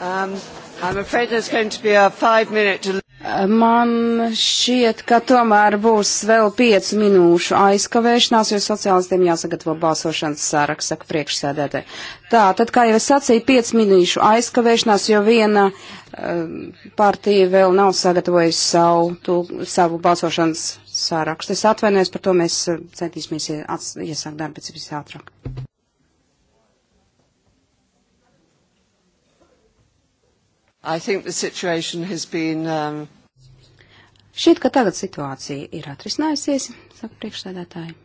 Um, to... Man šķiet, ka tomēr būs vēl piecu minūšu aizkavēšanās, jo sociālistiem jāsagatavo balsošanas sāraksts, saka priekšsēdētē. Tā, tad, kā jau es sacīju, piecu minūšu aizkavēšanās, jo viena uh, partija vēl nav sagatavojusi savu, tu, savu balsošanas sārakstu. Es atvainojos par to, mēs uh, centīsimies iesākt darbu pēc iespējas ātrāk. Been, um... Šķiet, ka tagad situācija ir atrisinājusies, saka priekšsēdētāji.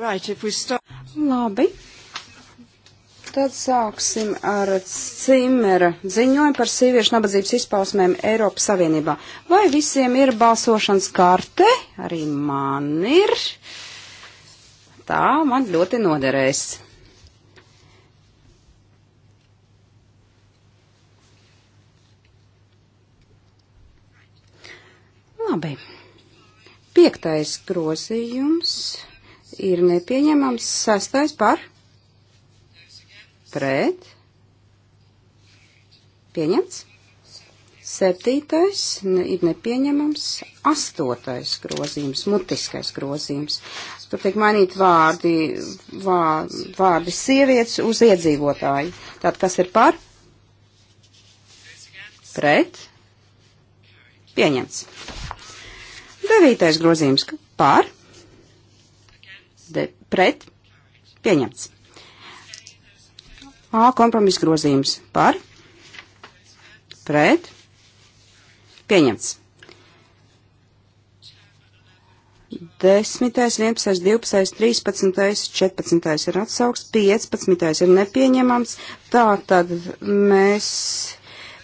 Right, start... Labi, Tad sāksim ar Cimera ziņojumu par sieviešu nabadzības izpausmēm Eiropas Savienībā. Vai visiem ir balsošanas karte? Arī man ir. Tā man ļoti noderēs. Labi. Piektais grozījums ir nepieņemams. Sastais par pret, pieņemts. Septītais ir nepieņemams, astotais grozījums, mutiskais grozījums. Tur tiek mainīt vārdi, vā, vārdi sievietes uz iedzīvotāju. Tātad, kas ir par? Pret? Pieņemts. Devītais grozījums par? De, pret? Pieņemts. A kompromis grozījums par, pret, pieņemts. 10, 11, 12, 13, 14 ir atsaugs, 15 ir nepieņemams, tā tad mēs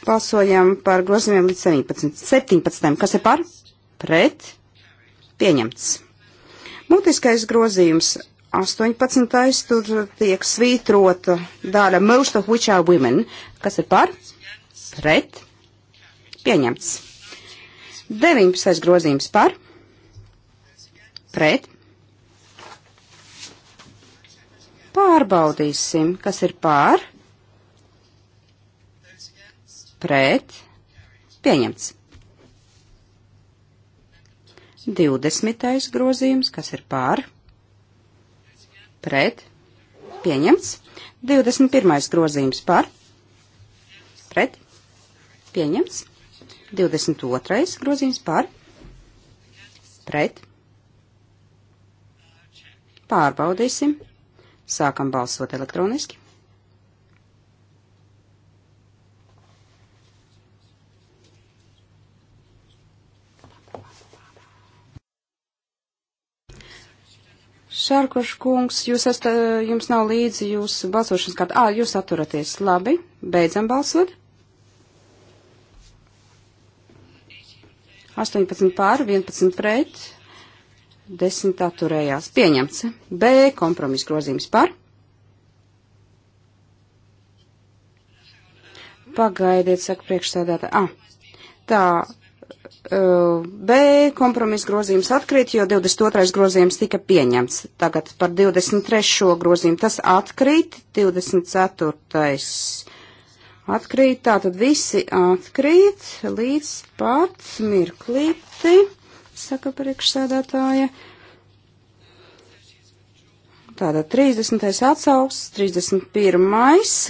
balsojam par grozījumiem līdz 17. 17. Kas ir par? Pret? Pieņemts. Mutiskais grozījums 18. tur tiek svītrota dāļa Most of which are women, kas ir par, pret, pieņemts. 19. grozījums par, pret, pārbaudīsim, kas ir pār, pret, pieņemts. 20. grozījums, kas ir pār, pret pret, pieņemts. 21. grozījums par, pret, pieņemts. 22. grozījums par, pret, pārbaudīsim. Sākam balsot elektroniski. Šārkoš kungs, jūs esat, eh, jums nav līdzi jūsu balsošanas kārta. Ā, jūs atturaties. Labi, beidzam balsot. 18 pār, 11 pret, 10 atturējās. Pieņemts. B kompromis grozījums par. Pagaidiet, saka priekšstādātā. Ah, tā, B kompromisa grozījums atkrīt, jo 22. grozījums tika pieņemts. Tagad par 23. grozījumu tas atkrīt, 24. atkrīt, tātad visi atkrīt līdz pat mirklīti, saka priekšsēdētāja. Tātad 30. atsauks, 31.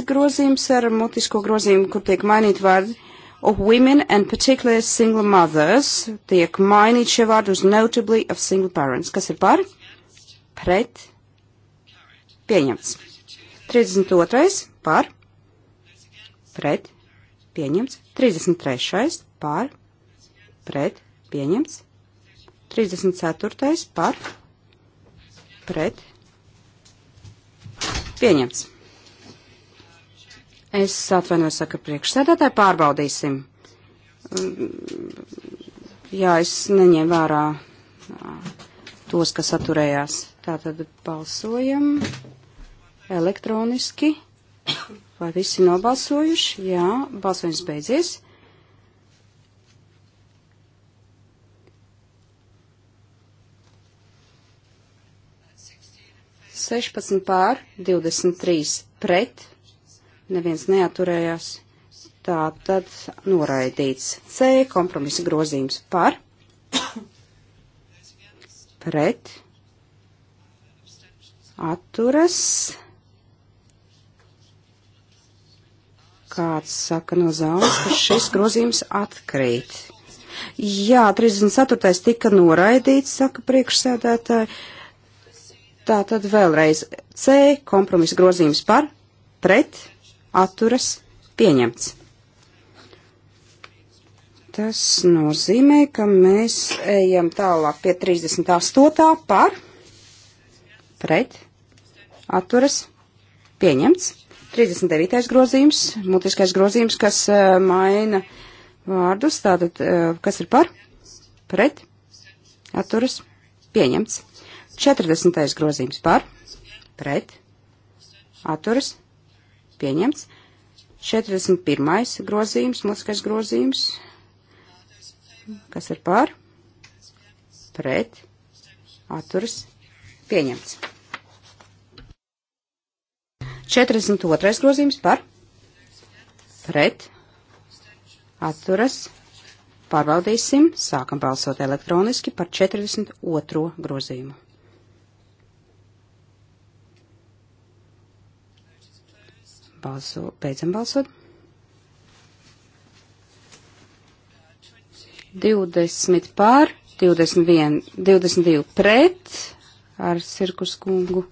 grozījums ar mutisko grozījumu, kur tiek mainīti vārdi of women and particularly single mothers tiek mainīt šie vārdi uz notably of single parents. Kas ir par? Pret. Pieņemts. 32. par. Pret. Pieņemts. 33. par. Pret. Pieņemts. 34. par. Pret. Pieņemts. Es atvainojos, saka priekšsēdētāji, pārbaudīsim. Jā, es neņēmu vērā tos, kas atturējās. Tātad balsojam elektroniski. Vai visi nobalsojuši? Jā, balsojums beidzies. Sešpadsmit pār, divdesmit trīs pret, neviens neaturējās. Tā tad noraidīts C kompromisa grozījums par, pret, atturas, kāds saka no zāles, ka šis grozījums atkrīt. Jā, 34. tika noraidīts, saka priekšsēdētāji. Tā tad vēlreiz C kompromisa grozījums par, pret, atturas atturas pieņemts. Tas nozīmē, ka mēs ejam tālāk pie 38. par pret atturas pieņemts. 39. grozījums, mutiskais grozījums, kas uh, maina vārdus, tātad, uh, kas ir par, pret, atturas, pieņemts. 40. grozījums par, pret, atturas, pieņemts pieņemts. 41. grozījums, mūzikas grozījums, kas ir pār, pret, atturas, pieņemts. 42. grozījums par, pret, atturas, pārbaudīsim, sākam balsot elektroniski par 42. grozījumu. balso. Beidzam balsot. 20 pār, 21, 22 pret ar Sirkus kungu.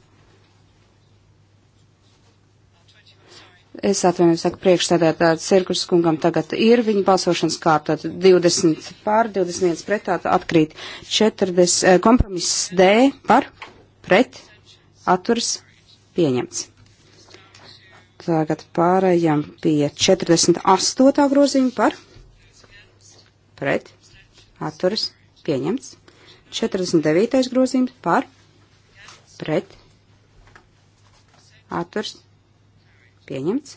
Es atvainojos, saku priekšstādātāju Sirkus kungam tagad ir viņa balsošanas kārta, tad 20 pār, 21 pret, tā atkrīt 40, eh, kompromiss D par, pret, atturs, pieņemts. Tagad pārējām pie 48. grozījuma par pret atturas pieņemts. 49. grozījums par pret atturas pieņemts.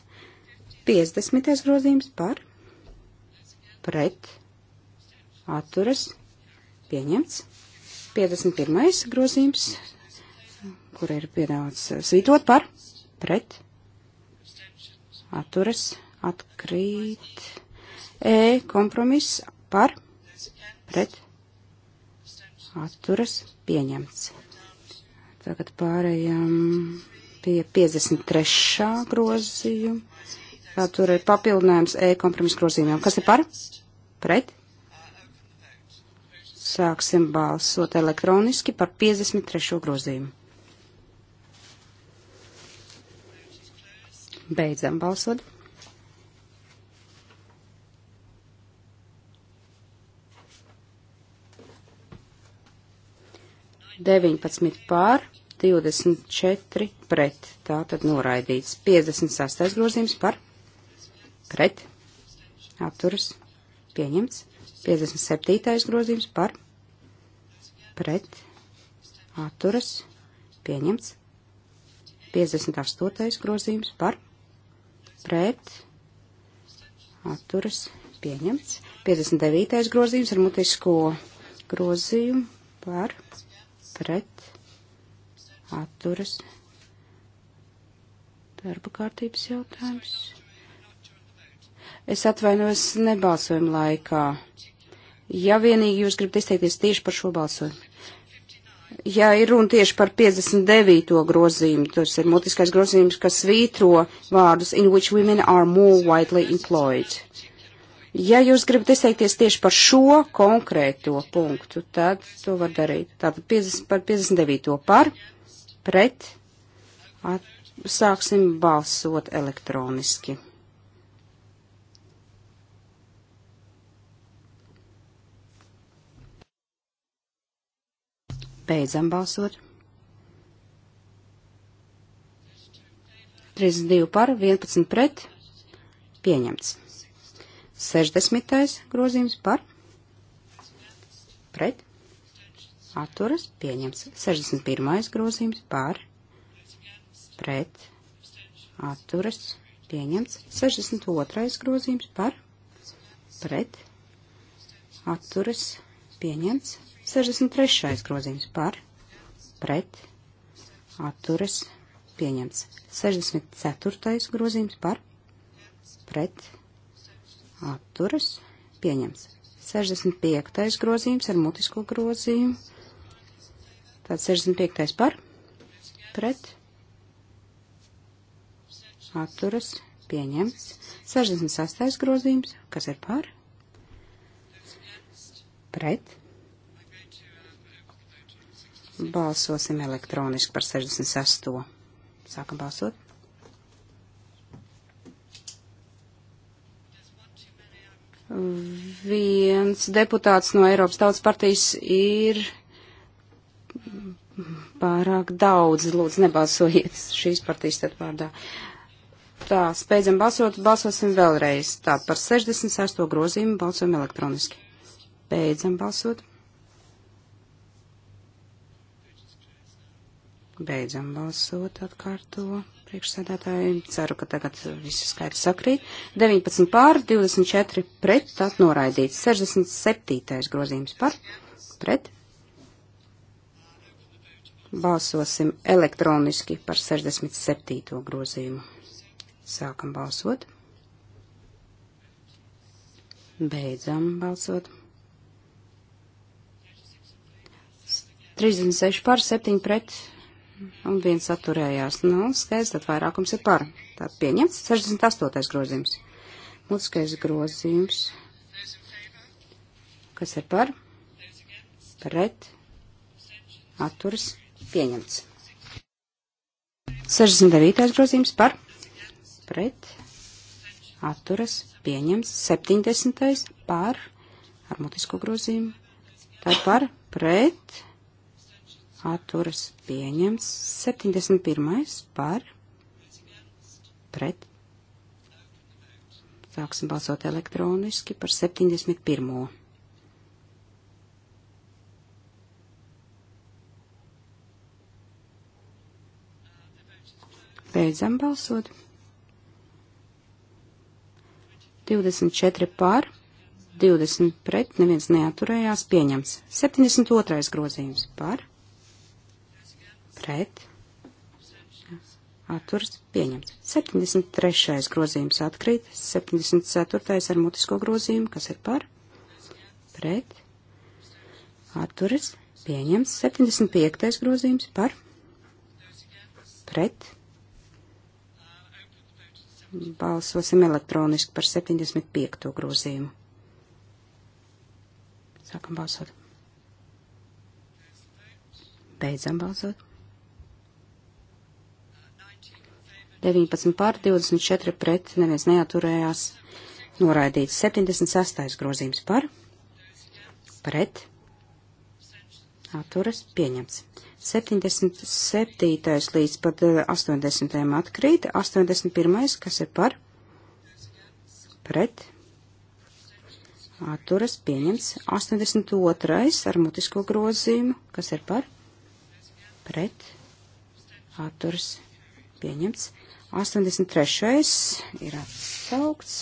50. grozījums par pret atturas pieņemts. 51. grozījums, kur ir piedāvāts svītot par pret atturas atturas atkrīt. E kompromiss par pret atturas pieņemts. Tagad pārējām pie 53. grozījuma. Tā tur ir papildinājums E kompromisu grozījumiem. Kas ir par? Pret? Sāksim balsot elektroniski par 53. grozījumu. Beidzam balsot. Deviņpadsmit pār, 24 pret. Tā tad noraidīts. 56. grozījums par pret. Atturas. Pieņemts. 57. grozījums par pret. Atturas. Pieņemts. 58. grozījums par pret, atturas, pieņemts. 59. grozījums ar mutisko grozījumu par, pret, atturas, darba kārtības jautājums. Es atvainojos nebalsojumu laikā. Ja vienīgi jūs gribat izteikties tieši par šo balsojumu ja ir runa tieši par 59. grozījumu, tas ir mutiskais grozījums, kas svītro vārdus in which women are more widely employed. Ja jūs gribat izteikties tieši par šo konkrēto punktu, tad to var darīt. Tātad 50, par 59. par, pret, at, sāksim balsot elektroniski. Beidzam balsot. 32 par, 11 pret, pieņemts. 60. grozījums par, pret, atturas, pieņemts. 61. grozījums par, pret, atturas, pieņemts. 62. grozījums par, pret, atturas, pieņemts. 63. grozījums par, pret, atturas, pieņemts. 64. grozījums par, pret, atturas, pieņemts. 65. grozījums ar mutisko grozījumu. Tad 65. par, pret, atturas, pieņemts. 68. grozījums, kas ir par, pret, Balsosim elektroniski par 68. Sākam balsot. Viens deputāts no Eiropas Tautas partijas ir pārāk daudz. Lūdzu, nebalsojiet šīs partijas tad vārdā. Tā, spēdzam balsot, balsosim vēlreiz. Tā, par 68 grozījumu balsojam elektroniski. Beidzam balsot. Beidzam balsot atkārto priekšsēdētāji. Ceru, ka tagad visi skaidri sakrīt. 19 pār, 24 pret, tad noraidīts. 67. grozījums par, pret. Balsosim elektroniski par 67. grozījumu. Sākam balsot. Beidzam balsot. 36 pār 7 pret un viens atturējās. Nu, skaidrs, tad vairākums ir par. Tad pieņemts 68. grozījums. Mutiskais grozījums. Kas ir par? Pret. Atturis. Pieņemts. 69. grozījums par. Pret. Atturas. Pieņemts. 70. par. Ar mutisko grozījumu. Tad par. Pret atturas pieņemts. 71. par pret. Sāksim balsot elektroniski par 71. Beidzam balsot. 24 pār, 20 pret, neviens neaturējās, pieņems. 72. grozījums pār pret, atturs pieņemts. 73. grozījums atkrīt, 74. ar mutisko grozījumu, kas ir par, pret, atturas pieņemts, 75. grozījums par, pret, balsosim elektroniski par 75. grozījumu. Sākam balsot. Beidzam balsot. 19 pār 24 pret, neviens neaturējās. Noraidīts 76. grozījums par, pret, atturas, pieņemts. 77. līdz pat 80. Eh, atkrīt, 81. kas ir par, pret, atturas, pieņemts. 82. ar mutisko grozījumu, kas ir par, pret, atturas, pieņemts pieņemts. 83. ir atsaukts.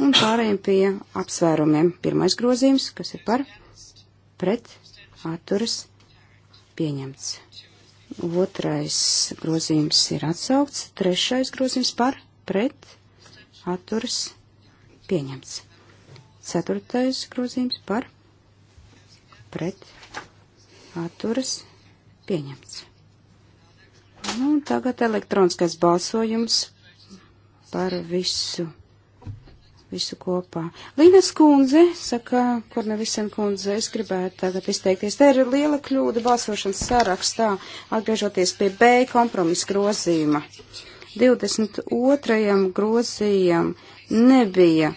Un pārējiem pie apsvērumiem. Pirmais grozījums, kas ir par pret atturas pieņemts. Otrais grozījums ir atsaukts. Trešais grozījums par pret atturas pieņemts. Ceturtais grozījums par pret atturas pieņemts. Nu, tagad elektroniskais balsojums par visu, visu kopā. Līnes kundze, saka, kur nevisen kundze, es gribētu tagad izteikties. Te ir liela kļūda balsošanas sarakstā, atgriežoties pie B kompromisa grozījuma. 22. grozījam nebija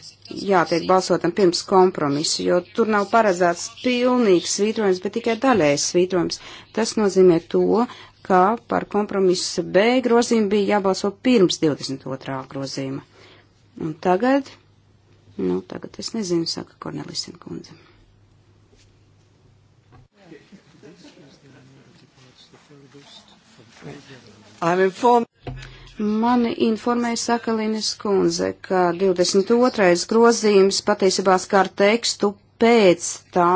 jātiek balsotam pirms kompromisu, jo tur nav paredzēts pilnīgs svītrojums, bet tikai daļējs svītrojums. Tas nozīmē to, ka par kompromisu B grozījumu bija jābalso pirms 22. grozījuma. Un tagad, nu, tagad es nezinu, saka Kornelisina kundze. Mani informēja Sakalinas kundze, ka 22. grozījums patiesībā skār tekstu pēc tā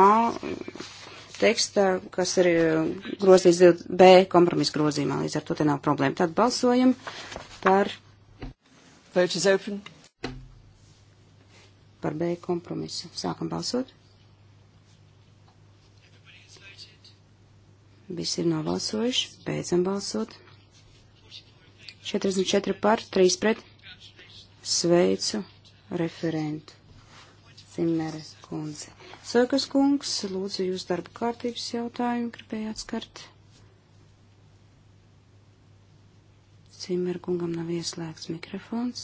tekstā, kas ir eh, grozīts B kompromisa grozīmā, līdz ar to te nav problēma. Tad balsojam par. Vote is open. Par B kompromisu. Sākam balsot. Visi ir nobalsojuši. Beidzam balsot. 44 par, 3 pret. Sveicu referentu. Cimere kundze. Sākas kungs, lūdzu jūs darba kārtības jautājumu gribējāt skart. Cimerkungam nav ieslēgts mikrofons.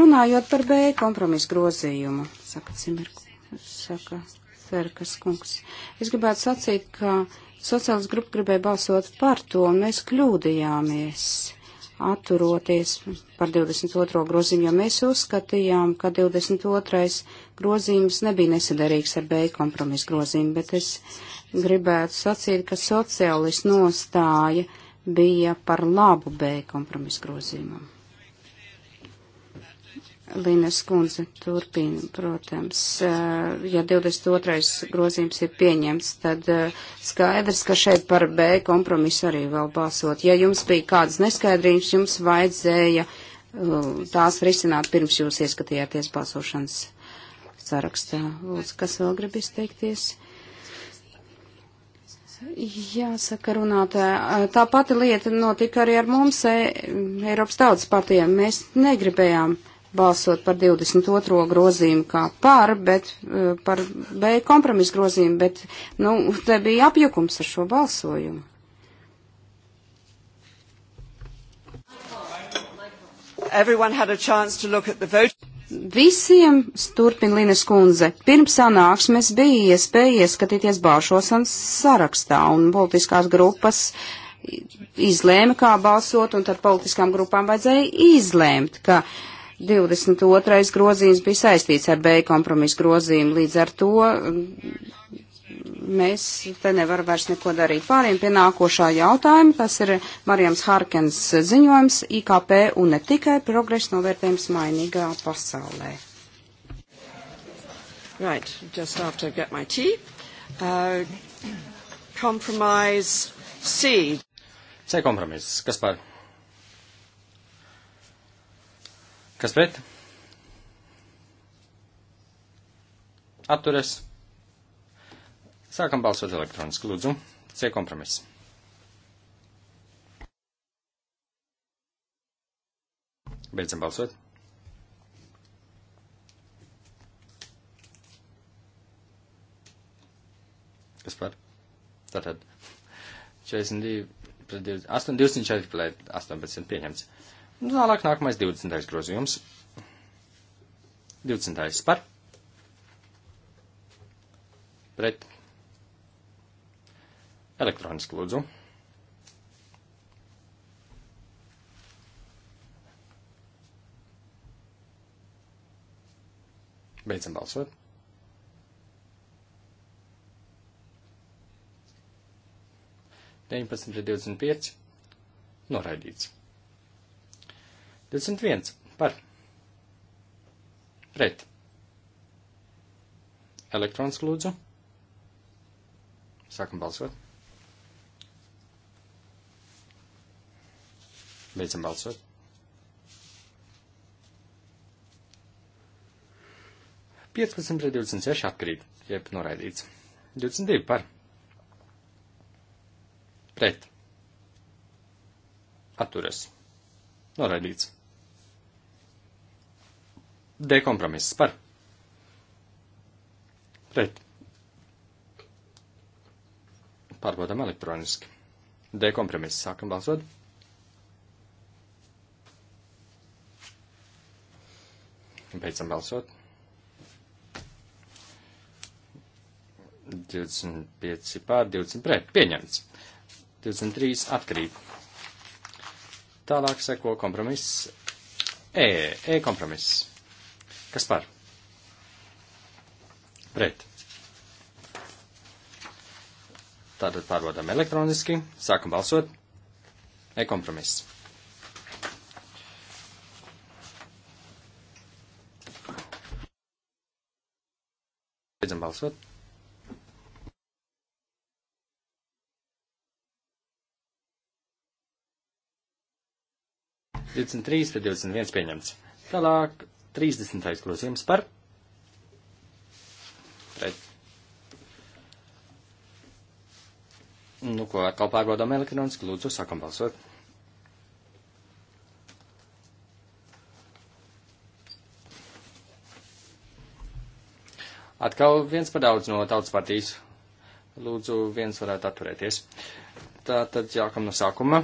Runājot par B kompromisu grozījumu, saka Cimerkungs, saka Ferkas kungs. Es gribētu sacīt, ka sociālas grupa gribēja balsot par to, un mēs kļūdījāmies atturoties par 22. grozījumu, jo mēs uzskatījām, ka 22. grozījums nebija nesadarīgs ar B kompromisu grozījumu, bet es gribētu sacīt, ka sociālis nostāja bija par labu B kompromisu grozījumam. Linas kundze turpina, protams, ja 22. grozījums ir pieņemts, tad skaidrs, ka šeit par B kompromisu arī vēl balsot. Ja jums bija kādas neskaidrības, jums vajadzēja tās risināt pirms jūs ieskatījāties balsošanas sarakstā. Lūdzu, kas vēl grib izteikties? Jāsaka, runātāja, tā pati lieta notika arī ar mums, Eiropas tautas partijām. Mēs negribējām uh, balsot par 22. grozījumu kā par, bet eh, par B kompromisu grozījumu, bet, nu, te bija apjukums ar šo balsojumu. Visiem, turpina Linas kundze, pirms sanāksmes bija iespēja ieskatīties balsošanas sarakstā un politiskās grupas izlēma, kā balsot, un tad politiskām grupām vajadzēja izlēmt, ka uh, 22. grozījums bija saistīts ar B kompromisu grozījumu, līdz ar to mm, mēs te nevaram vairs neko darīt. Pāriem pie nākošā jautājuma, tas ir Marijams Harkens ziņojums IKP un ne tikai progresa novērtējums mainīgā pasaulē. Right, just after I get my tea. Uh, compromise C. C kompromiss, kas par? Kas pret? Atturas. Sākam balsot elektroniski, lūdzu. C kompromiss. Beidzam balsot. Kas par? Tātad 42 pret 2, 8, 204 pret 18 pieņemts. Nu, tālāk nākamais 20. grozījums. 20. par. Pret. Elektroniski lūdzu. Beidzam balsot. Deviņpadsmit pret divdesmit pieci noraidīts. 21 par pret. Elektroniski lūdzu. Sākam balsot. Beidzam balsot. Piecpadsmit pret divdesmit seši atkrīt, jeb noraidīts. Divdesmit divi par. Pret. Atturas. Noraidīts. D kompromiss par. Pret. Pārbaudām elektroniski. D kompromiss. Sākam balsot. Beidzam balsot. 25 pār 20 pret. Pieņemts. 23 atkrīt. Tālāk seko kompromiss E. E kompromiss Kas par? Pret. Tātad pārvadam elektroniski, sākam balsot. E-kompromiss. Beidzam balsot. Divdesmit trīs pret divdesmit viens pieņemts. Tālāk 30. grozījums par pret. Nu, ko atkal pārbaudām elektroniski, lūdzu, sākam balsot. Atkal viens par daudz no tautas partijas. Lūdzu, viens varētu atturēties. Tā tad jākam no sākuma.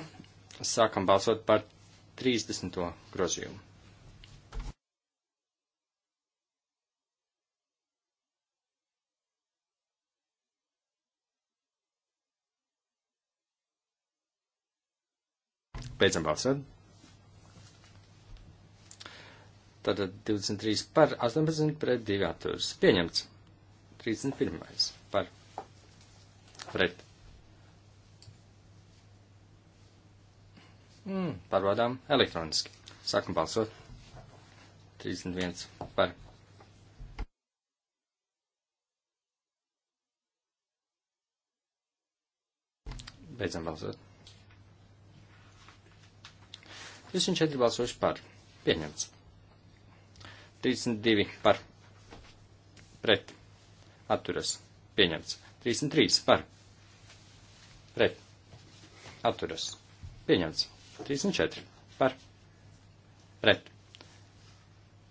Sākam balsot par 30. grozījumu. Beidzam balsot. Tātad 23 par 18 pret 2 atturas. Pieņemts. 31 par pret. Mm, pārbaudām elektroniski. Sākam balsot. 31 par. Beidzam balsot. 24 balsojuši par. Pieņemts. 32 par. Pret. Atturas. Pieņemts. 33 par. Pret. Atturas. Pieņemts. 34 par. Pret.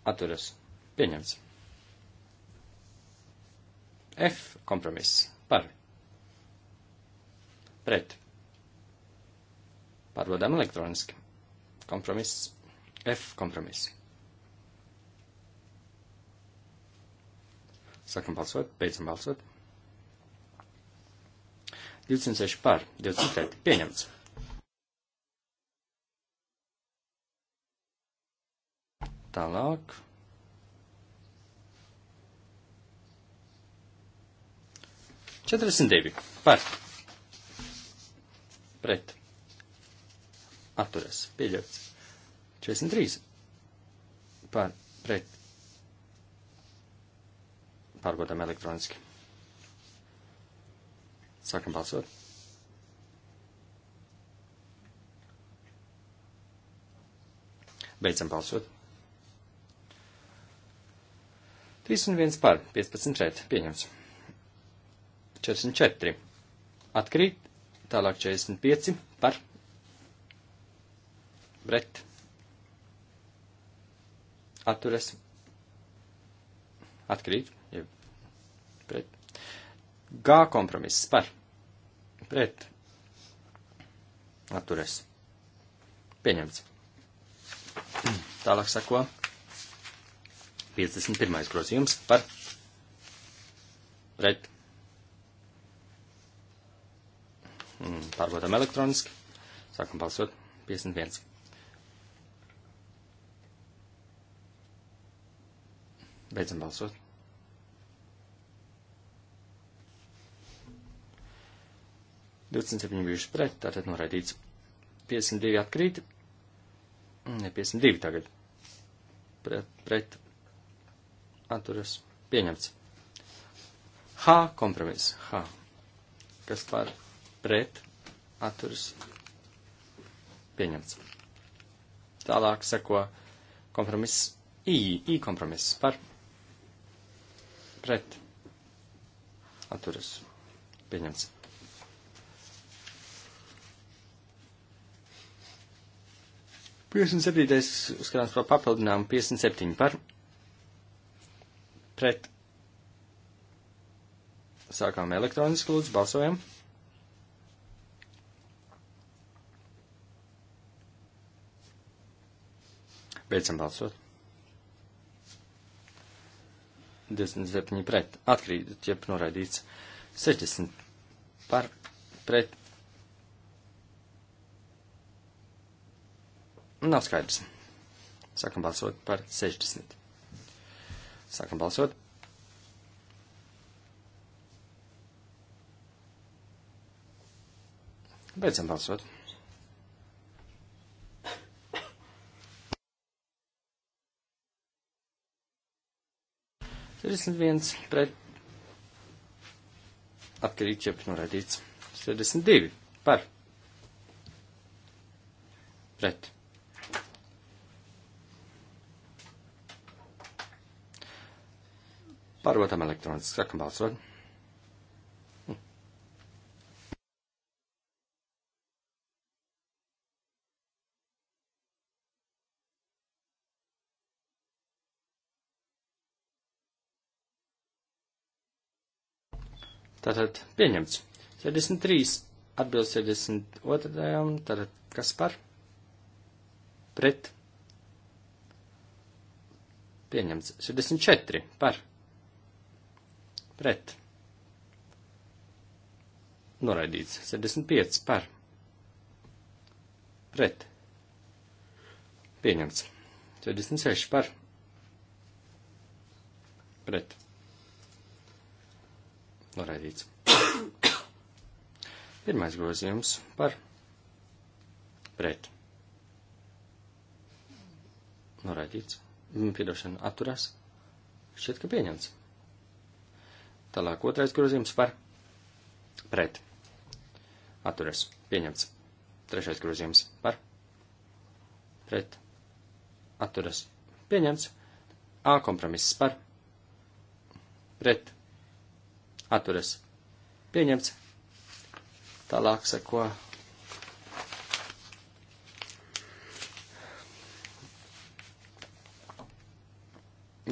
Atturas. Pieņemts. F kompromiss par. Pret. Pārbaudām elektroniski kompromiss, F kompromiss. Sākam balsot, beidzam balsot. 206 par, 20 pret, pieņemts. Tālāk. Četrdesmit divi par pret atturas pieļauts. 43 par pret pārbaudām elektroniski. Sākam balsot. Beidzam balsot. 31 par 15 šeit pieņems. 44 atkrīt, tālāk 45 par pret atturas atkrīt, ja pret G kompromiss par pret atturas pieņemts. Tālāk sako 51. grozījums par pret. Mm, pārbaudām elektroniski. Sākam balsot. 51. Beidzam balsot. Divdesmit septiņi bijuši pret, tātad noraidīts. 52 atkrīt. Mm, ne 52 tagad. Pret, pret. Atturas. Pieņemts. H kompromiss. H. Kas par pret atturas. Pieņemts. Tālāk seko kompromiss I. I kompromiss par pret pret atturas pieņemts. Piecdesmit septītais uzskatās par papildinājumu, piecdesmit septiņi par pret. Sākām elektroniski lūdzu, balsojam. Beidzam balsot. 27 pret, atkrīt, jeb noraidīts 60 par pret. Nav skaidrs. Sākam balsot par 60. Sākam balsot. Beidzam balsot. 61 pret atkarīgs, jeb noraidīts. 62 par pret. Pārvotam elektroniski, sākam balsot. Tātad pieņemts. 63 atbilst 62. Tātad kas par? Pret. Pieņemts. 64 par. Pret. Noraidīts. 75 par. Pret. Pieņemts. 76 par. Pret. Noraidīts. Pirmais grozījums par pret. Noraidīts. Piedošana atturās. Šķiet, ka pieņemts. Tālāk otrais grozījums par pret. Atturēs. Pieņemts. Trešais grozījums par pret. Atturēs. Pieņemts. A kompromiss par pret. Atturas. Pieņemts. Tālāk sako.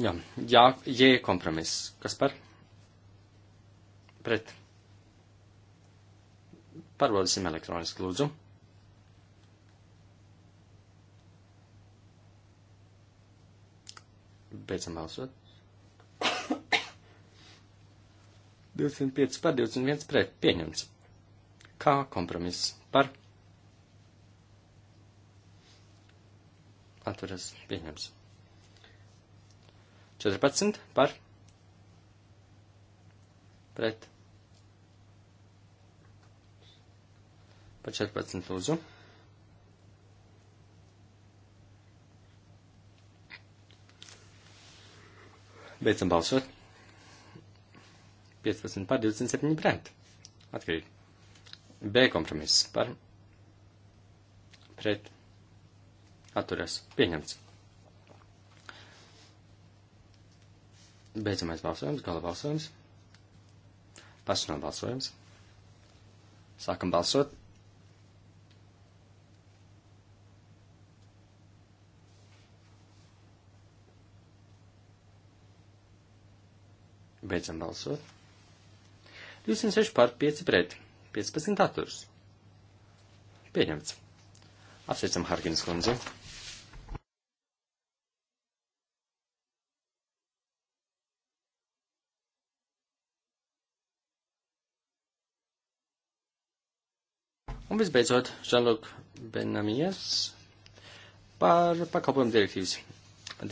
Jā, jā, jē kompromiss. Kas par? Pret. Pārbaudīsim elektroniski lūdzu. Beidzam balsot. 25 par 21 pret pieņemts. Kā kompromiss par? Atveras pieņemts. 14 par? Pret. Par 14 lūdzu. Beidzam balsot. 15 par 27 pret. Atkrīt. B kompromiss par pret atturēs pieņemts. Beidzamais balsojums, gala balsojums. Personāla balsojums. Sākam balsot. Beidzam balsot. 206 pār 5 pret, 15 atturs. Pieņemts. Apsveicam Harkins kundzi. Un visbeidzot, Žanluk Benamijas par pakalpojumu direktīvas.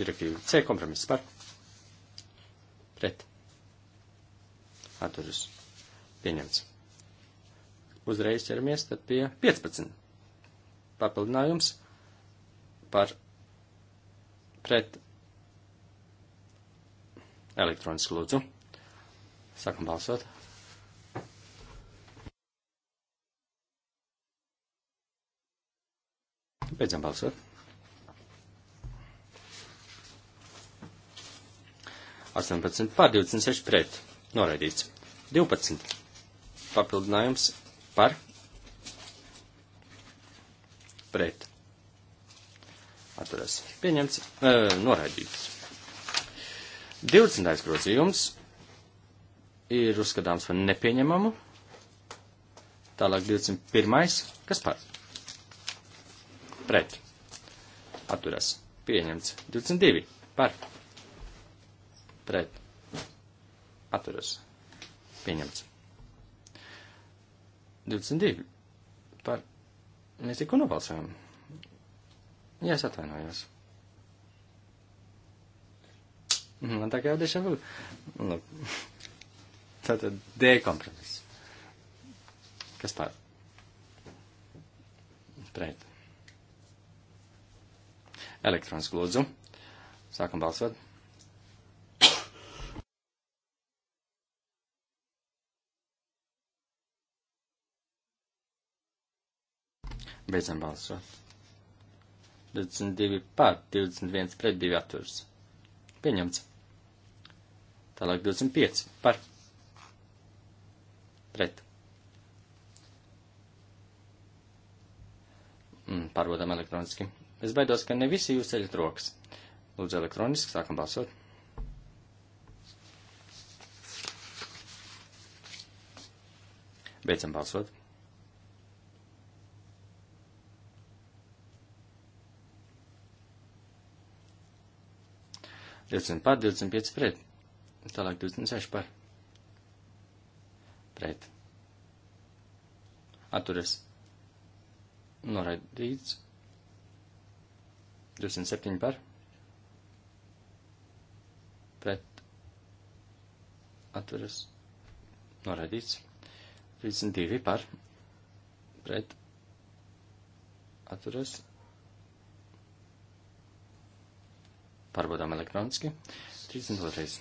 Direktīva C kompromiss par. Pret. Atturis. Pieņemts. Uzreiz ķeramies tad pie 15. Papildinājums par pret elektronisku lūdzu. Sākam balsot. Beidzam balsot. Astoņpadsmit pār divdesmit seši pret. Noraidīts. Divpadsmit papildinājums par pret. Atturās. Pieņemts. E, noraidīts. 20. grozījums ir uzskatāms par nepieņemamu. Tālāk 21. Kas par? Pret. Atturās. Pieņemts. 22. Par. Pret. Atturās. Pieņemts. 22 par. Mēs tikko nobalsojām. Jā, es atvainojos. Man tā kā jau dešā vēl. Nu, tātad D kompromiss. Kas par? Pret. Elektrons lūdzu. Sākam balsot. Beidzam balsot. 22 pār, 21 pret 2 atturs. Pieņemts. Tālāk 25 par. Pret. Mm, pārbaudām elektroniski. Es baidos, ka ne visi jūs ceļat rokas. Lūdzu, elektroniski sākam balsot. Beidzam balsot. 20 pār, 25 pret. Tālāk 26 pār. Pret. Atturies. Noraidīts. 27 pār. Pret. Atturies. Noraidīts. 32 pār. Pret. Atturies. Pārbaudām elektroniski. 32.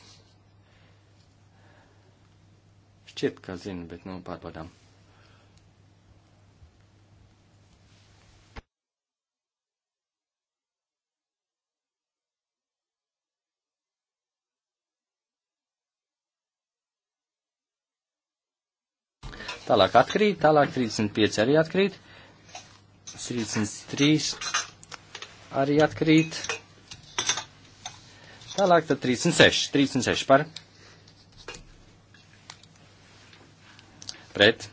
Šķiet, ka zinu, bet nu pārbaudām. Tālāk atkrīt, tālāk 35 arī atkrīt, 33 arī atkrīt. Tālāk tad 36. 36 par. Pret.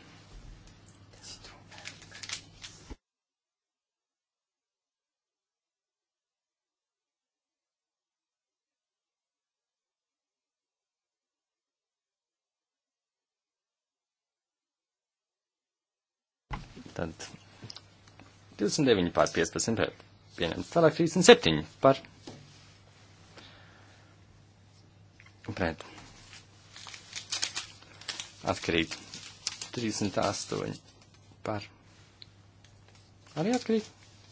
Tad 29 pār 15 pieņemts. Tālāk 37 par pret atkrīt. 38 par. Arī atkrīt?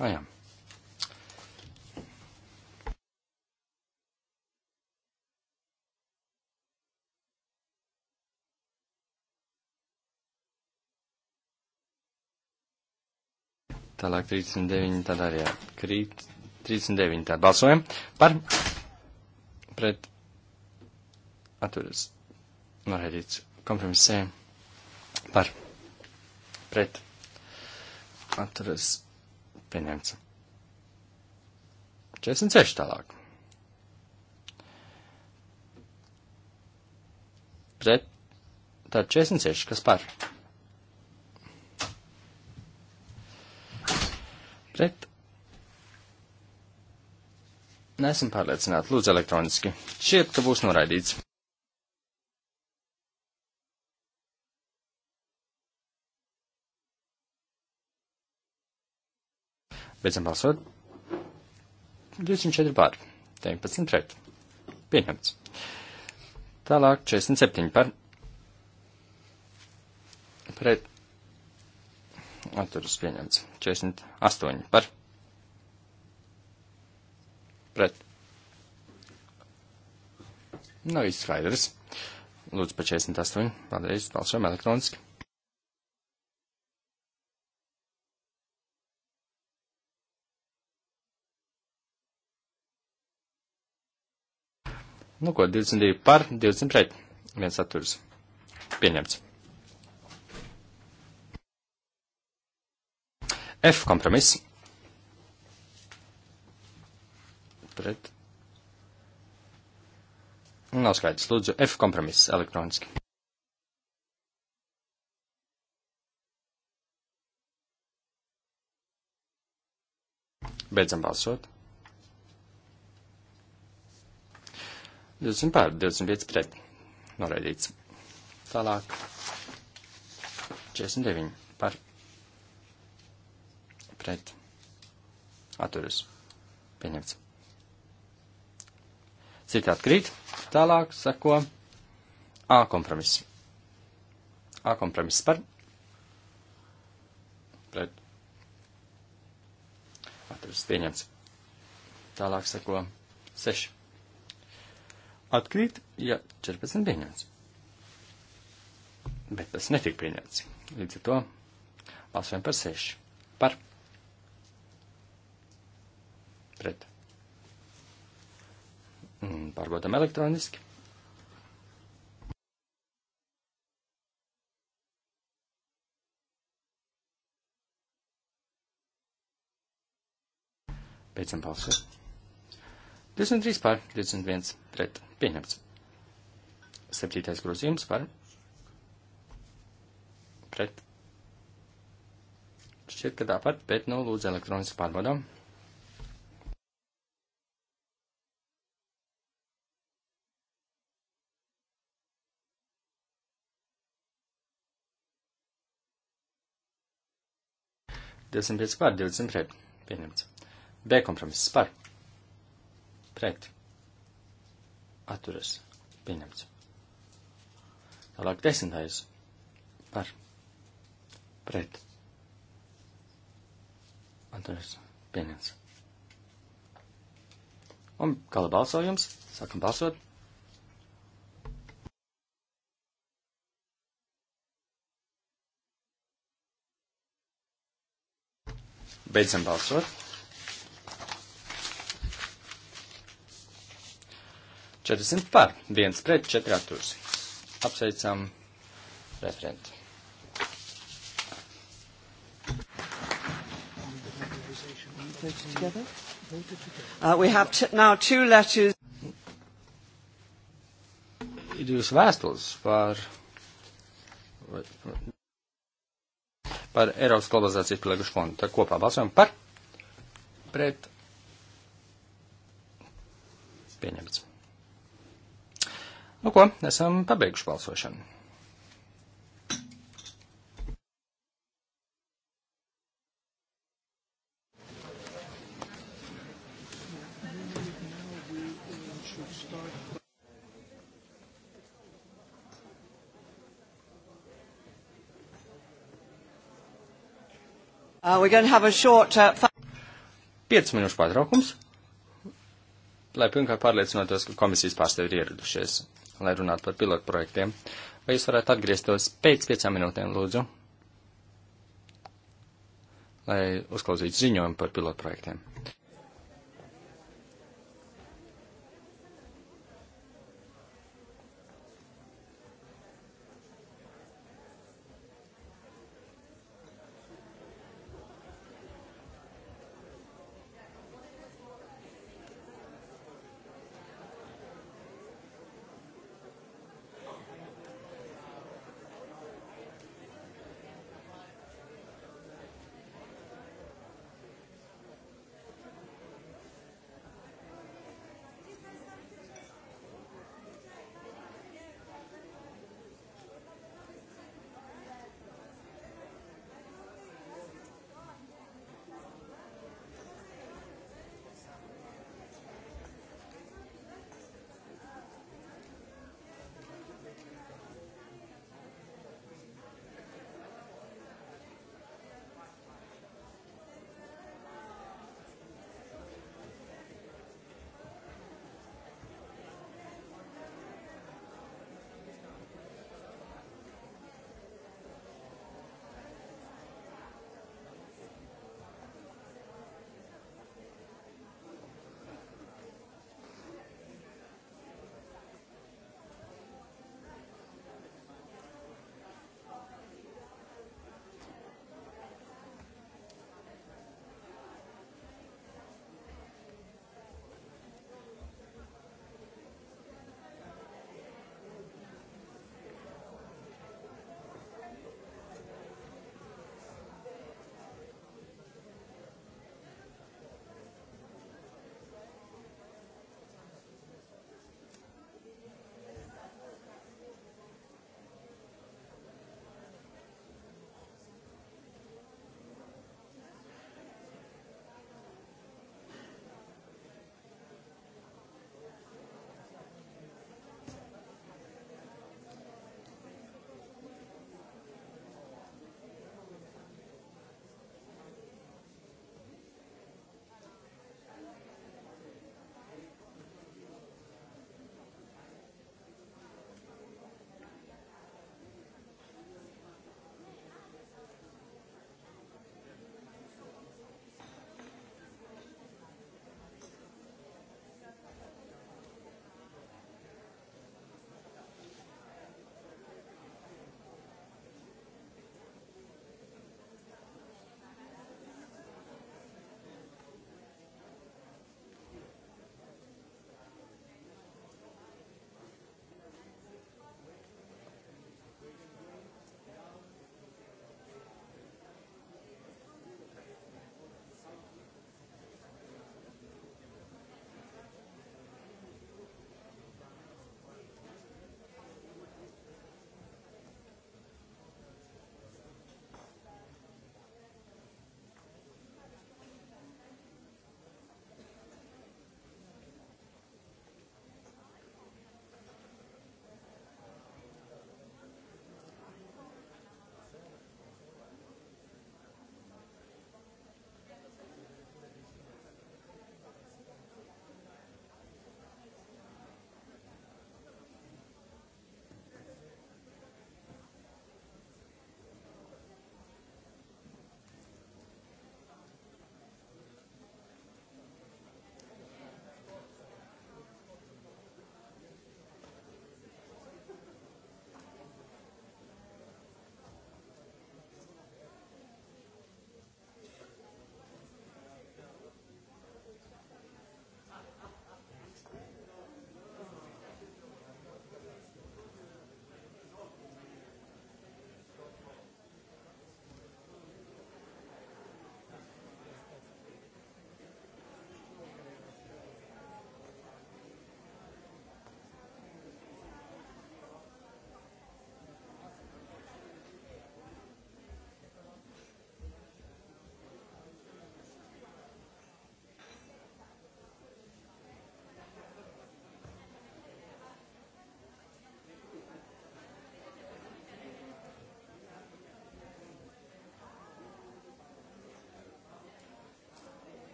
Ajām. Tālāk 39, tad arī atkrīt. 39, tad balsojam par pret atturas norēdīts. Kompromiss C par pret atturas pieņemts. 46 tālāk. Pret Tad 46, kas par? Pret. Nesam pārliecināti. Lūdzu, elektroniski. Šķiet, ka būs noraidīts. Beidzam balsot. 24 pār, 19 pret. Pieņemts. Tālāk 47 par. Pret. Atturas pieņemts. 48 par. Pret. Nav no, izskaidrs. Lūdzu, pa 48. Vēlreiz balsojam elektroniski. Nu, ko, 22 par, 20 pret. Viens atturs. Pieņemts. F kompromiss. Pret. Nav skaidrs. Lūdzu, F kompromiss elektroniski. Beidzam balsot. 20 pār, 25 pret. Noraidīts. Tālāk. 49 par. Pret. Atturas. Pieņemts. Citādi krīt. Tālāk sako A kompromiss. A kompromiss par. Pret. Atturas. Pieņemts. Tālāk sako 6 atkrīt, ja 14 pieņemts. Bet tas netika pieņemts. Līdz ar to balsojam par 6. Par. Pret. Mm, Pārbaudām elektroniski. Beidzam balsot. 23 pār 21 pret pieņemts. Septītais grozījums par pret. Šķiet, ka tāpat, bet nu lūdzu elektroniski pārbaudām. Divdesmit pieci pār divdesmit pret. Pieņemts. B kompromiss par pret atturas pieņemts. Tālāk desmitais par pret atturas pieņemts. Un gala balsojums. Sākam balsot. Beidzam balsot. 40 par, 1 pret, 4 atturs. Apsveicam referentu. Uh, we have now two letters. Ir divas vēstules par, par Eiropas globalizācijas pieliegušu fondu. Tā kopā balsojam par pret pieņemts. Nu ko, esam pabeiguši balsošanu. Uh, we're going to have a short... Uh, 5 minūšu pārtraukums, lai pirmkārt pārliecinātos, ka komisijas pārstāvji ir ieradušies lai runātu par pilotu projektiem. Vai jūs varētu atgrieztos pēc piecām minūtēm, lūdzu, lai uzklausītu ziņojumu par pilotu projektiem?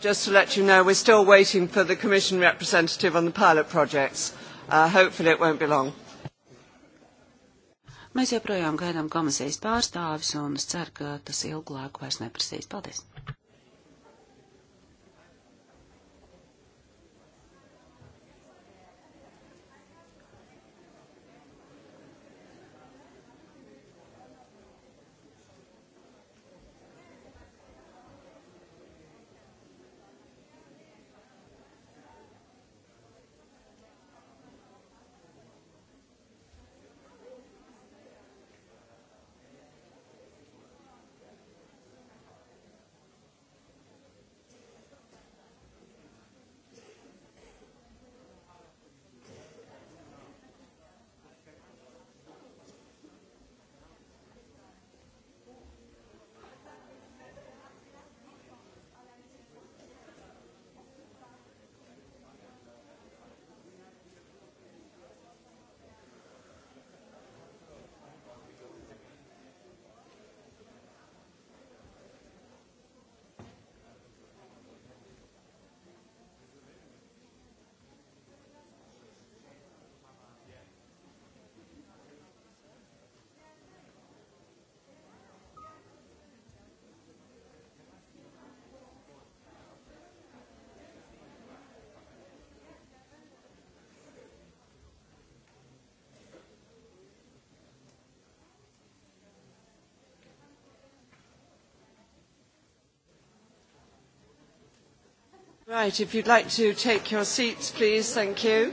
Just to let you know, we're still waiting for the Commission representative on the pilot projects. Uh, hopefully it won't be long. Mēs joprojām gaidām komisijas pārstāvis un es ceru, ka tas ilgu laiku vairs neprasīs. Paldies! Right, if you'd like to take your seats, please. Thank you.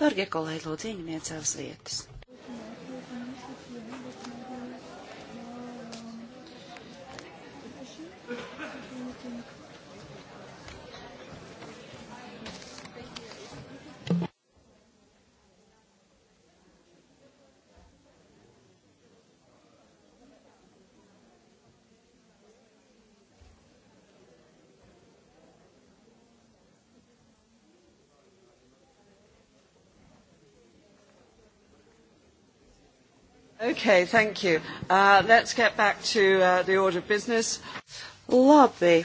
Dargie kolēģi, lūdzu, ieņemiet savas vietas. Okay, thank you. Uh, let's get back to uh, the order of business. Labi.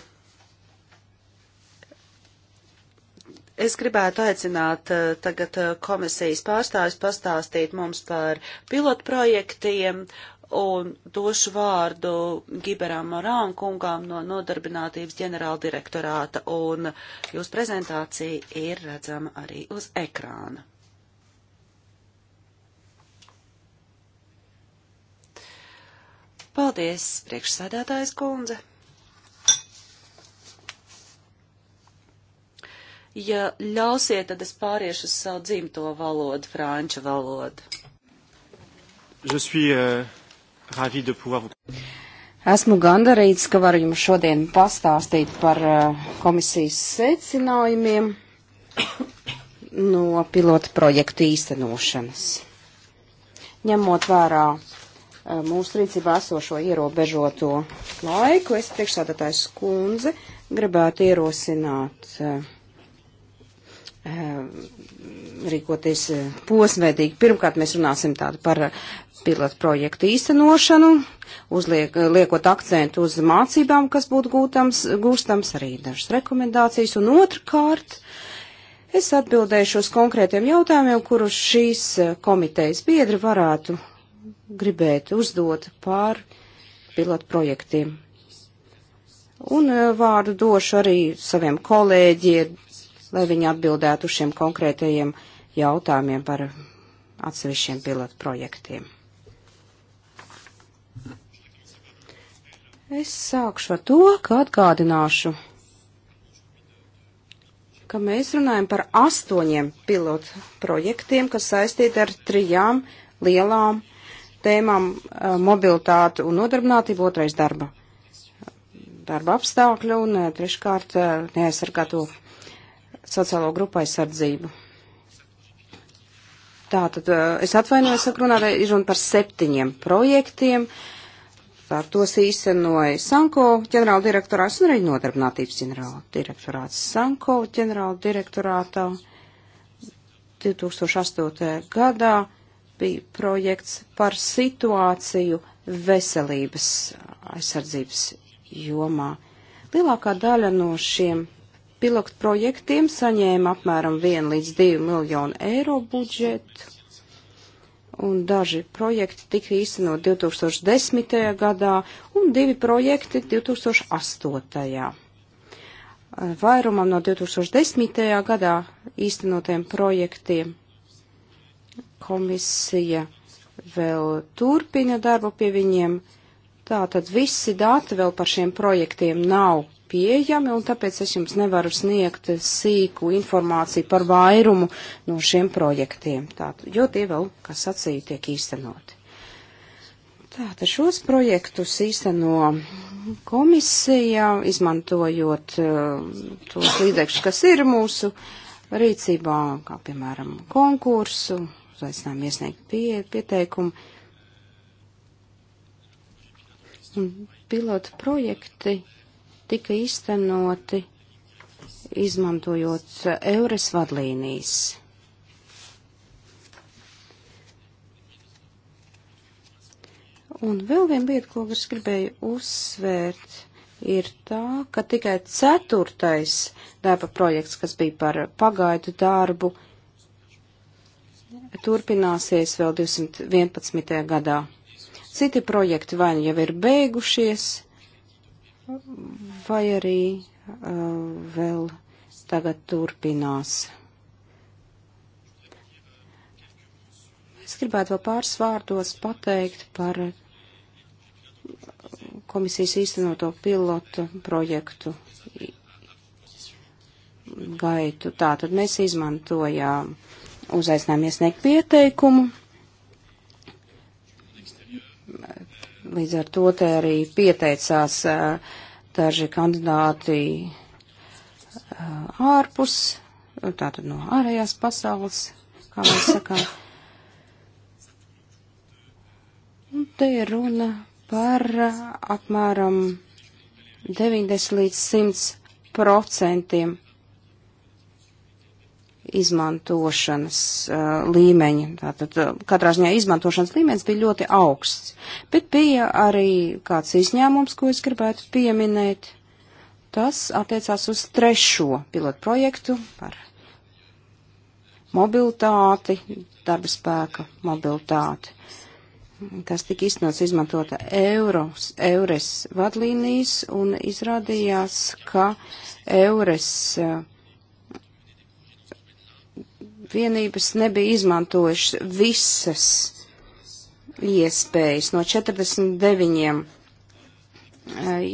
Es gribētu aicināt uh, tagad uh, komisijas pārstāvis pastāstīt mums par pilotprojektiem un došu vārdu Giberam Morām kungām no nodarbinātības ģenerāla direktorāta un jūs prezentācija ir redzama arī uz ekrāna. Paldies, priekšsēdētājs kundze. Ja ļausiet, tad es pāriešu uz savu dzimto valodu, franču valodu. Je suis, euh, ravi de pouvoir vous... Esmu gandarīts, ka varu jums šodien pastāstīt par uh, komisijas secinājumiem no pilota projektu īstenošanas. Ņemot vērā Eh, mūsu rīcībā esošo ierobežoto laiku. Es priekšsādātājs skundze gribētu ierosināt eh, eh, rīkoties posmēdīgi. Pirmkārt, mēs runāsim tādu par pilotu projektu īstenošanu, uzliek, liekot akcentu uz mācībām, kas būtu gūtams, gūstams, arī dažas rekomendācijas. Un otrkārt, es atbildēšu uz konkrētiem jautājumiem, kurus šīs komitejas biedri varētu gribētu uzdot pār pilotu projektiem. Un e, vārdu došu arī saviem kolēģiem, lai viņi atbildētu uz šiem konkrētajiem jautājumiem par atsevišķiem pilotu projektiem. Es sākšu ar to, ka atgādināšu, ka mēs runājam par astoņiem pilotu projektiem, kas saistīti ar trijām lielām tēmām eh, - mobilitāte un nodarbinātība, otrais darba, darba apstākļi un eh, treškārt eh, neaizsargāto sociālo grupu aizsardzību. Tātad es atvainojos, saka runātāji, ir runa par septiņiem projektiem. Ar tos īstenoja Sanko ģenerāla direktorāts un arī nodarbinātības ģenerāla direktorāts Sanko ģenerāla direktorātā 2008. gadā bija projekts par situāciju veselības aizsardzības jomā. Lielākā daļa no šiem pilotu projektiem saņēma apmēram 1 līdz 2 miljonu eiro budžetu, un daži projekti tika īstenot 2010. gadā, un divi projekti 2008. Vairumam no 2010. gadā īstenotajiem projektiem Komisija vēl turpina darbu pie viņiem. Tātad visi dati vēl par šiem projektiem nav pieejami, un tāpēc es jums nevaru sniegt sīku informāciju par vairumu no šiem projektiem, tātad, jo tie vēl, kā sacīju, tiek īstenoti. Tātad šos projektus īsteno komisija, izmantojot uh, tos līdzekļus, kas ir mūsu rīcībā, kā piemēram konkursu, aicinām iesniegt pie, pieteikumu. Un pilotu projekti tika īstenoti izmantojot uh, Eures vadlīnijas. Un vēl viena lieta, ko es gribēju uzsvērt, ir tā, ka tikai ceturtais darba projekts, kas bija par pagaidu darbu, uh, turpināsies vēl 211. gadā. Citi projekti vai nu jau ir beigušies, vai arī uh, vēl tagad turpinās. Es gribētu vēl pāris vārdos pateikt par komisijas īstenoto pilotu projektu gaitu. Tātad mēs izmantojām uh, uzaicinām iesniegt pieteikumu. Līdz ar to te arī pieteicās daži kandidāti ārpus, tātad no ārējās pasaules, kā mēs sakām. Un te ir runa par apmēram 90 līdz 100 procentiem izmantošanas uh, līmeņi. Tātad uh, katrā ziņā izmantošanas līmenis bija ļoti augsts. Bet bija arī kāds izņēmums, ko es gribētu pieminēt. Tas attiecās uz trešo pilotu projektu par mobilitāti, darba spēka mobilitāti, kas tika iznots izmantota Euros, Eures vadlīnijas un izrādījās, ka Eures uh, vienības nebija izmantojušas visas iespējas. No 49 eh,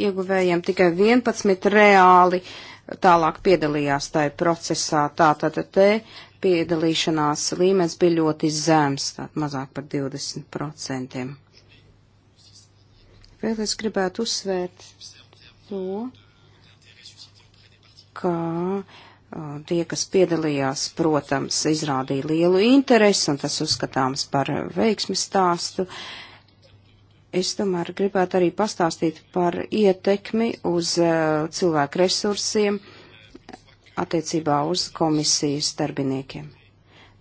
ieguvējiem tikai 11 reāli tālāk piedalījās tajā procesā. Tātad te piedalīšanās līmenis bija ļoti zems, tātad mazāk par 20%. Vēl es gribētu uzsvērt to, ka uh, Tie, kas piedalījās, protams, izrādīja lielu interesi, un tas uzskatāms par veiksmi stāstu. Es tomēr gribētu arī pastāstīt par ietekmi uz cilvēku resursiem attiecībā uz komisijas darbiniekiem.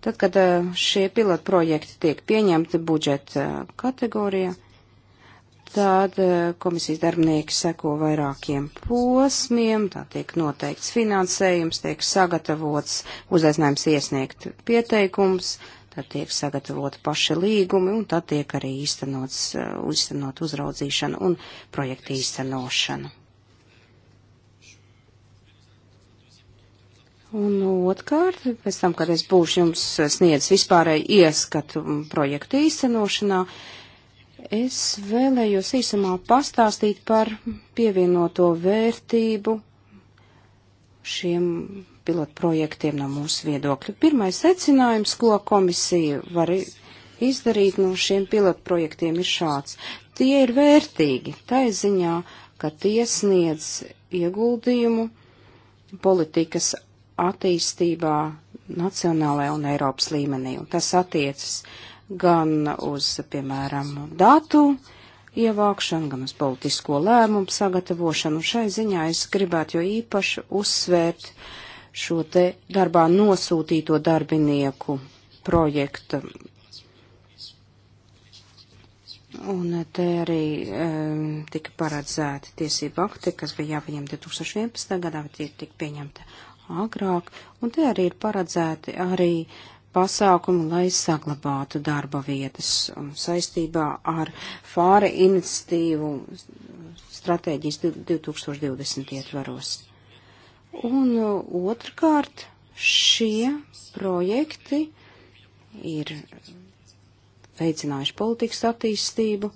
Tad, kad šie pilotprojekti tiek pieņemti budžeta kategorijā, Tad eh, komisijas darbinieki seko vairākiem posmiem, tā tiek noteikts finansējums, tiek sagatavots uzaicinājums iesniegt pieteikums, tad tiek sagatavoti paši līgumi un tad tiek arī īstenots, eh, īstenot uzraudzīšana un projekta īstenošana. Un otrkārt, pēc tam, kad es būšu jums sniedzis vispārēju ieskatu projektu īstenošanā, uh, Es vēlējos īsumā pastāstīt par pievienoto vērtību šiem pilotprojektiem no mūsu viedokļa. Pirmais secinājums, ko komisija var izdarīt no šiem pilotprojektiem, ir šāds. Tie ir vērtīgi, tā ir ziņā, ka tie sniedz ieguldījumu politikas attīstībā nacionālajā un Eiropas līmenī, un tas attiecas gan uz, piemēram, datu ievākšanu, gan uz politisko lēmumu sagatavošanu. Un šai ziņā es gribētu jo īpaši uzsvērt šo te darbā nosūtīto darbinieku projektu. Un te arī um, tika paredzēti tiesību akti, kas bija jāpieņem 2011. gadā, bet tie tika pieņemti agrāk. Un te arī ir paredzēti arī uh, pasākumu, lai saglabātu darba vietas. Un saistībā ar fāra iniciatīvu stratēģijas 2020 ietvaros. Un uh, otrkārt, šie projekti ir veicinājuši politikas attīstību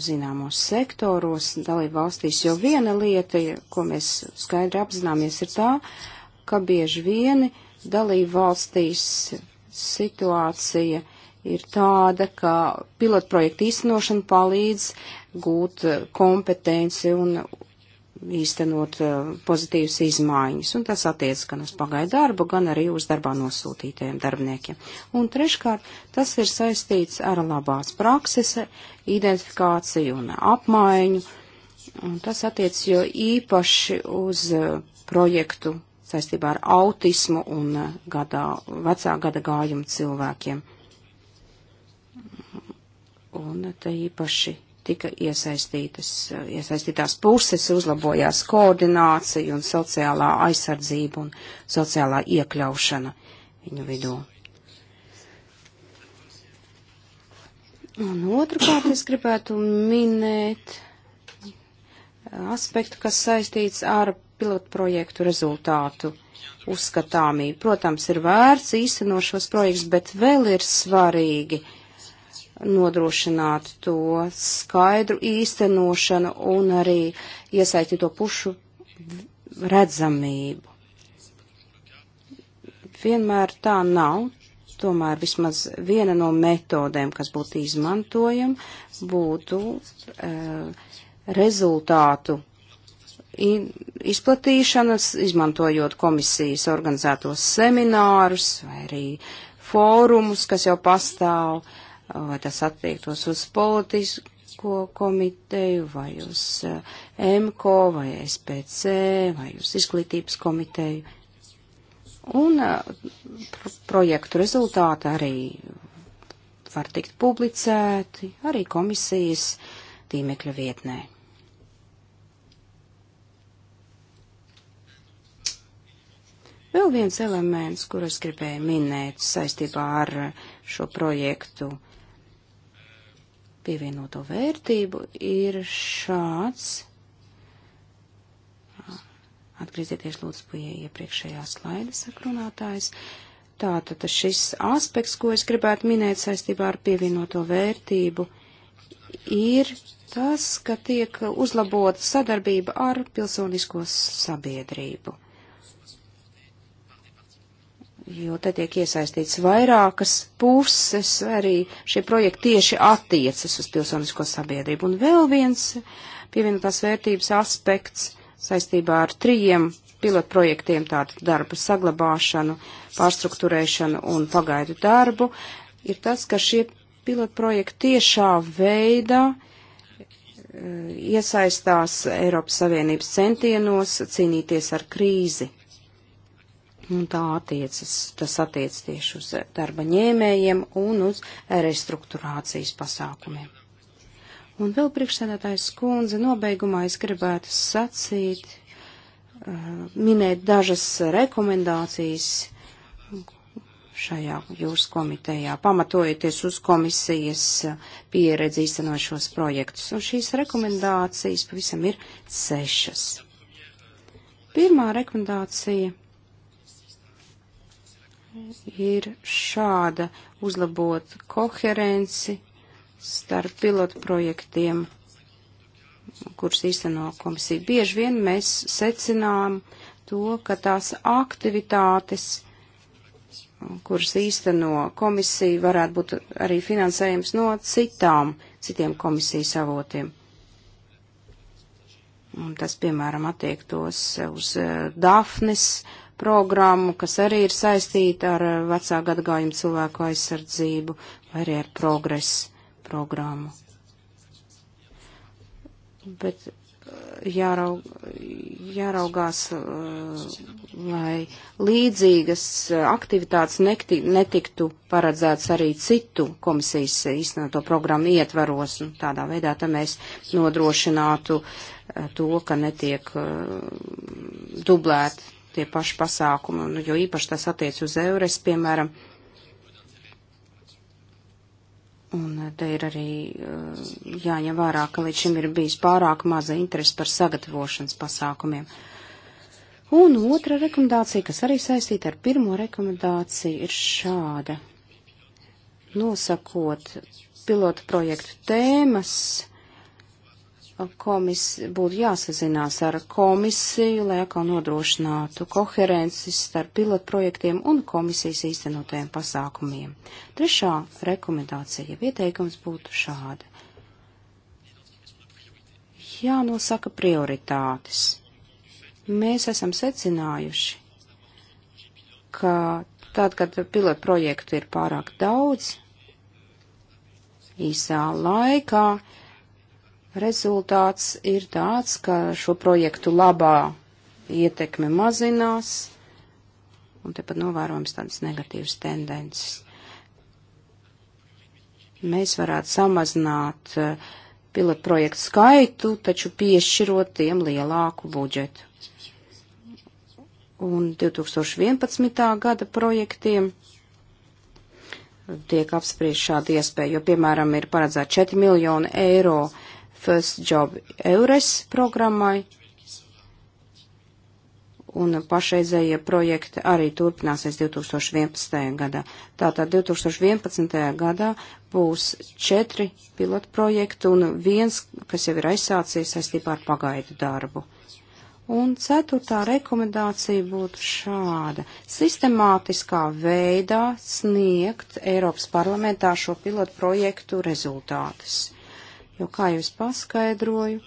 zināmos sektoros dalību valstīs, jo viena lieta, ko mēs skaidri apzināmies, ir tā, ka bieži vieni uh, dalību valstīs situācija ir tāda, ka pilotprojekta īstenošana palīdz gūt eh, kompetenci un īstenot eh, pozitīvas izmaiņas, un tas attiec gan uz pagaidu darbu, gan arī uz darbā nosūtītajiem darbiniekiem. Un treškārt, tas ir saistīts ar labās prakses identifikāciju un apmaiņu, un tas attiec jo īpaši uz eh, projektu saistībā ar autismu un eh, gadā, vecā gada gājumu cilvēkiem. Un te īpaši tika iesaistītas, eh, iesaistītās puses, uzlabojās koordinācija un sociālā aizsardzība un sociālā iekļaušana viņu vidū. Un otrkārt es gribētu minēt eh, aspektu, kas saistīts ar pilotprojektu rezultātu uzskatāmību. Protams, ir vērts īstenot šos projektus, bet vēl ir svarīgi nodrošināt to skaidru īstenošanu un arī iesaistīto pušu redzamību. Vienmēr tā nav, tomēr vismaz viena no metodēm, kas būtu izmantojama, būtu e, rezultātu izplatīšanas, izmantojot komisijas organizētos seminārus vai arī fórumus, kas jau pastāv, vai tas attiektos uz politisko komiteju, vai uz eh, MKO, vai SPC, vai uz izglītības komiteju. Un eh, pro projektu rezultāti arī var tikt publicēti arī komisijas tīmekļa vietnē. Vēl viens elements, kur es gribēju minēt saistībā ar šo projektu pievienoto vērtību, ir šāds. Atgriezieties lūdzu pie iepriekšējā slaida sakrunātājs. Tātad šis aspekts, ko es gribētu minēt saistībā ar pievienoto vērtību, ir tas, ka tiek uzlabota sadarbība ar pilsonisko sabiedrību jo te tiek iesaistīts vairākas puses, arī šie projekti tieši attiecas uz pilsonisko sabiedrību. Un vēl viens pievienotās vērtības aspekts saistībā ar trījiem pilotprojektiem, tātad darba saglabāšanu, pārstruktūrēšanu un pagaidu darbu, ir tas, ka šie pilotprojekti tiešā veidā eh, iesaistās Eiropas Savienības centienos cīnīties ar krīzi Un nu, tā attiecas, tas attiec tieši uz darba ņēmējiem un uz restruktūrācijas pasākumiem. Un vēl priekšsēdētājs skundze nobeigumā es gribētu sacīt, eh, minēt dažas rekomendācijas šajā jūsu komitejā, pamatojoties uz komisijas pieredzi īstenošos projektus. Un šīs rekomendācijas pavisam ir sešas. Pirmā rekomendācija ir šāda - uzlabot koherenci starp pilotu projektiem, kurus īsteno komisija. Bieži vien mēs secinām to, ka tās aktivitātes, kuras īsteno komisija, varētu būt arī finansējums no citām, citiem komisijas avotiem. Un tas, piemēram, attiektos uz eh, Dafnes uh, programmu, kas arī ir saistīta ar eh, vecā gadagājumu cilvēku aizsardzību vai arī ar progresu programmu. Bet eh, jāraug, jāraugās, eh, lai līdzīgas aktivitātes netiktu paredzētas arī citu komisijas īstenoto programmu ietvaros. Un tādā veidā tā mēs nodrošinātu to, ka netiek dublēti tie paši pasākumi, un jo īpaši tas attiec uz eures, piemēram. Un eh, te ir arī eh, jāņem vērā, ka līdz šim ir bijis pārāk maza interesi par sagatavošanas pasākumiem. Un otra rekomendācija, kas arī saistīta ar pirmo rekomendāciju, ir šāda. Nosakot pilotu projektu tēmas, komis, būtu jāsazinās ar komisiju, lai atkal nodrošinātu koherenci starp pilotprojektiem un komisijas īstenotajiem pasākumiem. Trešā rekomendācija, ieteikums būtu šāda. Jānosaka prioritātes. Mēs esam secinājuši, ka tad, kad pilotprojektu ir pārāk daudz, īsā laikā, Rezultāts ir tāds, ka šo projektu labā ietekme mazinās, un te pat novērojams tādas negatīvas tendences. Mēs varētu samazināt eh, pilotprojektu skaitu, taču piešķirot tiem lielāku budžetu. Un 2011. gada projektiem tiek apspriest šāda iespēja, jo, piemēram, ir paredzēta 4 miljoni eiro First Job Eures programmai, un pašreizējie projekti arī turpināsies 2011. gadā. Tātad 2011. gadā būs četri pilotprojekti un viens, kas jau ir aizsācies saistībā ar pagaidu darbu. Un ceturtā rekomendācija būtu šāda. Sistemātiskā veidā sniegt Eiropas parlamentā šo pilotu projektu rezultātus jo, kā jau es paskaidroju,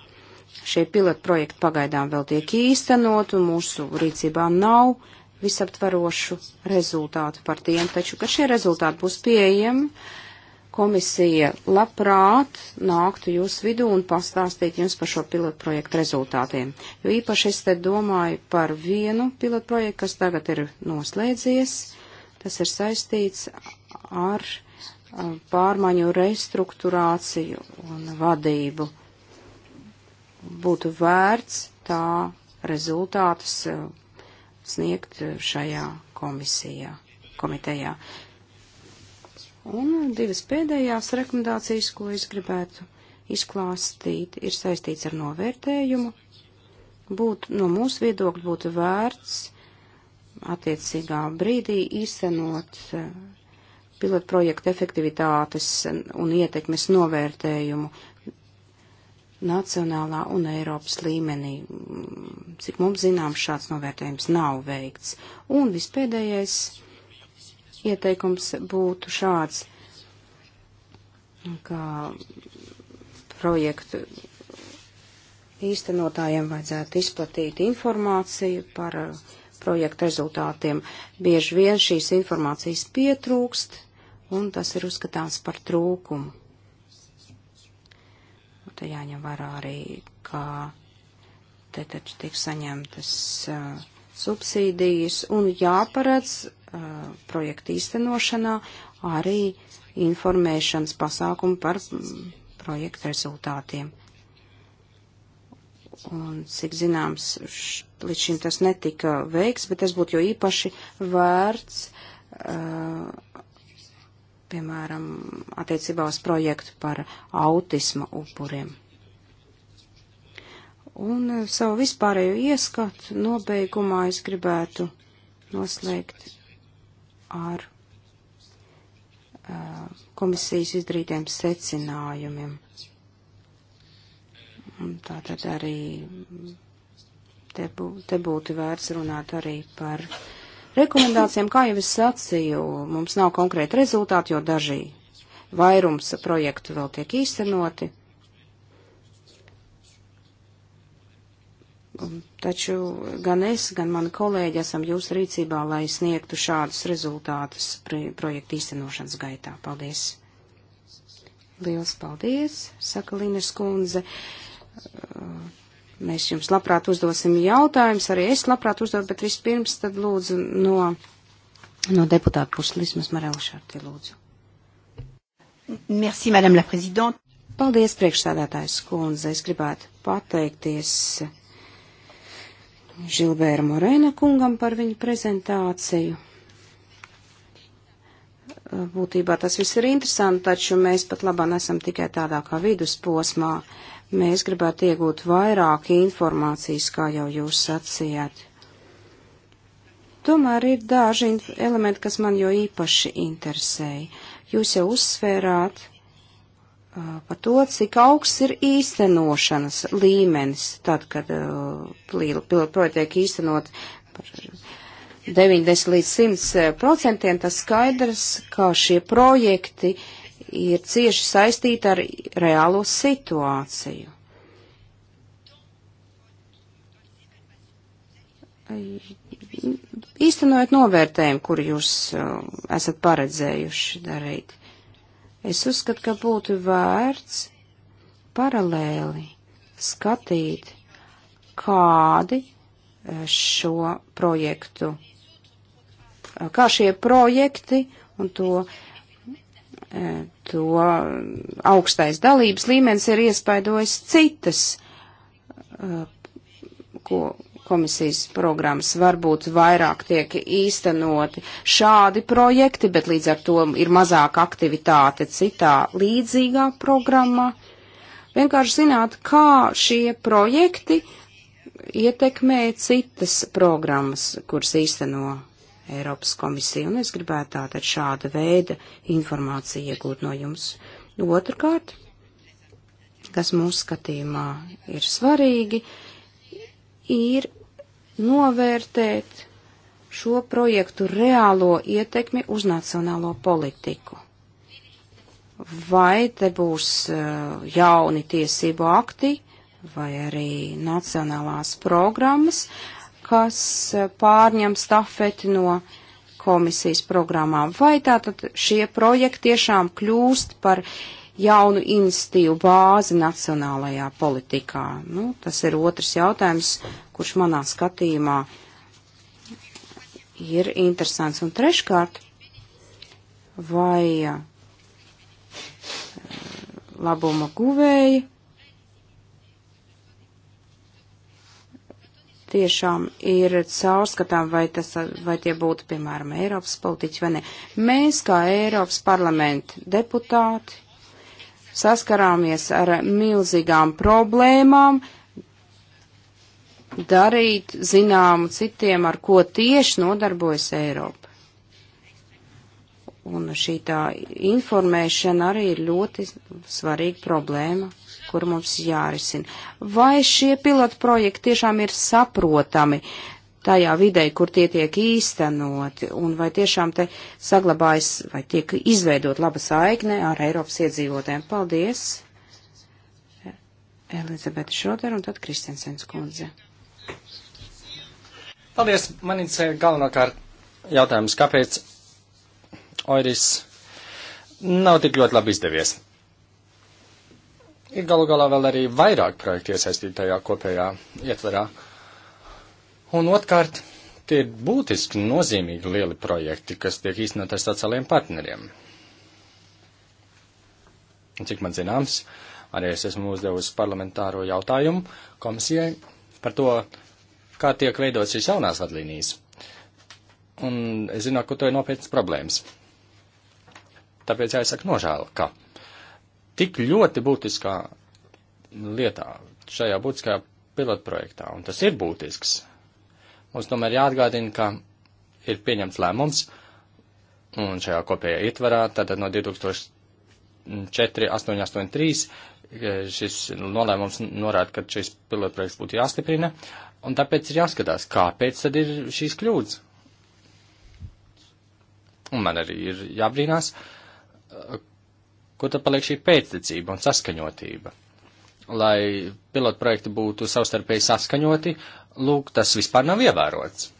šie pilotprojekti pagaidām vēl tiek īstenot, un mūsu rīcībā nav visaptvarošu rezultātu par tiem, taču, kad šie rezultāti būs pieejami, komisija labprāt nāktu jūs vidū un pastāstītu jums par šo pilotprojektu rezultātiem. Jo īpaši es te domāju par vienu pilotprojektu, kas tagad ir noslēdzies, tas ir saistīts ar pārmaiņu restruktūrāciju un vadību. Būtu vērts tā rezultātus eh, sniegt šajā komisijā, komitejā. Un divas pēdējās rekomendācijas, ko es gribētu izklāstīt, ir saistīts ar novērtējumu. Būt, no mūsu viedokļa būtu vērts attiecīgā brīdī īstenot eh, pilotu projektu efektivitātes un ietekmes novērtējumu nacionālā un Eiropas līmenī. Cik mums zinām, šāds novērtējums nav veikts. Un vispēdējais ieteikums būtu šāds, ka projektu īstenotājiem vajadzētu izplatīt informāciju par projektu rezultātiem. Bieži vien šīs informācijas pietrūkst, un tas ir uzskatāms par trūkumu. Un nu, te jāņem vērā arī, ka te taču tiek saņemtas uh, subsīdijas un jāparedz uh, projektu īstenošanā arī informēšanas pasākumu par projektu rezultātiem. Un, cik zināms, š, līdz šim tas netika veiks, bet tas būtu jo īpaši vērts uh, piemēram, attiecībā uz projektu par autisma upuriem. Un eh, savu vispārējo ieskatu nobeigumā es gribētu noslēgt ar uh, komisijas izdarītiem secinājumiem. Un tātad arī te, bū, te būtu vērts runāt arī par uh, Rekomendācijām, kā jau es sacīju, mums nav konkrēti rezultāti, jo daži vairums projektu vēl tiek īstenoti. Taču gan es, gan mani kolēģi esam jūsu rīcībā, lai sniegtu šādus rezultātus projektu īstenošanas gaitā. Paldies! Liels paldies, saka Līnes kundze. Uh, Mēs jums labprāt uzdosim jautājumus, arī es labprāt uzdot, bet vispirms tad lūdzu no, no deputāta puses Lismas Marela Šārti lūdzu. Merci, madame la prezidente. Paldies, priekšstādātājs kundze. Es gribētu pateikties Žilbēra Morēna kungam par viņu prezentāciju. Būtībā tas viss ir interesanti, taču mēs pat labāk esam tikai tādā kā vidusposmā. Uh, Mēs gribētu iegūt vairāk informācijas, kā jau jūs sacījāt. Tomēr ir daži elementi, kas man jau īpaši interesēja. Jūs jau uzsvērāt uh, par to, cik augsts ir īstenošanas līmenis, tad, kad uh, pilotprojekti tiek īstenot par 90 līdz 100 procentiem, tas skaidrs, ka šie projekti uh, ir cieši saistīta ar reālo situāciju. Īstenojot novērtējumu, kur jūs uh, esat paredzējuši darīt, es uzskatu, ka būtu vērts paralēli skatīt, kādi uh, šo projektu, uh, kā šie projekti un to uh, E, to mm, augstais dalības līmenis ir iespaidojis citas e, ko, komisijas programmas varbūt vairāk tiek īstenoti šādi projekti, bet līdz ar to ir mazāk aktivitāte citā līdzīgā programmā. Vienkārši zināt, kā šie projekti ietekmē citas programmas, kuras īsteno Eiropas komisija, un es gribētu tātad šāda veida informāciju iegūt no jums. Otrkārt, kas mūsu skatījumā ir svarīgi, ir novērtēt šo projektu reālo ietekmi uz nacionālo politiku. Vai te būs eh, jauni tiesību akti, vai arī nacionālās programmas, kas eh, pārņem stafeti no komisijas programmām. Vai tātad šie projekti tiešām kļūst par jaunu institīvu bāzi nacionālajā politikā? Nu, tas ir otrs jautājums, kurš manā skatījumā ir interesants. Un treškārt, vai eh, labuma guvēji tiešām ir caurskatām, vai, tas, vai tie būtu, piemēram, Eiropas politiķi vai ne. Mēs, kā Eiropas parlamenta deputāti, saskarāmies ar milzīgām problēmām, darīt zināmu citiem, ar ko tieši nodarbojas Eiropa. Un šī tā informēšana arī ir ļoti svarīga problēma kur mums jārisina. Vai šie pilotu projekti tiešām ir saprotami tajā vidē, kur tie tiek īstenoti, un vai tiešām te saglabājas vai tiek izveidot laba saikne ar Eiropas iedzīvotēm? Paldies! Elizabete Šroder un tad Kristensens kundze. Paldies! Man interesē galvenokārt jautājums, kāpēc Oiris nav tik ļoti labi izdevies ir galu galā vēl arī vairāk projektu iesaistīti tajā kopējā ietverā. Un otrkārt, tie ir būtiski nozīmīgi lieli projekti, kas tiek īstenot ar sociālajiem partneriem. Cik man zināms, arī es esmu uzdevusi parlamentāro jautājumu komisijai par to, kā tiek veidot šīs jaunās vadlīnijas. Un es zinu, ka to ir nopietnas problēmas. Tāpēc jāizsaka nožēla, ka tik ļoti būtiskā lietā, šajā būtiskajā pilotprojektā, un tas ir būtisks. Mums tomēr jāatgādina, ka ir pieņemts lēmums, un šajā kopējā ietvarā, tātad no 2004-883, e, šis nolēmums norāda, ka šis pilotprojekts būtu jāstiprina, un tāpēc ir jāskatās, kāpēc tad ir šīs kļūdas. Un man arī ir jābrīnās, Kur tad paliek šī pēctecība un saskaņotība? Lai pilotprojekti būtu savstarpēji saskaņoti, lūk, tas vispār nav ievērots.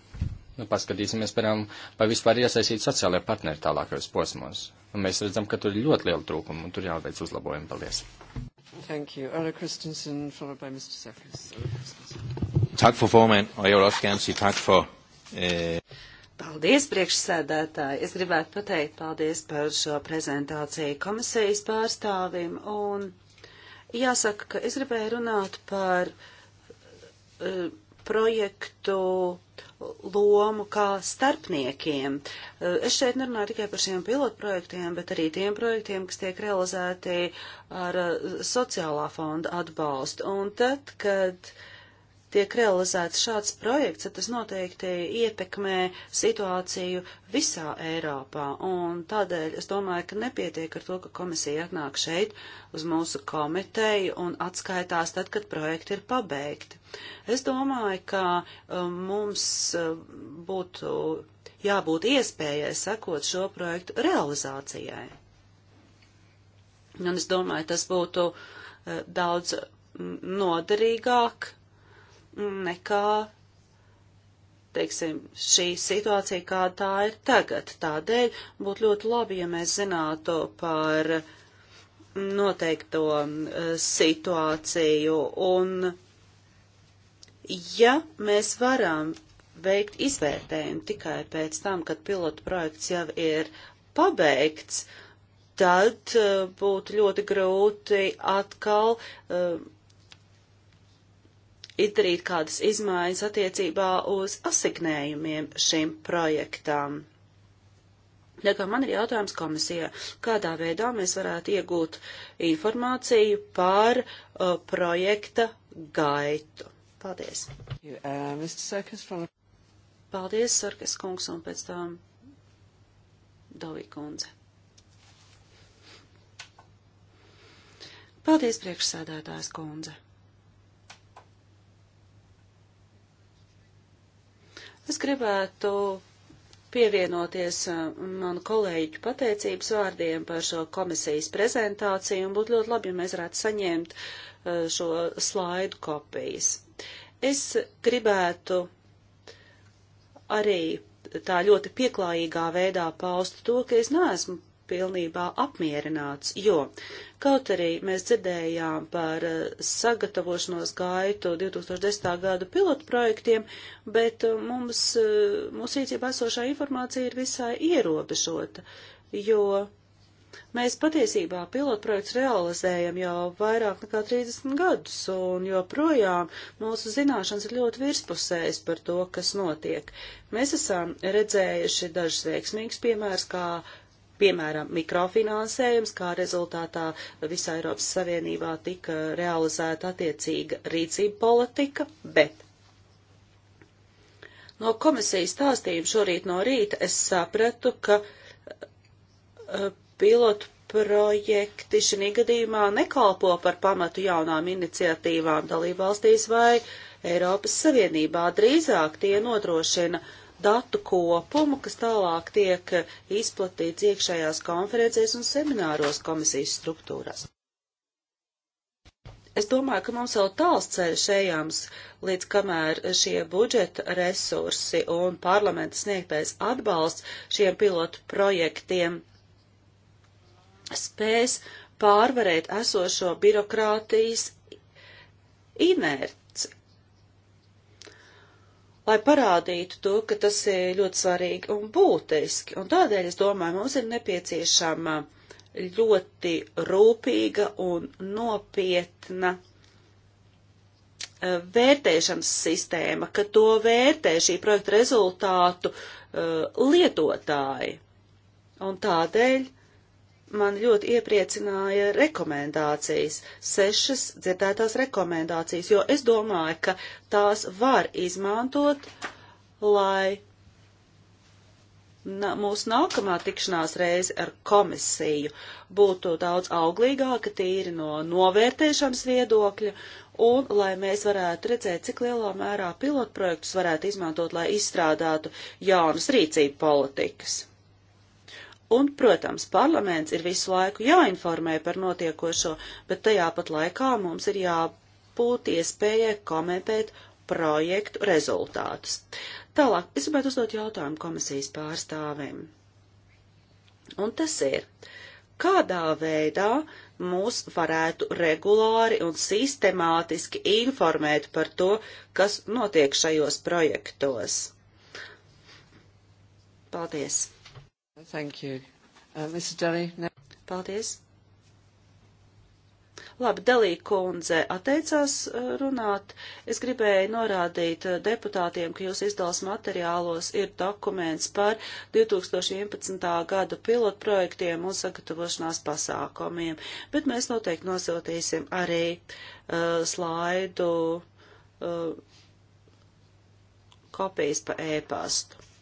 Nu, paskatīsimies, piemēram, vai vispār iesaistīt sociālajie partneri tālākajos posmos. Un mēs redzam, ka tur ir ļoti liela trūkuma un tur jāveic uzlabojumi. Paldies! Thank you. Ola Christensen, followed by Mr. Sefris. Tak for formand, og jeg vil også gerne sige tak for... Eh... Paldies, priekšsēdētāji! Es gribētu pateikt paldies par šo prezentāciju komisijas pārstāvim. Un jāsaka, ka es gribēju runāt par uh, projektu lomu kā starpniekiem. Uh, es šeit nerunāju tikai par šiem pilotprojektiem, bet arī tiem projektiem, kas tiek realizēti ar uh, sociālā fonda atbalstu. Un tad, kad uh, tiek realizēts šāds projekts, tad tas noteikti ietekmē situāciju visā Eiropā. Un tādēļ es domāju, ka nepietiek ar to, ka komisija atnāk šeit uz mūsu komiteju un atskaitās tad, kad projekti ir pabeigti. Es domāju, ka um, mums um, būtu jābūt iespējai sekot šo projektu realizācijai. Un es domāju, tas būtu uh, daudz noderīgāk nekā, teiksim, šī situācija, kāda tā ir tagad. Tādēļ būtu ļoti labi, ja mēs zinātu par noteikto e, situāciju un, ja mēs varam veikt izvērtējumu tikai pēc tam, kad pilotu projekts jau ir pabeigts, tad e, būtu ļoti grūti atkal uh, izdarīt kādas izmaiņas attiecībā uz asignējumiem šim projektām. Tā kā man ir jautājums komisijā, kādā veidā mēs varētu iegūt informāciju par uh, projekta gaitu. Paldies. Uh, Paldies, Sarkas kungs, un pēc tam Dovī kundze. Paldies, priekšsēdētājs kundze. Es gribētu pievienoties uh, manu kolēģu pateicības vārdiem par šo komisijas prezentāciju un būtu ļoti labi, ja mēs varētu saņemt uh, šo slaidu kopijas. Es gribētu arī tā ļoti pieklājīgā veidā paust to, ka es neesmu pilnībā apmierināts, jo kaut arī mēs dzirdējām par eh, sagatavošanos gaitu 2010. gada pilotprojektiem, bet eh, mums, eh, mūsu rīcībā esošā informācija ir visai ierobežota, jo mēs patiesībā pilotprojekts realizējam jau vairāk nekā 30 gadus, un joprojām mūsu zināšanas ir ļoti virspusējas par to, kas notiek. Mēs esam redzējuši dažus veiksmīgus piemērus, kā piemēram, mikrofinansējums, kā rezultātā visā Eiropas Savienībā tika realizēta attiecīga rīcība politika, bet no komisijas stāstījuma šorīt no rīta es sapratu, ka uh, pilotu projekti šī gadījumā nekalpo par pamatu jaunām iniciatīvām dalībvalstīs vai Eiropas Savienībā. Drīzāk tie nodrošina uh, datu kopumu, kas tālāk tiek izplatīts iekšējās konferencēs un semināros komisijas struktūrās. Es domāju, ka mums vēl tāls ceļš ejams, līdz kamēr šie budžeta resursi un parlamenta sniegtais atbalsts šiem pilotu projektiem spēs pārvarēt esošo birokrātijas inerti lai parādītu to, ka tas ir ļoti svarīgi un būtiski. Un tādēļ, es domāju, mums ir nepieciešama ļoti rūpīga un nopietna eh, vērtēšanas sistēma, ka to vērtē šī projekta rezultātu uh, lietotāji. Un tādēļ man ļoti iepriecināja rekomendācijas, sešas dzirdētās rekomendācijas, jo es domāju, ka tās var izmantot, lai na, mūsu nākamā tikšanās reize ar komisiju būtu daudz auglīgāka tīri no novērtēšanas viedokļa, un lai mēs varētu redzēt, cik lielā mērā pilotprojektus varētu izmantot, lai izstrādātu jaunas rīcību politikas. Un, protams, parlaments ir visu laiku jāinformē par notiekošo, bet tajā pat laikā mums ir jābūt iespējai komentēt projektu rezultātus. Tālāk, es gribētu uzdot jautājumu komisijas pārstāvim. Un tas ir, kādā veidā mūs varētu regulāri un sistemātiski informēt par to, kas notiek šajos projektos? Paldies! Thank you. Uh, Mr. Daly, ne... Paldies. Labi, Dalī kundze atteicās uh, runāt. Es gribēju norādīt uh, deputātiem, ka jūs izdals materiālos ir dokuments par 2011. gada pilotprojektiem un sagatavošanās pasākumiem, bet mēs noteikti nosūtīsim arī uh, slaidu uh, kopijas pa ēpastu. E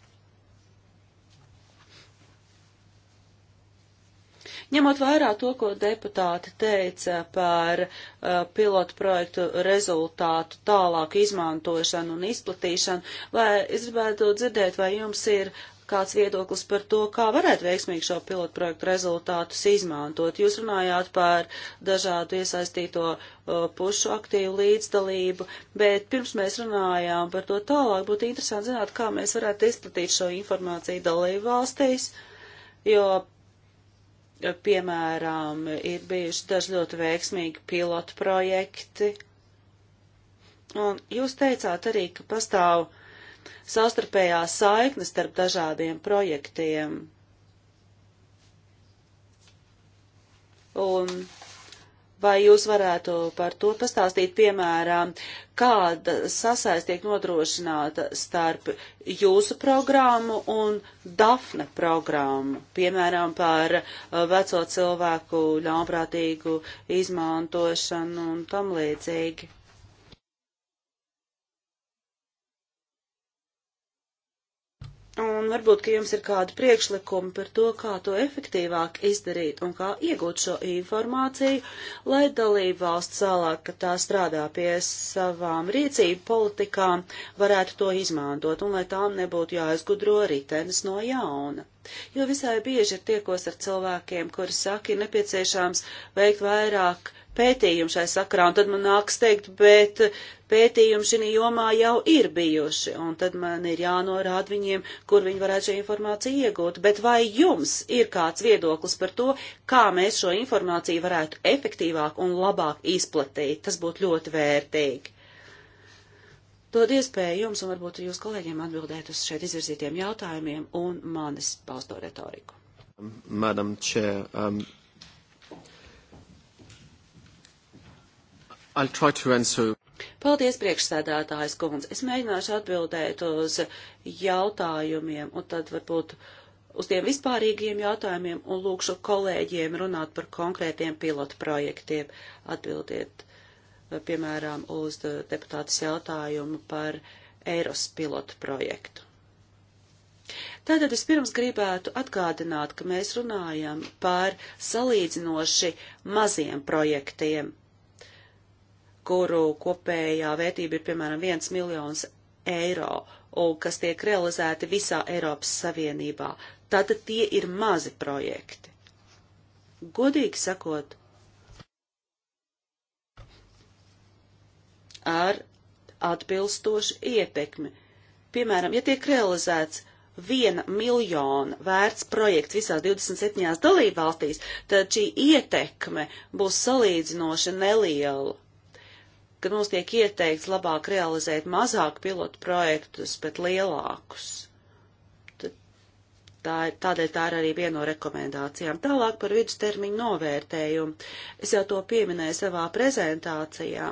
Ņemot vērā to, ko deputāti teica par uh, pilotu projektu rezultātu tālāku izmantošanu un izplatīšanu, vai es gribētu dzirdēt, vai jums ir kāds viedoklis par to, kā varētu veiksmīgi šo pilotu projektu rezultātus izmantot. Jūs runājāt par dažādu iesaistīto uh, pušu aktīvu līdzdalību, bet pirms mēs runājām par to tālāk, būtu interesanti zināt, kā mēs varētu izplatīt šo informāciju dalību valstīs, jo Piemēram, ir bijuši daži ļoti veiksmīgi pilotu projekti. Un jūs teicāt arī, ka pastāv savstarpējā saikne starp dažādiem projektiem. Un vai jūs varētu par to pastāstīt, piemēram, kāda sasaist tiek nodrošināta starp jūsu programmu un Dafne programmu, piemēram, par uh, veco cilvēku ļaunprātīgu izmantošanu un tam līdzīgi. Un varbūt, ka jums ir kādi priekšlikumi par to, kā to efektīvāk izdarīt un kā iegūt šo informāciju, lai dalība valsts sālāk, ka tā strādā pie savām rīcību politikām, varētu to izmantot un lai tām nebūtu jāizgudro ritenis no jauna. Jo visai bieži tiekos ar cilvēkiem, kuri saka, ir nepieciešams veikt vairāk pētījumu šai sakrā, un tad man nāks teikt, bet pētījumi šī jomā jau ir bijuši, un tad man ir jānorāda viņiem, kur viņi varētu šo informāciju iegūt. Bet vai jums ir kāds viedoklis par to, kā mēs šo informāciju varētu efektīvāk un labāk izplatīt? Tas būtu ļoti vērtīgi dod iespēju jums un varbūt jūs kolēģiem atbildēt uz šeit izvirzītiem jautājumiem un manis pausto retoriku. Um, Madam Chair, um, I'll try to answer. Paldies, priekšsēdētājs kundze. Es mēģināšu atbildēt uz jautājumiem un tad varbūt uz tiem vispārīgiem jautājumiem un lūkšu kolēģiem runāt par konkrētiem pilotu projektiem. Atbildiet piemēram, uz deputātas jautājumu par Eiros pilotu projektu. Tātad vispirms gribētu atgādināt, ka mēs runājam par salīdzinoši maziem projektiem, kuru kopējā vērtība ir piemēram 1 miljons eiro un kas tiek realizēti visā Eiropas Savienībā. Tātad tie ir mazi projekti. Godīgi sakot, ar atbilstošu ietekmi. Piemēram, ja tiek realizēts viena miljona vērts projekts visās 27 dalībvalstīs, tad šī ietekme būs salīdzinoši neliela. Kad mums tiek ieteikts labāk realizēt mazāk pilotu projektus, bet lielākus. Tad tā, tādēļ tā ir arī viena no rekomendācijām. Tālāk par vidustermiņu novērtējumu. Es jau to pieminēju savā prezentācijā.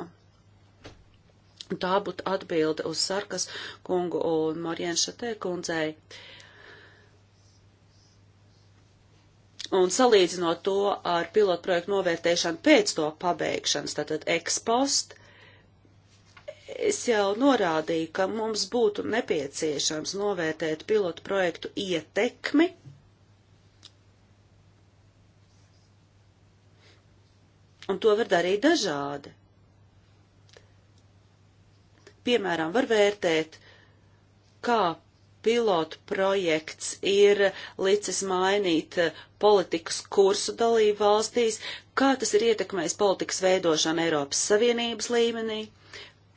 Tā būtu atbilde uz Sarkas kungu un Morienša te kundzei. Un salīdzinot to ar pilotprojektu novērtēšanu pēc to pabeigšanas, tātad ekspost, es jau norādīju, ka mums būtu nepieciešams novērtēt pilotprojektu ietekmi un to var darīt dažādi piemēram, var vērtēt, kā pilotu projekts ir licis mainīt politikas kursu dalību valstīs, kā tas ir ietekmējis politikas veidošanu Eiropas Savienības līmenī,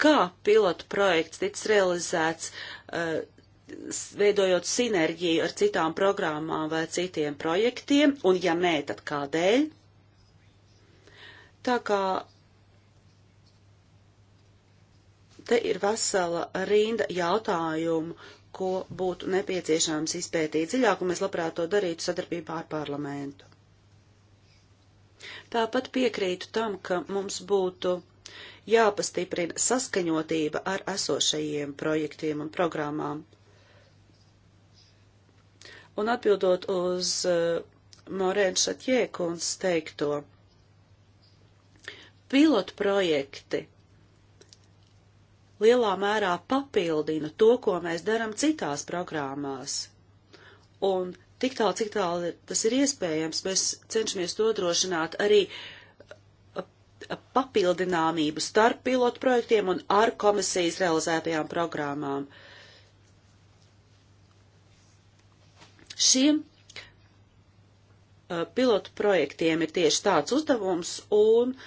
kā pilotu projekts tiks realizēts, uh, veidojot sinerģiju ar citām programmām vai citiem projektiem, un ja nē, tad kādēļ. Tā kā Te ir vesela rinda jautājumu, ko būtu nepieciešams izpētīt dziļāk, un mēs labprāt to darītu sadarbībā ar parlamentu. Tāpat piekrītu tam, ka mums būtu jāpastiprina saskaņotība ar esošajiem projektiem un programmām. Un atbildot uz uh, Morēna Šatjēkuns teikto, pilotprojekti lielā mērā papildina to, ko mēs darām citās programmās. Un tik tālu, cik tālu tas ir iespējams, mēs cenšamies to drošināt arī uh, uh, papildināmību starp pilotu projektiem un ar komisijas realizētajām programmām. Šiem uh, pilotu projektiem ir tieši tāds uzdevums, un uh,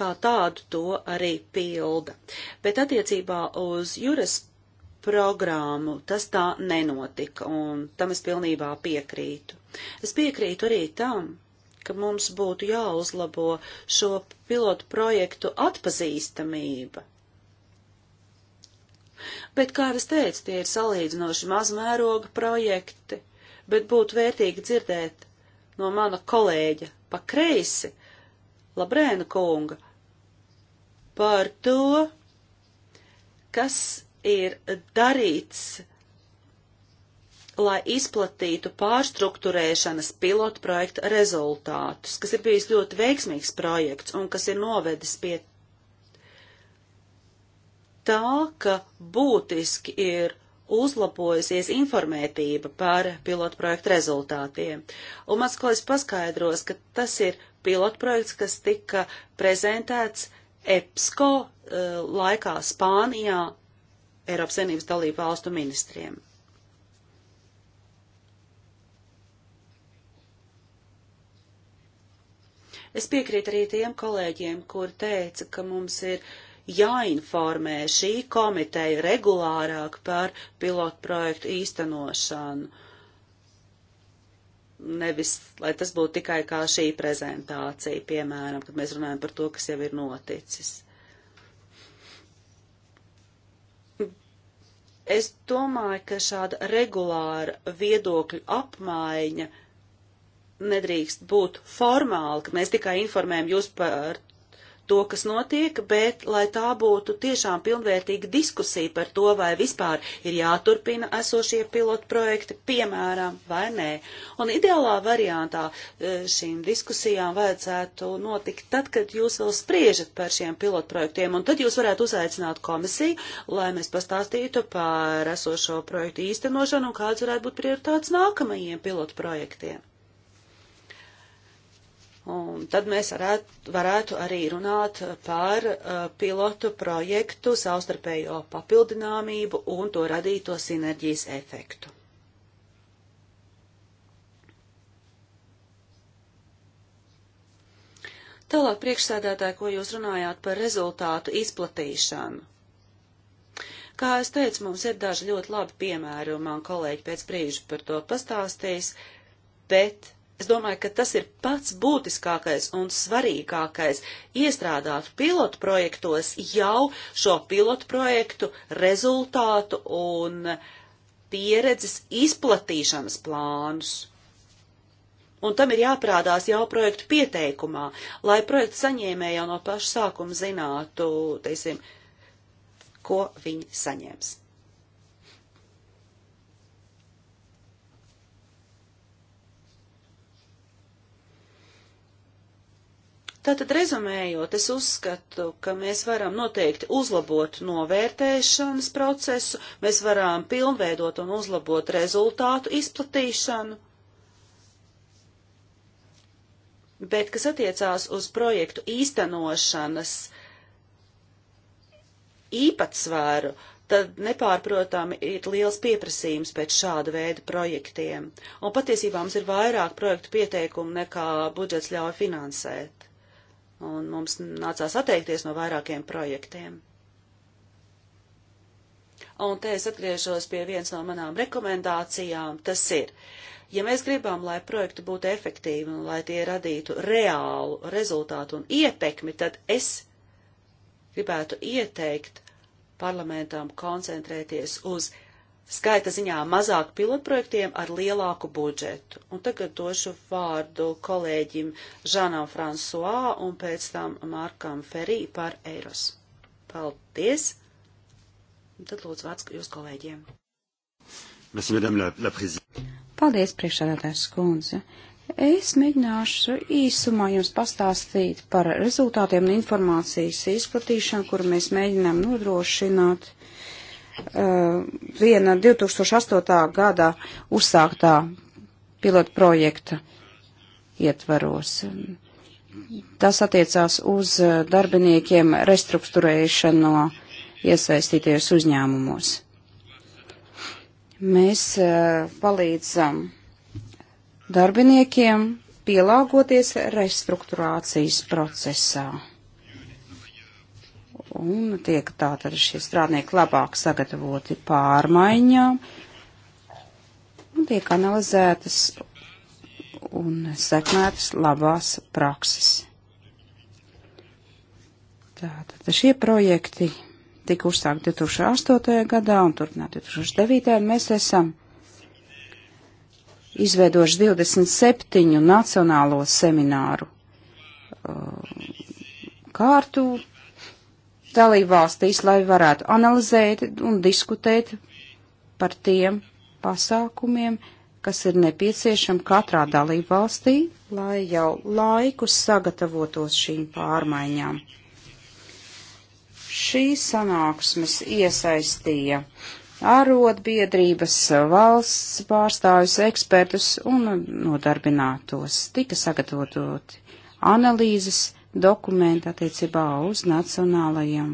kā tādu to arī pilda. Bet attiecībā uz juras programmu tas tā nenotika, un tam es pilnībā piekrītu. Es piekrītu arī tam, ka mums būtu jāuzlabo šo pilotu projektu atpazīstamība. Bet, kā es teicu, tie ir salīdzinoši mazmēroga projekti, bet būtu vērtīgi dzirdēt no mana kolēģa pa kreisi, Labrēna kunga par to, kas ir darīts, lai izplatītu pārstruktūrēšanas pilotu projektu rezultātus, kas ir bijis ļoti veiksmīgs projekts un kas ir novedis pie tā, ka būtiski ir uzlabojusies informētība par pilotu projektu rezultātiem. Un mans kolēģis paskaidros, ka tas ir pilotprojekts, kas tika prezentēts EPSCO eh, laikā Spānijā Eiropas Savienības dalību valstu ministriem. Es piekrītu arī tiem kolēģiem, kur teica, ka mums ir jāinformē šī komiteja regulārāk par pilotprojektu īstenošanu. Uh, nevis, lai tas būtu tikai kā šī prezentācija, piemēram, kad mēs runājam par to, kas jau ir noticis. Es domāju, ka šāda regulāra viedokļu apmaiņa nedrīkst būt formāli, ka mēs tikai informējam jūs par to, kas notiek, bet lai tā būtu tiešām pilnvērtīga diskusija par to, vai vispār ir jāturpina esošie pilotu projekti, piemēram, vai nē. Un ideālā variantā e, šīm diskusijām vajadzētu notikt tad, kad jūs vēl spriežat par šiem pilotu projektiem, un tad jūs varētu uzaicināt komisiju, lai mēs pastāstītu par esošo projektu īstenošanu un kāds varētu būt prioritāts nākamajiem pilotu projektiem. Un tad mēs varētu, varētu arī runāt par uh, pilotu projektu savstarpējo papildināmību un to radīto sinerģijas efektu. Tālāk priekšsēdētāji, ko jūs runājāt par rezultātu izplatīšanu. Kā es teicu, mums ir daži ļoti labi piemēri, un man kolēģi pēc brīža par to pastāstīs, bet Es domāju, ka tas ir pats būtiskākais un svarīgākais - iestrādāt pilotu projektos jau šo pilotu projektu rezultātu un pieredzes izplatīšanas plānus. Un tam ir jāprādās jau projektu pieteikumā, lai projektu saņēmēji jau no paša sākuma zinātu, teiksim, ko viņi saņems. Tātad, rezumējot, es uzskatu, ka mēs varam noteikti uzlabot novērtēšanas procesu, mēs varam pilnveidot un uzlabot rezultātu izplatīšanu. Bet, kas attiecās uz projektu īstenošanas īpatsvaru, tad nepārprotami ir liels pieprasījums pēc šāda veida projektiem. Un patiesībā mums ir vairāk projektu pieteikumu nekā budžets ļauj finansēt un mums nācās atteikties no vairākiem projektiem. Un te es atgriežos pie viens no manām rekomendācijām. Tas ir, ja mēs gribam, lai projekti būtu efektīvi un lai tie radītu reālu rezultātu un ietekmi, tad es gribētu ieteikt parlamentam koncentrēties uz skaita ziņā mazāk pilotprojektiem ar lielāku budžetu. Un tagad došu vārdu kolēģim Žanam Fransuā un pēc tam Markam Ferī par Eiros. Paldies! Un tad lūdzu vārds jūs kolēģiem. Paldies, priekšsēdētājs skundze. Es mēģināšu īsumā jums pastāstīt par rezultātiem un informācijas izplatīšanu, kuru mēs mēģinām nodrošināt Uh, viena 2008. gadā uzsāktā pilotu projekta ietvaros. Tas attiecās uz uh, darbiniekiem restruktūrēšanu no iesaistītajos uzņēmumos. Mēs uh, palīdzam darbiniekiem pielāgoties restruktūrācijas procesā un tiek tātad šie strādnieki labāk sagatavoti pārmaiņām, un tiek analizētas un sekmētas labās prakses. Tātad šie projekti tika uzsākti 2008. gadā un turpināt 2009. mēs esam izveidojuši 27 nacionālo semināru uh, kārtu dalībvalstīs, lai varētu analizēt un diskutēt par tiem pasākumiem, kas ir nepieciešami katrā dalībvalstī, lai jau laiku sagatavotos šīm pārmaiņām. Šīs sanāksmes iesaistīja arotbiedrības, valsts pārstāvis, ekspertus un nodarbinātos. Tika sagatavototi analīzes dokumenti attiecībā uz nacionālajiem,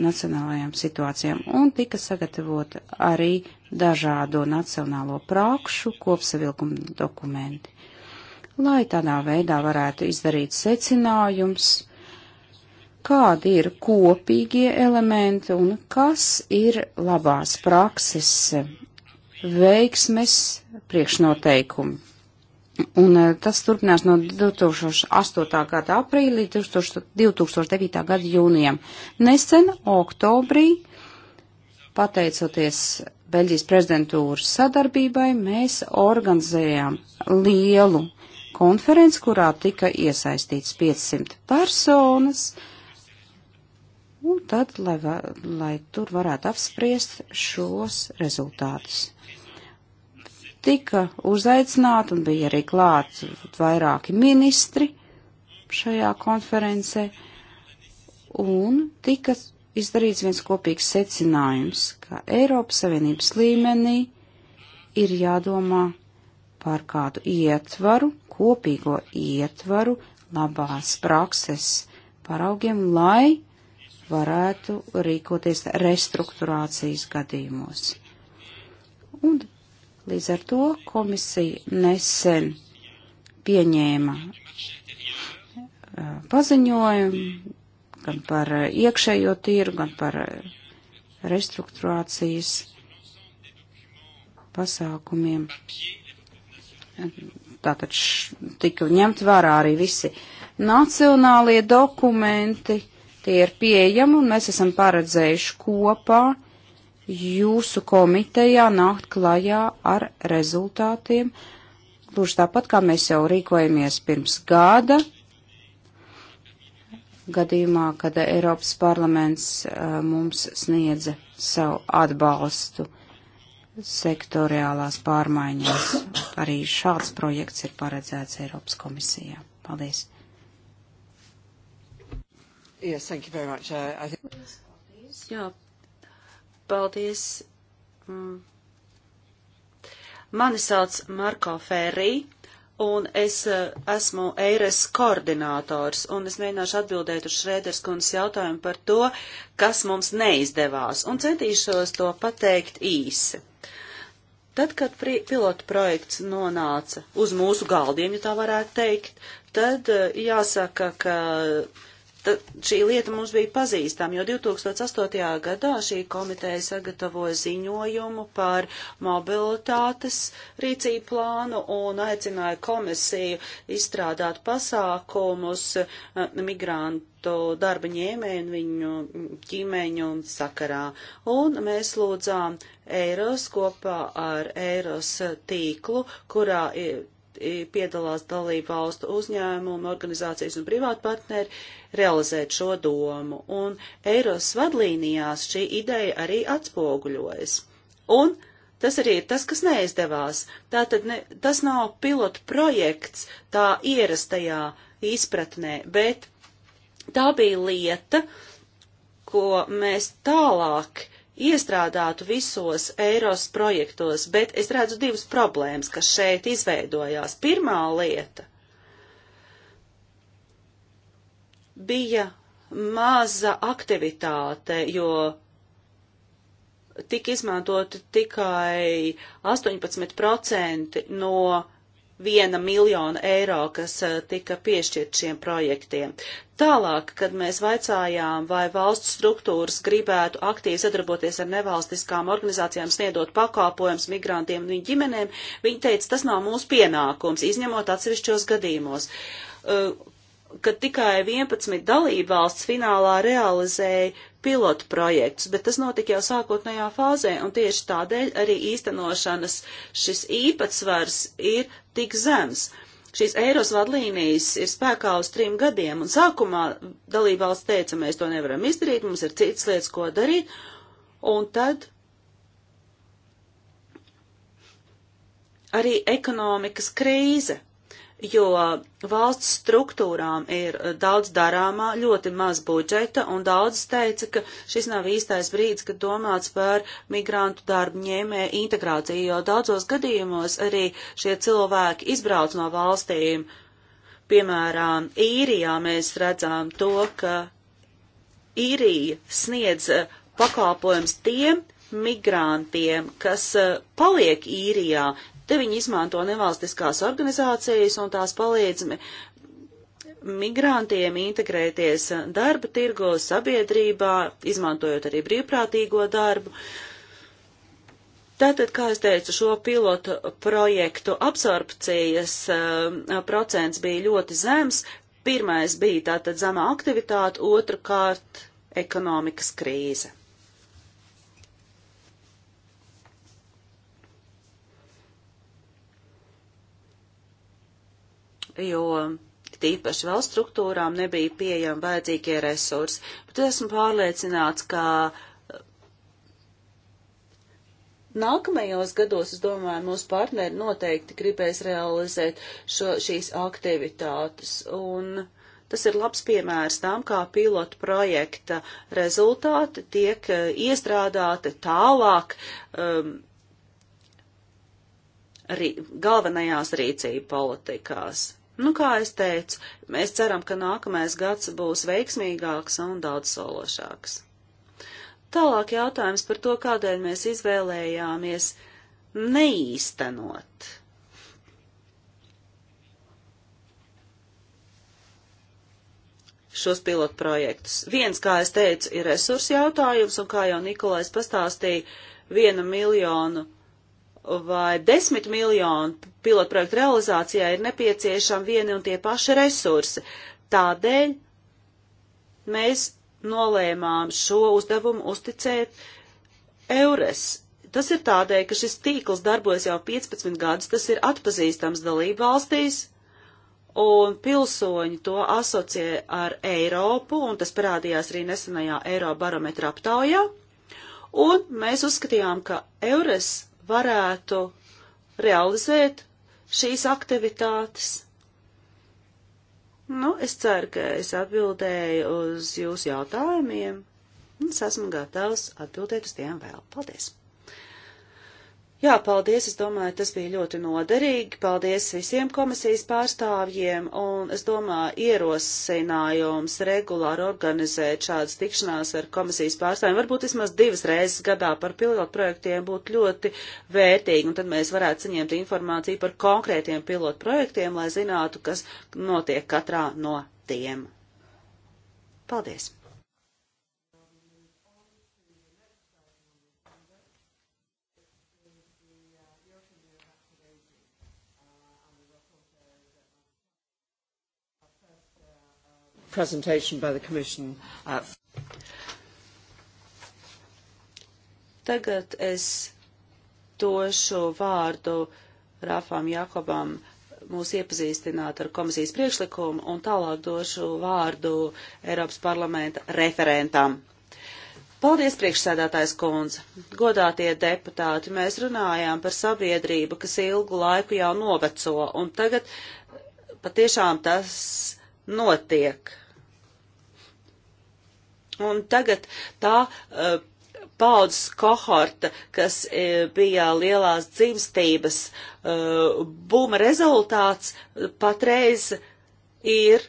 nacionālajām situācijām un tika sagatavota arī dažādo nacionālo prākšu kopsavilkuma dokumenti. Lai tādā veidā varētu izdarīt secinājums, kādi ir kopīgie elementi un kas ir labās prakses veiksmes priekšnoteikumi. Un e, tas turpinās no 2008. gada aprīlī 2009. gada jūnijam. Nesen oktobrī, pateicoties Beļģijas prezidentūras sadarbībai, mēs organizējām lielu konferenci, kurā tika iesaistīts 500 personas. Un tad, lai, lai tur varētu apspriest šos rezultātus tika uzaicināti un bija arī klāt vairāki ministri šajā konferencē, un tika izdarīts viens kopīgs secinājums, ka Eiropas Savienības līmenī ir jādomā par kādu ietvaru, kopīgo ietvaru labās prakses paraugiem, lai varētu rīkoties restruktūrācijas gadījumos. Un Līdz ar to komisija nesen pieņēma paziņojumu gan par iekšējo tirgu, gan par restruktūrācijas pasākumiem. Tātad tika ņemt vērā arī visi nacionālie dokumenti, tie ir pieejami un mēs esam paredzējuši kopā jūsu komitejā nākt klajā ar rezultātiem, gluži tāpat kā mēs jau rīkojamies pirms gada, gadījumā, kad Eiropas parlaments mums sniedza savu atbalstu sektoriālās pārmaiņās. Arī šāds projekts ir paredzēts Eiropas komisijā. Paldies! Yes, thank you very much. Uh, I think... Jā, Paldies. Mm. Mani sauc Marko Ferī, un es e, esmu Eires koordinātors, un es mēģināšu atbildēt uz Šrēders kundas jautājumu par to, kas mums neizdevās, un centīšos to pateikt īsi. Tad, kad pilotu projekts nonāca uz mūsu galdiem, ja tā varētu teikt, tad e, jāsaka, ka Tad šī lieta mums bija pazīstama, jo 2008. gadā šī komiteja sagatavoja ziņojumu par mobilitātes rīcību plānu un aicināja komisiju izstrādāt pasākumus eh, migrantu darba ņēmēju un viņu ģimeņu sakarā. Un mēs lūdzām Eiros kopā ar Eiros tīklu, kurā piedalās dalību valstu uzņēmumu, organizācijas un privātu partneri, realizēt šo domu. Un Eiros vadlīnijās šī ideja arī atspoguļojas. Un tas arī ir tas, kas neizdevās. Tātad ne, tas nav pilotu projekts tā ierastajā izpratnē, bet tā bija lieta, ko mēs tālāk iestrādātu visos eiros projektos, bet es redzu divas problēmas, kas šeit izveidojās. Pirmā lieta bija maza aktivitāte, jo tika izmantoti tikai 18% no viena miljona eiro, kas eh, tika piešķirt šiem projektiem. Tālāk, kad mēs vaicājām, vai valsts struktūras gribētu aktīvi sadarboties ar nevalstiskām organizācijām, sniedot pakalpojumus migrantiem un viņu ģimenēm, viņi teica, tas nav mūsu pienākums, izņemot atsevišķos gadījumos eh, ka tikai 11 dalībvalsts finālā realizēja pilotu projektus, bet tas notika jau sākotnējā fāzē, un tieši tādēļ arī īstenošanas šis īpatsvars ir tik zems. Šīs eiros vadlīnijas ir spēkā uz trim gadiem, un sākumā dalībvalsts teica, mēs to nevaram izdarīt, mums ir citas lietas, ko darīt, un tad arī ekonomikas krīze jo valsts struktūrām ir daudz darāmā, ļoti maz budžeta, un daudz teica, ka šis nav īstais brīdis, kad domāts par migrantu darbu ņēmē integrāciju, jo daudzos gadījumos arī šie cilvēki izbrauc no valstīm. Piemēram, īrijā mēs redzām to, ka īrija sniedz eh, pakalpojums tiem migrantiem, kas eh, paliek īrijā, Te viņi izmanto nevalstiskās organizācijas un tās palīdz migrantiem integrēties darba tirgos, sabiedrībā, izmantojot arī brīvprātīgo darbu. Tātad, kā es teicu, šo pilotu projektu absorpcijas uh, procents bija ļoti zems. Pirmais bija tātad zemā aktivitāte, otrkārt ekonomikas krīze. jo tīpaši valsts struktūrām nebija pieejami vajadzīgie resursi. Bet esmu pārliecināts, ka uh, nākamajos gados, es domāju, mūsu partneri noteikti gribēs realizēt šo, šīs aktivitātes. Un tas ir labs piemērs tam, kā pilotu projekta rezultāti tiek uh, iestrādāti tālāk. Um, Rī, galvenajās rīcība politikās. Nu, kā es teicu, mēs ceram, ka nākamais gads būs veiksmīgāks un daudz sološāks. Tālāk jautājums par to, kādēļ mēs izvēlējāmies neīstenot šos pilotu projektus. Viens, kā es teicu, ir resursu jautājums, un kā jau Nikolais pastāstīja, viena miljonu vai desmit miljonu pilotprojektu realizācijā ir nepieciešami vieni un tie paši resursi. Tādēļ mēs nolēmām šo uzdevumu uzticēt Eures. Tas ir tādēļ, ka šis tīkls darbojas jau 15 gadus, tas ir atpazīstams dalību valstīs, un pilsoņi to asociē ar Eiropu, un tas parādījās arī nesenajā Eirobarometra aptaujā. Un mēs uzskatījām, ka Eures varētu realizēt šīs aktivitātes. Nu, es ceru, ka es atbildēju uz jūsu jautājumiem, un es esmu gatavs atbildēt uz tiem vēl. Paldies! Jā, paldies, es domāju, tas bija ļoti noderīgi. Paldies visiem komisijas pārstāvjiem, un es domāju, ierosinājums regulāri organizēt šādas tikšanās ar komisijas pārstāvjiem, varbūt vismaz divas reizes gadā par pilotprojektiem būtu ļoti vērtīgi, un tad mēs varētu saņemt informāciju par konkrētiem pilotprojektiem, lai zinātu, kas notiek katrā no tiem. Paldies! presentation by the Commission. Uh, Tagad es došu vārdu Rafam Jakobam mūs iepazīstināt ar komisijas priekšlikumu un tālāk došu vārdu Eiropas parlamenta referentam. Paldies, priekšsēdētājs kundze. Godātie deputāti, mēs runājām par sabiedrību, kas ilgu laiku jau noveco, un tagad patiešām tas notiek. Un tagad tā uh, paudzes kohorta, kas uh, bija lielās dzimstības uh, eh, būma rezultāts, patreiz ir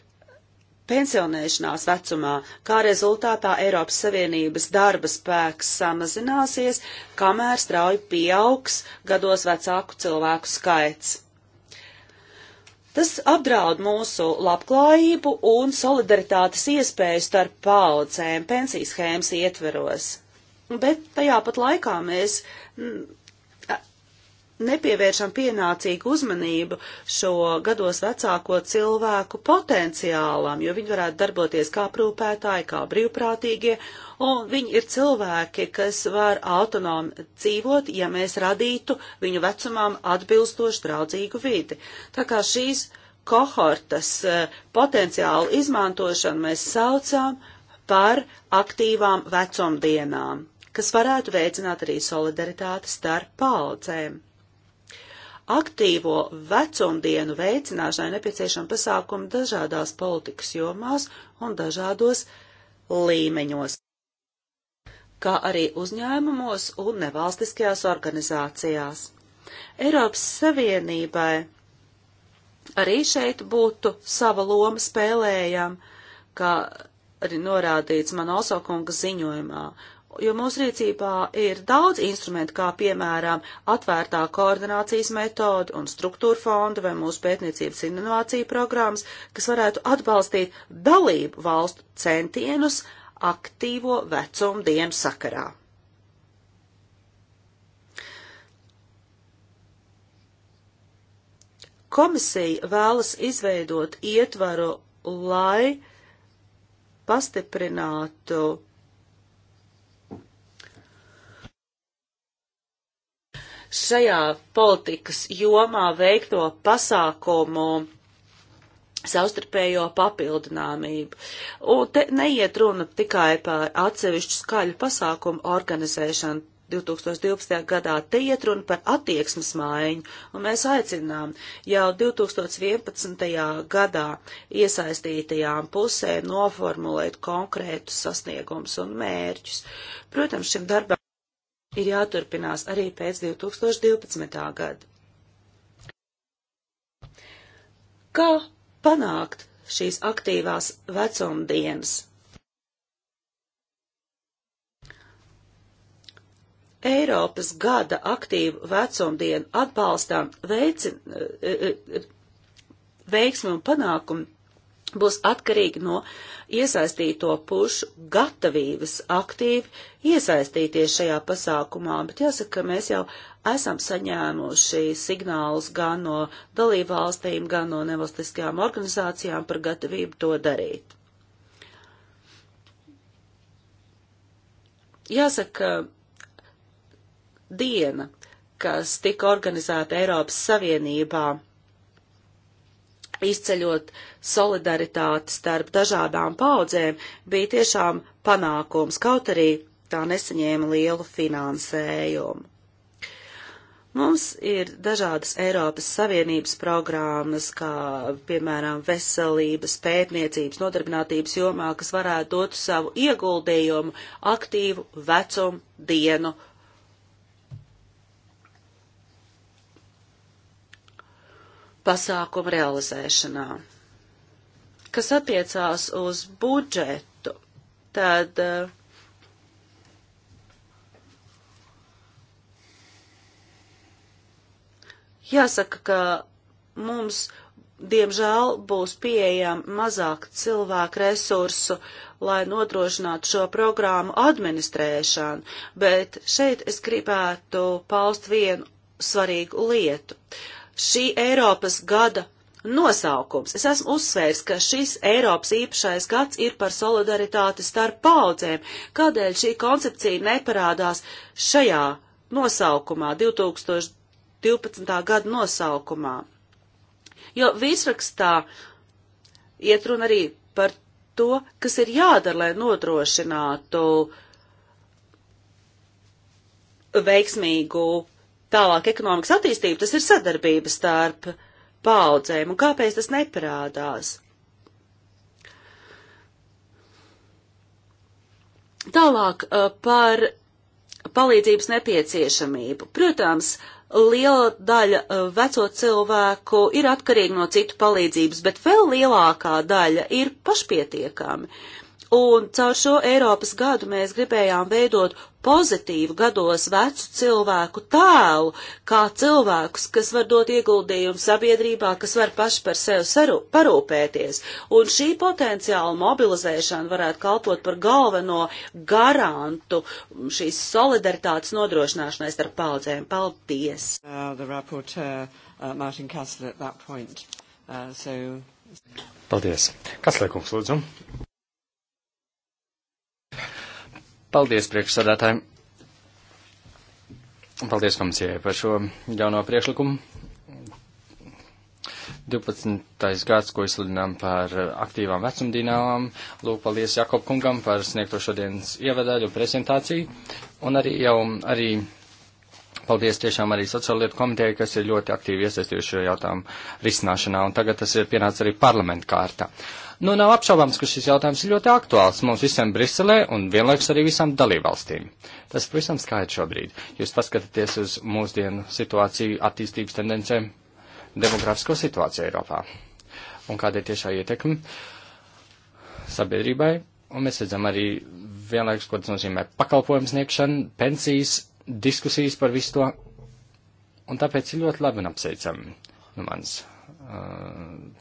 pensionēšanās vecumā, kā rezultātā Eiropas Savienības darba spēks samazināsies, kamēr strauji pieaugs gados vecāku cilvēku skaits. Tas apdraud mūsu labklājību un solidaritātes iespēju starp paudzēm pensijas schēmas ietveros. Bet tajā pat laikā mēs nepievēršam pienācīgu uzmanību šo gados vecāko cilvēku potenciālam, jo viņi varētu darboties kā aprūpētāji, kā brīvprātīgie, un viņi ir cilvēki, kas var autonomi dzīvot, ja mēs radītu viņu vecumam atbilstošu draudzīgu vidi. Tā kā šīs kohortas e, potenciālu izmantošanu mēs saucām par aktīvām vecumdienām kas varētu veicināt arī solidaritāti starp paudzēm aktīvo vecumdienu veicināšanai nepieciešama pasākuma dažādās politikas jomās un dažādos līmeņos, kā arī uzņēmumos un nevalstiskajās organizācijās. Eiropas Savienībai arī šeit būtu sava loma spēlējama, kā arī norādīts man Osokunga ziņojumā, jo mūsu rīcībā ir daudz instrumentu, kā piemēram atvērtā koordinācijas metoda un struktūra fonda vai mūsu pētniecības inovācija programmas, kas varētu atbalstīt dalību valstu centienus aktīvo vecumu dienu sakarā. Komisija vēlas izveidot ietvaru, lai pastiprinātu šajā politikas jomā veikto pasākumu savstarpējo papildināmību. Un te neiet runa tikai par atsevišķu skaļu pasākumu organizēšanu. 2012. gadā te iet runa par attieksmes maiņu, un mēs aicinām jau 2011. gadā iesaistītajām pusēm noformulēt konkrētus sasniegumus un mērķus. Protams, šim darbam ir jāturpinās arī pēc 2012. gada. Kā panākt šīs aktīvās vecumdienas? Eiropas gada aktīvu vecumdienu atbalstām veicin, eh, eh, eh, veiksmi un panākumi būs atkarīgi no iesaistīto pušu gatavības aktīvi iesaistīties šajā pasākumā, bet jāsaka, ka mēs jau esam saņēmuši signālus gan no dalībvalstīm, gan no nevalstiskajām organizācijām par gatavību to darīt. Jāsaka, diena, kas tika organizēta Eiropas Savienībā izceļot solidaritāti starp dažādām paudzēm, bija tiešām panākums, kaut arī tā nesaņēma lielu finansējumu. Mums ir dažādas Eiropas Savienības programmas, kā piemēram veselības, pētniecības, nodarbinātības jomā, kas varētu dot savu ieguldījumu aktīvu vecumu dienu pasākumu realizēšanā. Kas attiecās uz budžetu, tad uh, jāsaka, ka mums, diemžēl, būs pieejami mazāk cilvēku resursu, lai nodrošinātu šo programmu administrēšanu, bet šeit es gribētu paust vienu svarīgu lietu. Uh, šī Eiropas gada nosaukums. Es esmu uzsvērs, ka šis Eiropas īpašais gads ir par solidaritāti starp paudzēm. Kādēļ šī koncepcija neparādās šajā nosaukumā, 2012. gada nosaukumā? Jo virsrakstā iet runa arī par to, kas ir jādara, lai nodrošinātu veiksmīgu uh, tālāk ekonomikas attīstību, tas ir sadarbība starp paudzēm, un kāpēc tas neparādās? Tālāk uh, par palīdzības nepieciešamību. Protams, liela daļa uh, veco cilvēku ir atkarīgi no citu palīdzības, bet vēl lielākā daļa ir pašpietiekami. Uh, Un caur šo Eiropas gadu mēs gribējām veidot pozitīvu gados vecu cilvēku tēlu, kā cilvēkus, kas var dot ieguldījumu sabiedrībā, kas var paši par sevi saru, parūpēties. Un šī potenciāla mobilizēšana varētu kalpot par galveno garantu šīs solidaritātes nodrošināšanai starp paudzēm. Paldies! Uh, rapporteur, uh, uh, so... Paldies! Kas liekums, lūdzu? Paldies priekšsādātājiem. Paldies komisijai par šo jauno priekšlikumu. 12. gads, ko izsludinām par aktīvām vecumdīnām. Lūk, paldies Jakob kungam par sniegto šodienas ievadaļu prezentāciju. Un arī jau arī paldies tiešām arī sociālietu komitejai, kas ir ļoti aktīvi iesaistījuši šo jautājumu risināšanā. Un tagad tas ir pienācis arī parlamenta kārta. Uh, Nu, nav apšaubāms, ka šis jautājums ir ļoti aktuāls mums visiem Briselē un vienlaikus arī visām dalībvalstīm. Tas pavisam skaidrs šobrīd. Jūs paskatāties uz mūsdienu situāciju, attīstības tendencēm, demografisko situāciju Eiropā un kāda ir tiešā ietekme sabiedrībai. Un mēs redzam arī vienlaikus, ko tas nozīmē pakalpojums sniegšana, pensijas, diskusijas par visu to. Un tāpēc ir ļoti labi un apsveicami no nu, manas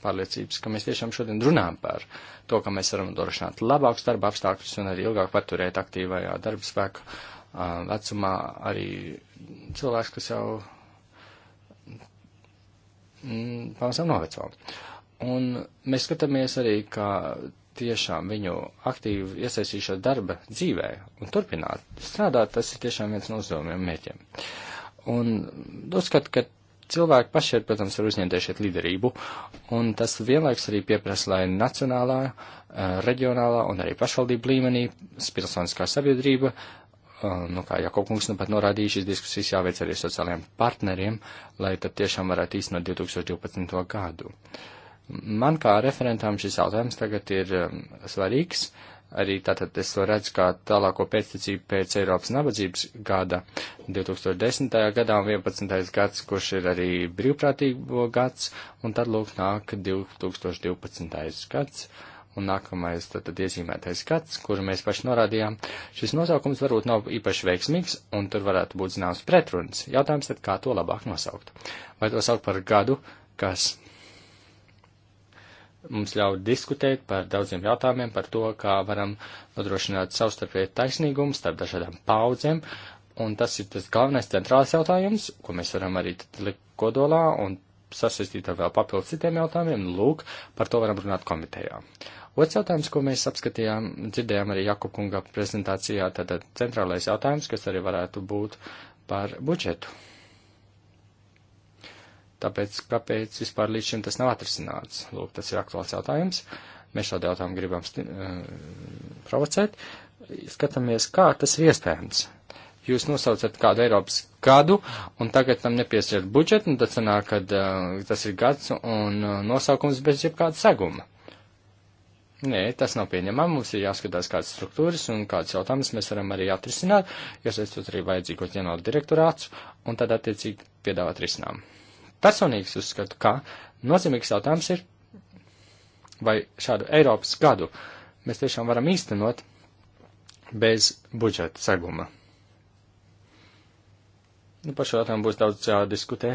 pārliecības, ka mēs tiešām šodien runājam par to, ka mēs varam nodrošināt labākus darba apstākļus un arī ilgāk paturēt aktīvajā darba spēku vecumā arī cilvēks, kas jau mm, pamazām noveco. Un mēs skatāmies arī, ka tiešām viņu aktīvi iesaistīšot darba dzīvē un turpināt strādāt, tas ir tiešām viens no uzdevumiem mērķiem. Un uzskatu, ka cilvēki paši ir, protams, var uzņemties šeit līderību, un tas vienlaiks arī pieprasa, lai nacionālā, eh, reģionālā un arī pašvaldību līmenī pilsoniskā sabiedrība, eh, nu kā Jakob kungs nu pat norādīja, šīs diskusijas jāveic arī sociālajiem partneriem, lai tad tiešām varētu īstenot 2012. gadu. Man kā referentām šis jautājums tagad ir eh, svarīgs. Uh, arī tātad es to redzu kā tālāko pēctecību pēc Eiropas nabadzības gada 2010. gadā un 11. gads, kurš ir arī brīvprātīgo gads, un tad lūk nāk 2012. gads. Un nākamais tad, tad iezīmētais gads, kuru mēs paši norādījām, šis nosaukums varbūt nav īpaši veiksmīgs, un tur varētu būt zināms pretruns. Jautājums tad, kā to labāk nosaukt? Vai to saukt par gadu, kas mums ļauj diskutēt par daudziem jautājumiem, par to, kā varam nodrošināt savstarpēju taisnīgumu starp dažādām paudzēm. Un tas ir tas galvenais centrāls jautājums, ko mēs varam arī likt kodolā un sasaistīt ar vēl papildus citiem jautājumiem. Lūk, par to varam runāt komitejā. Otrs jautājums, ko mēs apskatījām, dzirdējām arī Jakubkunga prezentācijā, tad centrālais jautājums, kas arī varētu būt par budžetu. Tāpēc, kāpēc vispār līdz šim tas nav atrisināts? Lūk, tas ir aktuāls jautājums. Mēs šādu jautājumu gribam uh, provocēt. Skatāmies, kā tas ir iespējams. Jūs nosaucat kādu Eiropas gadu, un tagad tam nepiesiet budžetu, un tad sanāk, ka uh, tas ir gads un uh, nosaukums bez jebkāda seguma. Nē, tas nav pieņemami. Mums ir jāskatās, kādas struktūras un kādas jautājumas mēs varam arī atrisināt, iesaistot arī vajadzīgos ģenerāla direktorāts, un tad attiecīgi piedāvāt risinājumu. Personīgs uzskatu, ka nozīmīgs jautājums ir, vai šādu Eiropas gadu mēs tiešām varam īstenot bez budžeta seguma. Nu, par šo jautājumu būs daudz jādiskutē.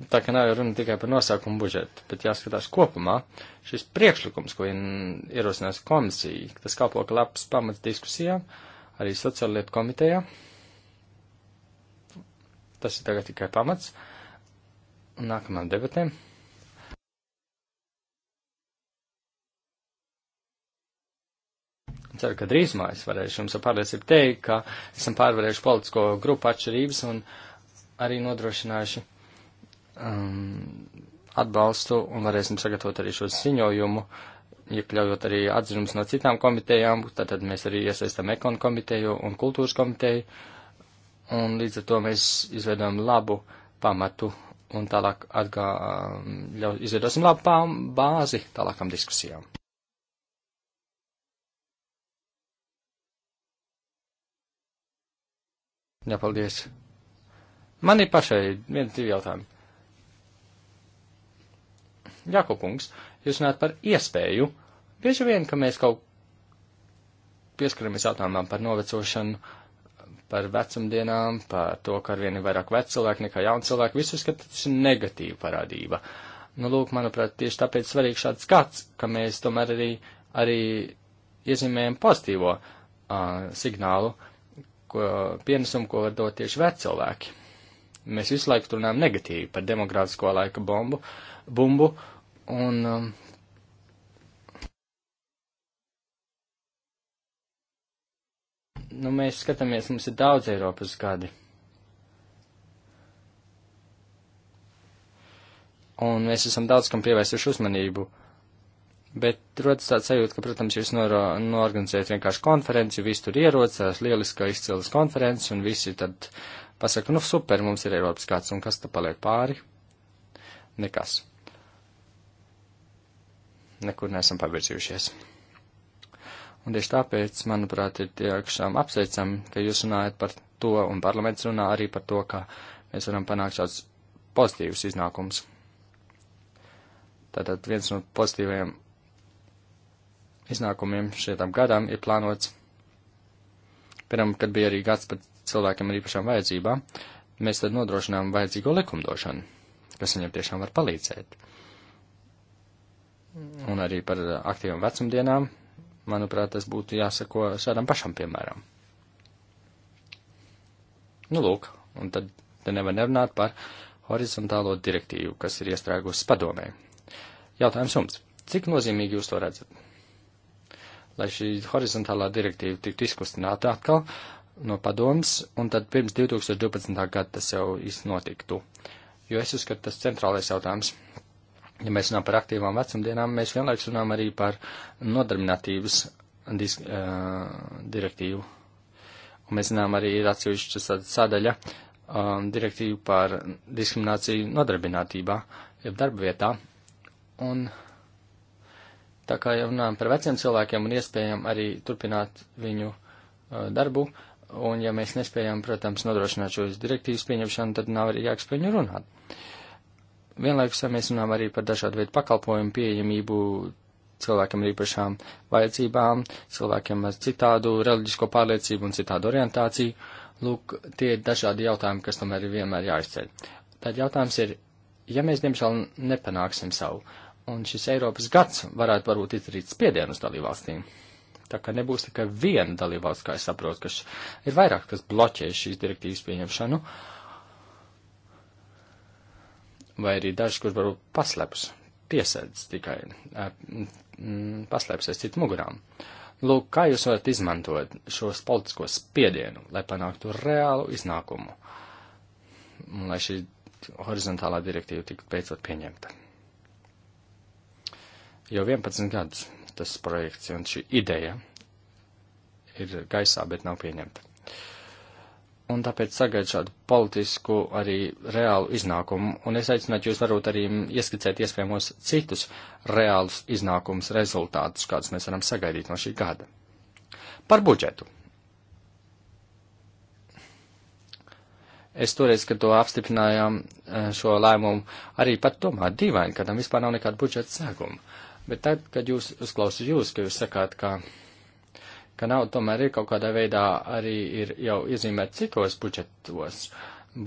Nu, tā ka nav runa tikai par nosaukumu budžetu, bet jāskatās kopumā šis priekšlikums, ko ierosinās komisija, tas kalpo kā labs pamats diskusijām arī sociālietu komitejā. Tas ir tagad tikai pamats nākamajām debatēm. Ceru, ka drīzumā es varēšu jums ar pārliecību teikt, ka esam pārvarējuši politisko grupu atšķirības un arī nodrošinājuši um, atbalstu un varēsim sagatavot arī šo ziņojumu, iekļaujot arī atzinumus no citām komitejām, tad, tad mēs arī iesaistam ekonu komiteju un kultūras komiteju. Uh, un līdz ar to mēs izveidojam labu pamatu un tālāk atgā, ļau, izveidosim labu pām, bāzi tālākam diskusijām. Jā, paldies. Man ir pašai viens, divi jautājumi. Jāko kungs, jūs runājat par iespēju. Bieži vien, ka mēs kaut pieskaramies jautājumam par novecošanu, uh, par vecumdienām, par to, ka arvien ir vairāk vecu cilvēku nekā jaunu cilvēku, visu skatu tas ir negatīva parādība. Nu, lūk, manuprāt, tieši tāpēc svarīgs šāds skats, ka mēs tomēr arī, arī iezīmējam pozitīvo uh, signālu, ko, pienesumu, ko var dot tieši veci cilvēki. Mēs visu laiku runājam negatīvi par demokrātisko laika bombu, bumbu, un um, nu, mēs skatāmies, mums ir daudz Eiropas gadi. Un mēs esam daudz kam pievērsuši uzmanību. Bet rodas tāds sajūta, ka, protams, jūs nor norganizējat vienkārši konferenci, visi tur ierodas, lieliska izcēlas konferences, un visi tad pasaka, nu super, mums ir Eiropas kāds, un kas te paliek pāri? Nekas. Nekur neesam pavirzījušies. Un tieši tāpēc, manuprāt, ir tiešām apsveicam, ka jūs runājat par to, un parlaments runā arī par to, ka mēs varam panākt šāds pozitīvs iznākums. Tātad viens no pozitīvajiem iznākumiem šietam gadam ir plānots, piemēram, kad bija arī gads par cilvēkiem ar īpašām vajadzībām, mēs tad nodrošinām vajadzīgo likumdošanu, kas viņam tiešām var palīdzēt. Un arī par aktīvām vecumdienām Manuprāt, tas būtu jāsako šādam pašam piemēram. Nu, lūk, un tad te nevar nerunāt par horizontālo direktīvu, kas ir iestrēgusi padomē. Jautājums jums, cik nozīmīgi jūs to redzat? Lai šī horizontālā direktīva tiktu izkustināta atkal no padomas, un tad pirms 2012. gada tas jau īsti notiktu. Jo es uzskatu, tas centrālais jautājums ja mēs runājam par aktīvām vecumdienām, mēs vienlaiks runājam arī par nodarbinātības disk, uh, direktīvu. Un mēs zinām arī ir atsevišķa sadaļa um, direktīvu par diskrimināciju nodarbinātībā, jeb darba vietā. Un tā kā jau runājam par veciem cilvēkiem un iespējam arī turpināt viņu uh, darbu, un ja mēs nespējam, protams, nodrošināt šos direktīvas pieņemšanu, tad nav arī jākspēj viņu runāt. Uh, vienlaikus mēs runājam arī par dažādu veidu pakalpojumu pieejamību cilvēkiem ar īpašām vajadzībām, cilvēkiem ar citādu reliģisko pārliecību un citādu orientāciju. Lūk, tie ir dažādi jautājumi, kas tomēr ir vienmēr jāizceļ. Tad jautājums ir, ja mēs diemžēl nepanāksim savu, un šis Eiropas gads varētu varbūt izdarīt spiedienu uz dalībvalstīm. Tā kā nebūs tikai viena dalībvalsts, kā es saprotu, kas ir vairāk, kas bloķē šīs direktīvas pieņemšanu. Uh, vai arī dažs, kurš varbūt paslēpus, piesēdz tikai, mm, paslēpus aiz citu mugurām. Lūk, kā jūs varat izmantot šos politiskos spiedienu, lai panāktu reālu iznākumu, un lai šī horizontālā direktīva tiktu beidzot pieņemta. Jau 11 gadus tas projekts un šī ideja ir gaisā, bet nav pieņemta un tāpēc sagaidu šādu politisku arī reālu iznākumu, un es aicinātu jūs varbūt arī ieskicēt iespējamos citus reālus iznākumus, rezultātus, kādus mēs varam sagaidīt no šī gada. Par budžetu. Es toreiz, kad to apstiprinājām eh, šo lēmumu, arī pat domāju dīvaini, ka tam vispār nav nekāda budžeta sēguma. Bet tad, kad jūs uzklausu jūs, ka jūs sakāt, ka. Kā ka nauda tomēr ir kaut kādā veidā arī ir jau iezīmēta citos budžetos,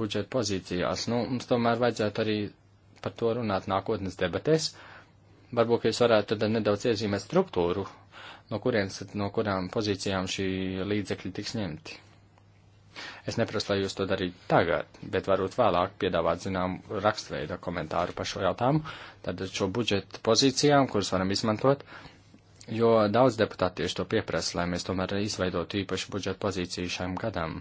budžeta pozīcijās. Nu, mums tomēr vajadzētu arī par to runāt nākotnes debatēs. Varbūt jūs varētu tad nedaudz iezīmēt struktūru, no kurienes, no kurām pozīcijām šī līdzekļi tiks ņemti. Es neprasu, lai jūs to darītu tagad, bet varbūt vēlāk piedāvāt, zinām, rakstveida komentāru par šo jautājumu, tad šo budžetu pozīcijām, kuras varam izmantot, uh, jo daudz deputāti tieši to pieprasa, lai mēs tomēr izveidotu īpašu budžeta pozīciju šajam gadam.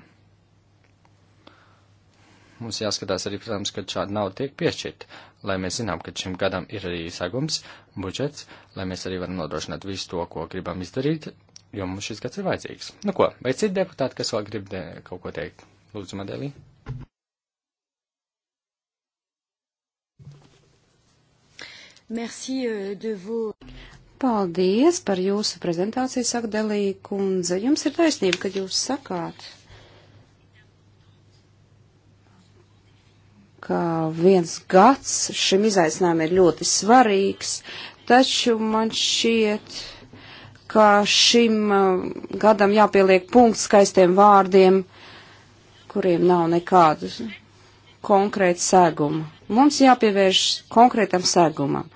Mums jāskatās arī, protams, kad šāda nauda tiek piešķirta, lai mēs zinām, ka šim gadam ir arī sagums, budžets, lai mēs arī varam nodrošināt visu to, ko gribam izdarīt, jo mums šis gads ir vajadzīgs. Nu ko, vai citi deputāti, kas vēl grib kaut ko teikt? Lūdzu, Madelī. Merci euh, de vos. Paldies par jūsu prezentāciju, saka Delī kundze. Jums ir taisnība, kad jūs sakāt, ka viens gads šim izaicinājumam ir ļoti svarīgs, taču man šķiet, ka šim uh, gadam jāpieliek punkts skaistiem vārdiem, kuriem nav nekādu konkrētu sēgumu. Mums jāpievērš konkrētam sēgumam.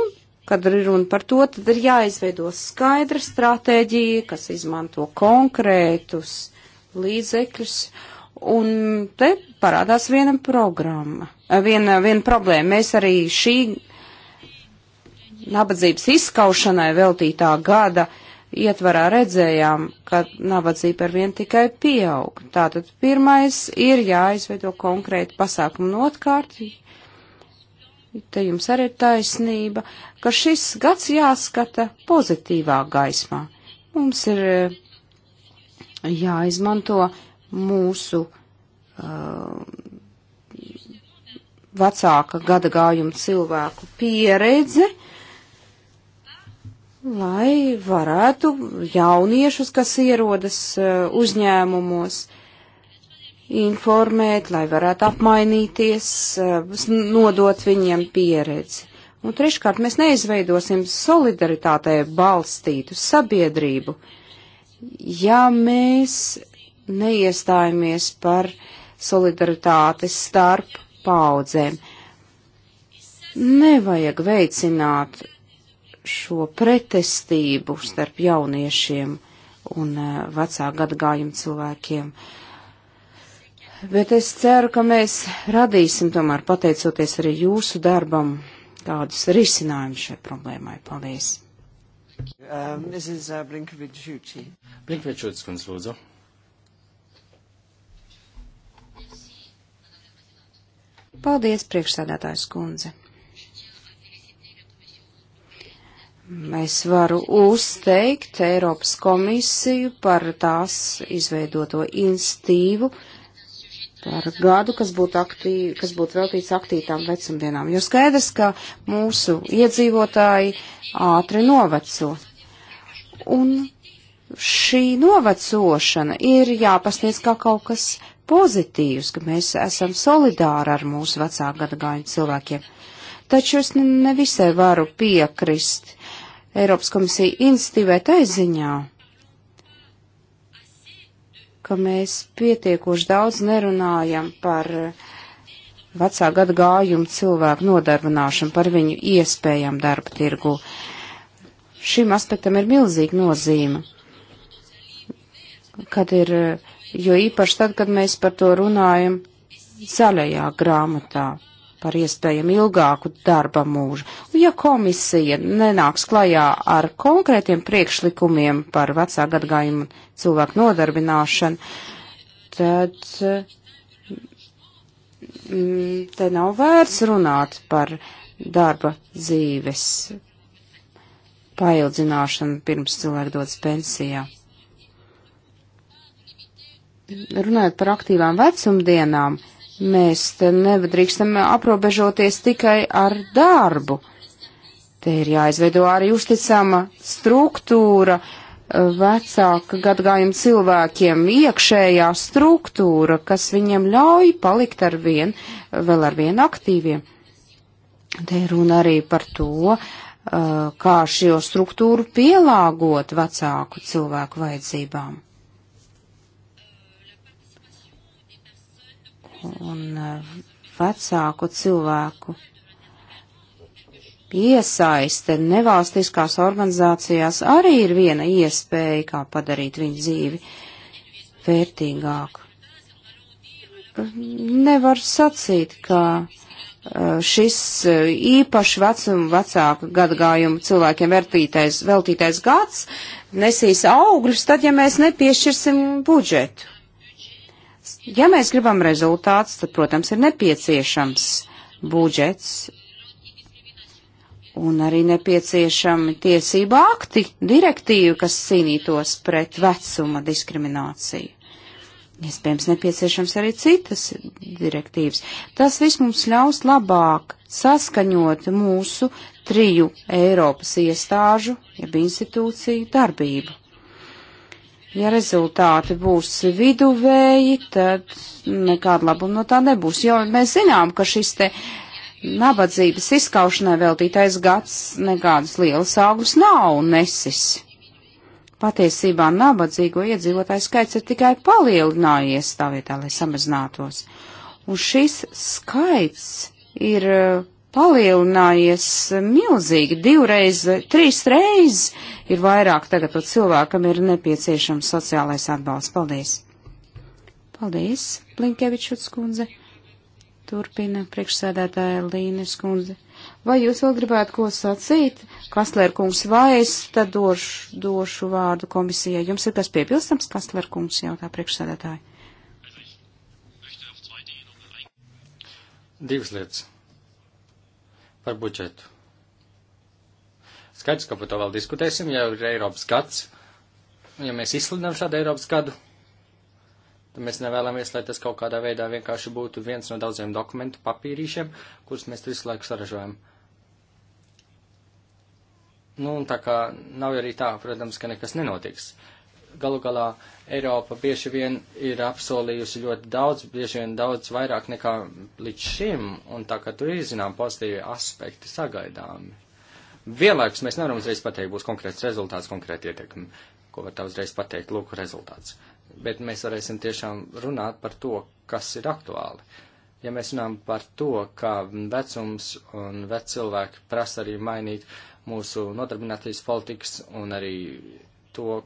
Un kad ir runa par to, tad ir jāizveido skaidra stratēģija, kas izmanto konkrētus līdzekļus. Un te parādās viena programma, eh, viena, viena problēma. Mēs arī šī nabadzības izskaušanai veltītā gada ietvarā redzējām, ka nabadzība ar vien tikai pieaug. Tātad pirmais ir jāizveido konkrēti pasākumu notkārti, te jums arī ir taisnība, ka šis gads jāskata pozitīvā gaismā. Mums ir eh, jāizmanto mūsu uh, vecāka gada gājuma cilvēku pieredze, lai varētu jauniešus, kas ierodas uh, uzņēmumos, informēt, lai varētu apmainīties, eh, nodot viņiem pieredzi. Un treškārt, mēs neizveidosim solidaritātē balstītu sabiedrību, ja mēs neiestājamies par solidaritāti starp paudzēm. Nevajag veicināt šo pretestību starp jauniešiem un eh, vecā gadgājumu cilvēkiem. Uh, Bet es ceru, ka mēs radīsim tomēr, pateicoties arī jūsu darbam, kādus risinājumus šai problēmai. Paldies! Um, uh, Mrs. Blinkevičūči. Blinkevičūtis, kundz, lūdzu. Paldies, priekšsēdētājs kundze. Es varu uzteikt Eiropas komisiju par tās izveidoto institīvu, uh, par gadu, kas būtu, aktī, kas būtu veltīts aktītām vecumdienām. Jo skaidrs, ka mūsu iedzīvotāji ātri noveco. Un šī novecošana ir jāpasniedz kā kaut kas pozitīvs, ka mēs esam solidāri ar mūsu vecāku gadagājumu cilvēkiem. Taču es nevisai varu piekrist Eiropas komisija institīvai tai ziņā, ka mēs pietiekoši daudz nerunājam par eh, vecā gada gājumu cilvēku nodarbināšanu, par viņu iespējām darba tirgu. Šim aspektam ir milzīga nozīme, kad ir, eh, jo īpaši tad, kad mēs par to runājam zaļajā grāmatā par iespējami ilgāku darba mūžu. Un ja komisija nenāks klajā ar konkrētiem priekšlikumiem par vecā gadgājumu cilvēku nodarbināšanu, tad mm, te nav vērts runāt par darba dzīves paildzināšanu pirms cilvēku dodas pensijā. Runājot par aktīvām vecumdienām, uh, Mēs nedrīkstam aprobežoties tikai ar darbu. Te ir jāizveido arī uzticama struktūra vecāka gadgājuma cilvēkiem, iekšējā struktūra, kas viņiem ļauj palikt ar vien, vēl ar vien aktīviem. Te ir runa arī par to, kā šo struktūru pielāgot vecāku cilvēku vajadzībām. un eh, vecāku cilvēku iesaiste nevalstiskās organizācijās arī ir viena iespēja, kā padarīt viņu dzīvi vērtīgāku. Nevar sacīt, ka eh, šis eh, īpaši vecuma vecāku gadagājumu cilvēkiem veltītais, veltītais gads nesīs augļus, tad, ja mēs nepiešķirsim budžetu. Ja mēs gribam rezultāts, tad, protams, ir nepieciešams budžets un arī nepieciešami tiesība akti, direktīvi, kas cīnītos pret vecuma diskrimināciju. Iespējams, nepieciešams arī citas direktīvas. Tas viss mums ļaus labāk saskaņot mūsu triju Eiropas iestāžu, jeb institūciju darbību. Ja rezultāti būs viduvēji, tad nekāda labuma no tā nebūs. Jo mēs zinām, ka šis te nabadzības izskaušanai veltītais gads nekādas lielas augus nav nesis. Patiesībā nabadzīgo iedzīvotāju skaits ir tikai palielinājies tā vietā, lai samazinātos. Un šis skaits ir palielinājies milzīgi, divreiz, trīs reizes ir vairāk tagad to cilvēkam ir nepieciešams sociālais atbalsts. Paldies! Paldies, Blinkevičuts kundze! Turpina priekšsēdētāja Līnes kundze. Vai jūs vēl gribētu ko sacīt? Kastlēr kungs, vai es tad došu, došu vārdu komisijai? Jums ir kas piebilstams, Kastlēr kungs, jautā priekšsēdētāji. Divas lietas par budžetu. Skaidrs, ka par to vēl diskutēsim, ja ir Eiropas gads. Ja mēs izsludinām šādu Eiropas gadu, tad mēs nevēlamies, lai tas kaut kādā veidā vienkārši būtu viens no daudziem dokumentu papīrīšiem, kurus mēs visu laiku saražojam. Nu, un tā kā nav arī tā, protams, ka nekas nenotiks. Galu galā Eiropa bieži vien ir apsolījusi ļoti daudz, bieži vien daudz vairāk nekā līdz šim, un tā kā tur ir, zinām, pozitīvi aspekti sagaidāmi. Vienlaikus mēs nevaram uzreiz pateikt, būs konkrēts rezultāts, konkrēti ietekmi, ko var tā uzreiz pateikt, lūk, rezultāts. Bet mēs varēsim tiešām runāt par to, kas ir aktuāli. Ja mēs runājam par to, kā vecums un vec cilvēki prasa arī mainīt mūsu nodarbinātības politikas un arī to,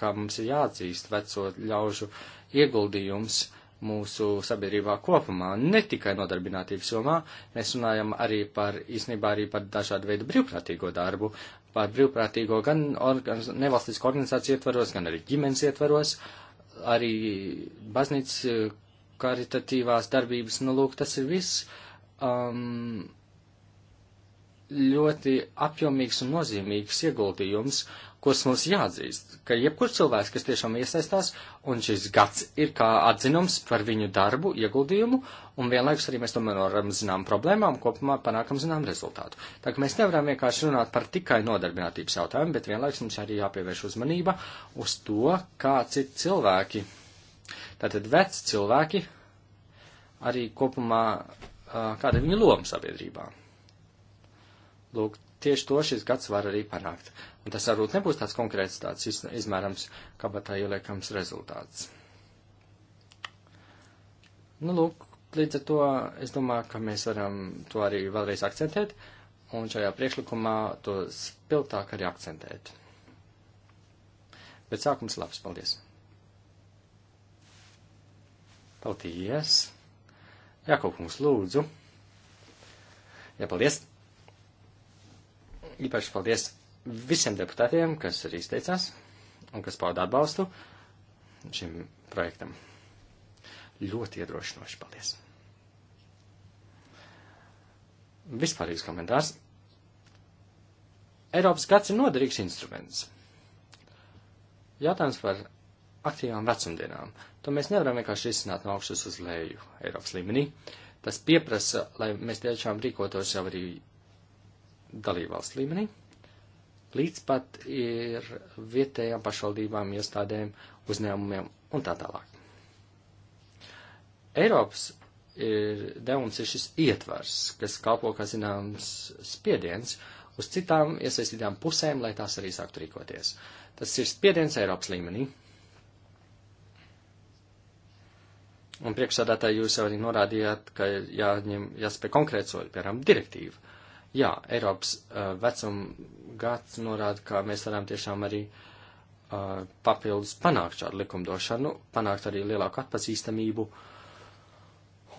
ka mums ir jāatzīst veco ļaužu ieguldījums mūsu sabiedrībā kopumā, ne tikai nodarbinātības jomā, mēs runājam arī par, īstenībā arī par dažādu veidu brīvprātīgo darbu, par brīvprātīgo gan organiz, nevalstisku organizāciju ietvaros, gan arī ģimenes ietvaros, arī baznīcas eh, karitatīvās darbības, nu lūk, tas ir viss um, ļoti apjomīgs un nozīmīgs ieguldījums, kuras mums jāatzīst, ka jebkurš cilvēks, kas tiešām iesaistās, un šis gads ir kā atzinums par viņu darbu, ieguldījumu, un vienlaikus arī mēs tomēr varam zinām problēmām, kopumā panākam zinām rezultātu. Tā ka mēs nevaram vienkārši runāt par tikai nodarbinātības jautājumu, bet vienlaikus mums arī jāpievērš uzmanība uz to, kā citi cilvēki, tātad veci cilvēki, arī kopumā, kāda ir viņa loma sabiedrībā. Lūk, tieši to šis gads var arī panākt. Un tas varbūt nebūs tāds konkrēts, tāds izmērams, kabatā ieliekams rezultāts. Nu, lūk, līdz ar to es domāju, ka mēs varam to arī vēlreiz akcentēt, un šajā priekšlikumā to spiltāk arī akcentēt. Bet sākums labs, paldies! Paldies! Jākaukungs, lūdzu! Jā, paldies! īpaši paldies visiem deputātiem, kas arī izteicās un kas pauda atbalstu šim projektam. Ļoti iedrošinoši, paldies! Vispārīgs komentārs. Eiropas gads ir noderīgs instruments. Jautājums par aktīvām vecumdienām. To mēs nevaram vienkārši izsnāt no augšas uz leju Eiropas līmenī. Tas pieprasa, lai mēs tiešām rīkotos jau arī dalībvalsts līmenī, līdz pat ir vietējām pašvaldībām, iestādēm, uzņēmumiem un tā tālāk. Eiropas ir, devums ir šis ietvars, kas kalpo kā zināms spiediens uz citām iesaistītām pusēm, lai tās arī sāktu rīkoties. Tas ir spiediens Eiropas līmenī. Un priekšsādātāji jūs jau arī norādījāt, ka jāņem, jāspēj konkrēt soļi, piemēram, direktīva Jā, Eiropas uh, vecuma gads norāda, ka mēs varam tiešām arī uh, papildus panākt šādu likumdošanu, panākt arī lielāku atpazīstamību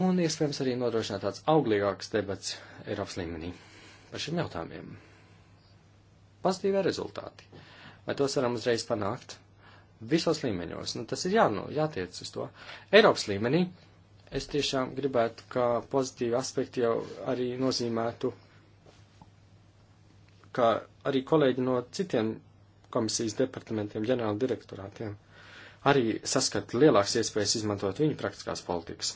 un iespējams arī nodrošināt tāds auglīgāks debats Eiropas līmenī par šiem jautājumiem. Pozitīvie rezultāti. Vai tos varam uzreiz panākt? Visos līmeņos. Nu, tas ir jā, nu, jātiec uz to. Eiropas līmenī es tiešām gribētu, ka pozitīvi aspekti jau arī nozīmētu kā arī kolēģi no citiem komisijas departamentiem, ģenerāla direktorātiem, arī saskat lielāks iespējas izmantot viņu praktiskās politikas.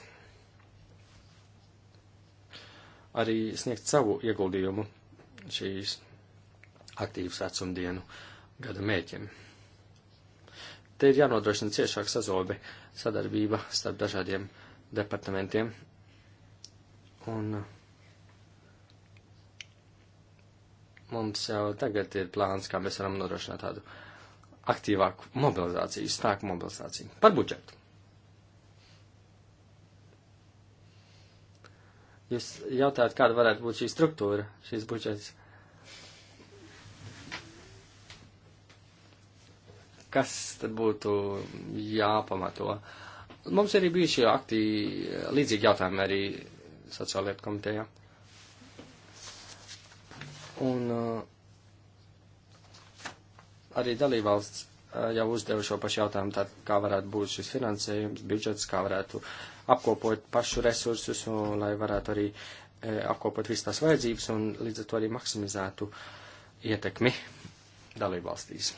Arī sniegt savu ieguldījumu šīs aktīvas vecumdienu gada mēķiem. Te ir jānodrošina ciešāka sazobe sadarbība starp dažādiem departamentiem. Un uh, Mums jau tagad ir plāns, kā mēs varam nodrošināt tādu aktīvāku mobilizāciju, spēku mobilizāciju par budžetu. Jūs jautājat, kāda varētu būt šī struktūra, šīs budžets? Kas tad būtu jāpamato? Mums arī bija šie aktīvi līdzīgi jautājumi arī sociālietu komitejā. Un uh, arī dalībvalsts uh, jau uzdeva šo pašu jautājumu, tad kā varētu būt šis finansējums, budžets, kā varētu apkopot pašu resursus, un, lai varētu arī uh, apkopot visas tās vajadzības un līdz ar to arī maksimizētu ietekmi dalībvalstīs.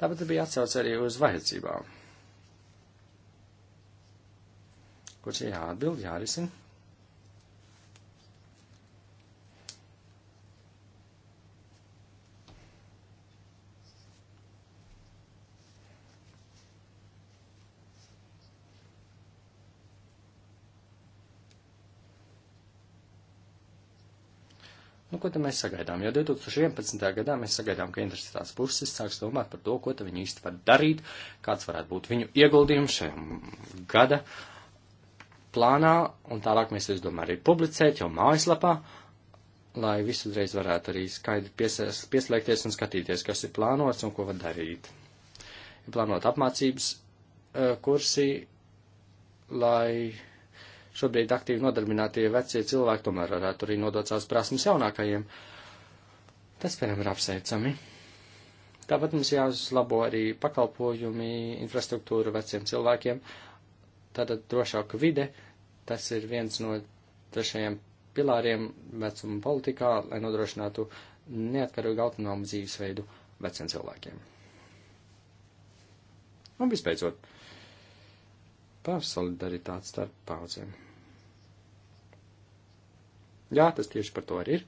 Tāpat bija atsauce arī uz vajadzībām, kuras jāatbild, jārisina. Nu, ko tad mēs sagaidām? Jo 2011. gadā mēs sagaidām, ka interesētās puses sāks domāt par to, ko tad viņi īsti var darīt, kāds varētu būt viņu ieguldījums šajā gada plānā, un tālāk mēs, es domāju, arī publicēt jau mājaslapā, lai visu uzreiz varētu arī skaidri pieslēgties un skatīties, kas ir plānots un ko var darīt. Ir plānot apmācības eh, kursi, lai šobrīd aktīvi nodarbinātie vecie cilvēki tomēr varētu arī nodot savas prasmes jaunākajiem. Tas, piemēram, ir apsveicami. Tāpat mums jāuzlabo arī pakalpojumi, infrastruktūra veciem cilvēkiem, tātad drošāka vide, tas ir viens no trešajiem pilāriem vecuma politikā, lai nodrošinātu neatkarīgu autonomu dzīvesveidu veciem cilvēkiem. Un visbeidzot, par solidaritāti starp paudzēm. Jā, tas tieši par to arī ir,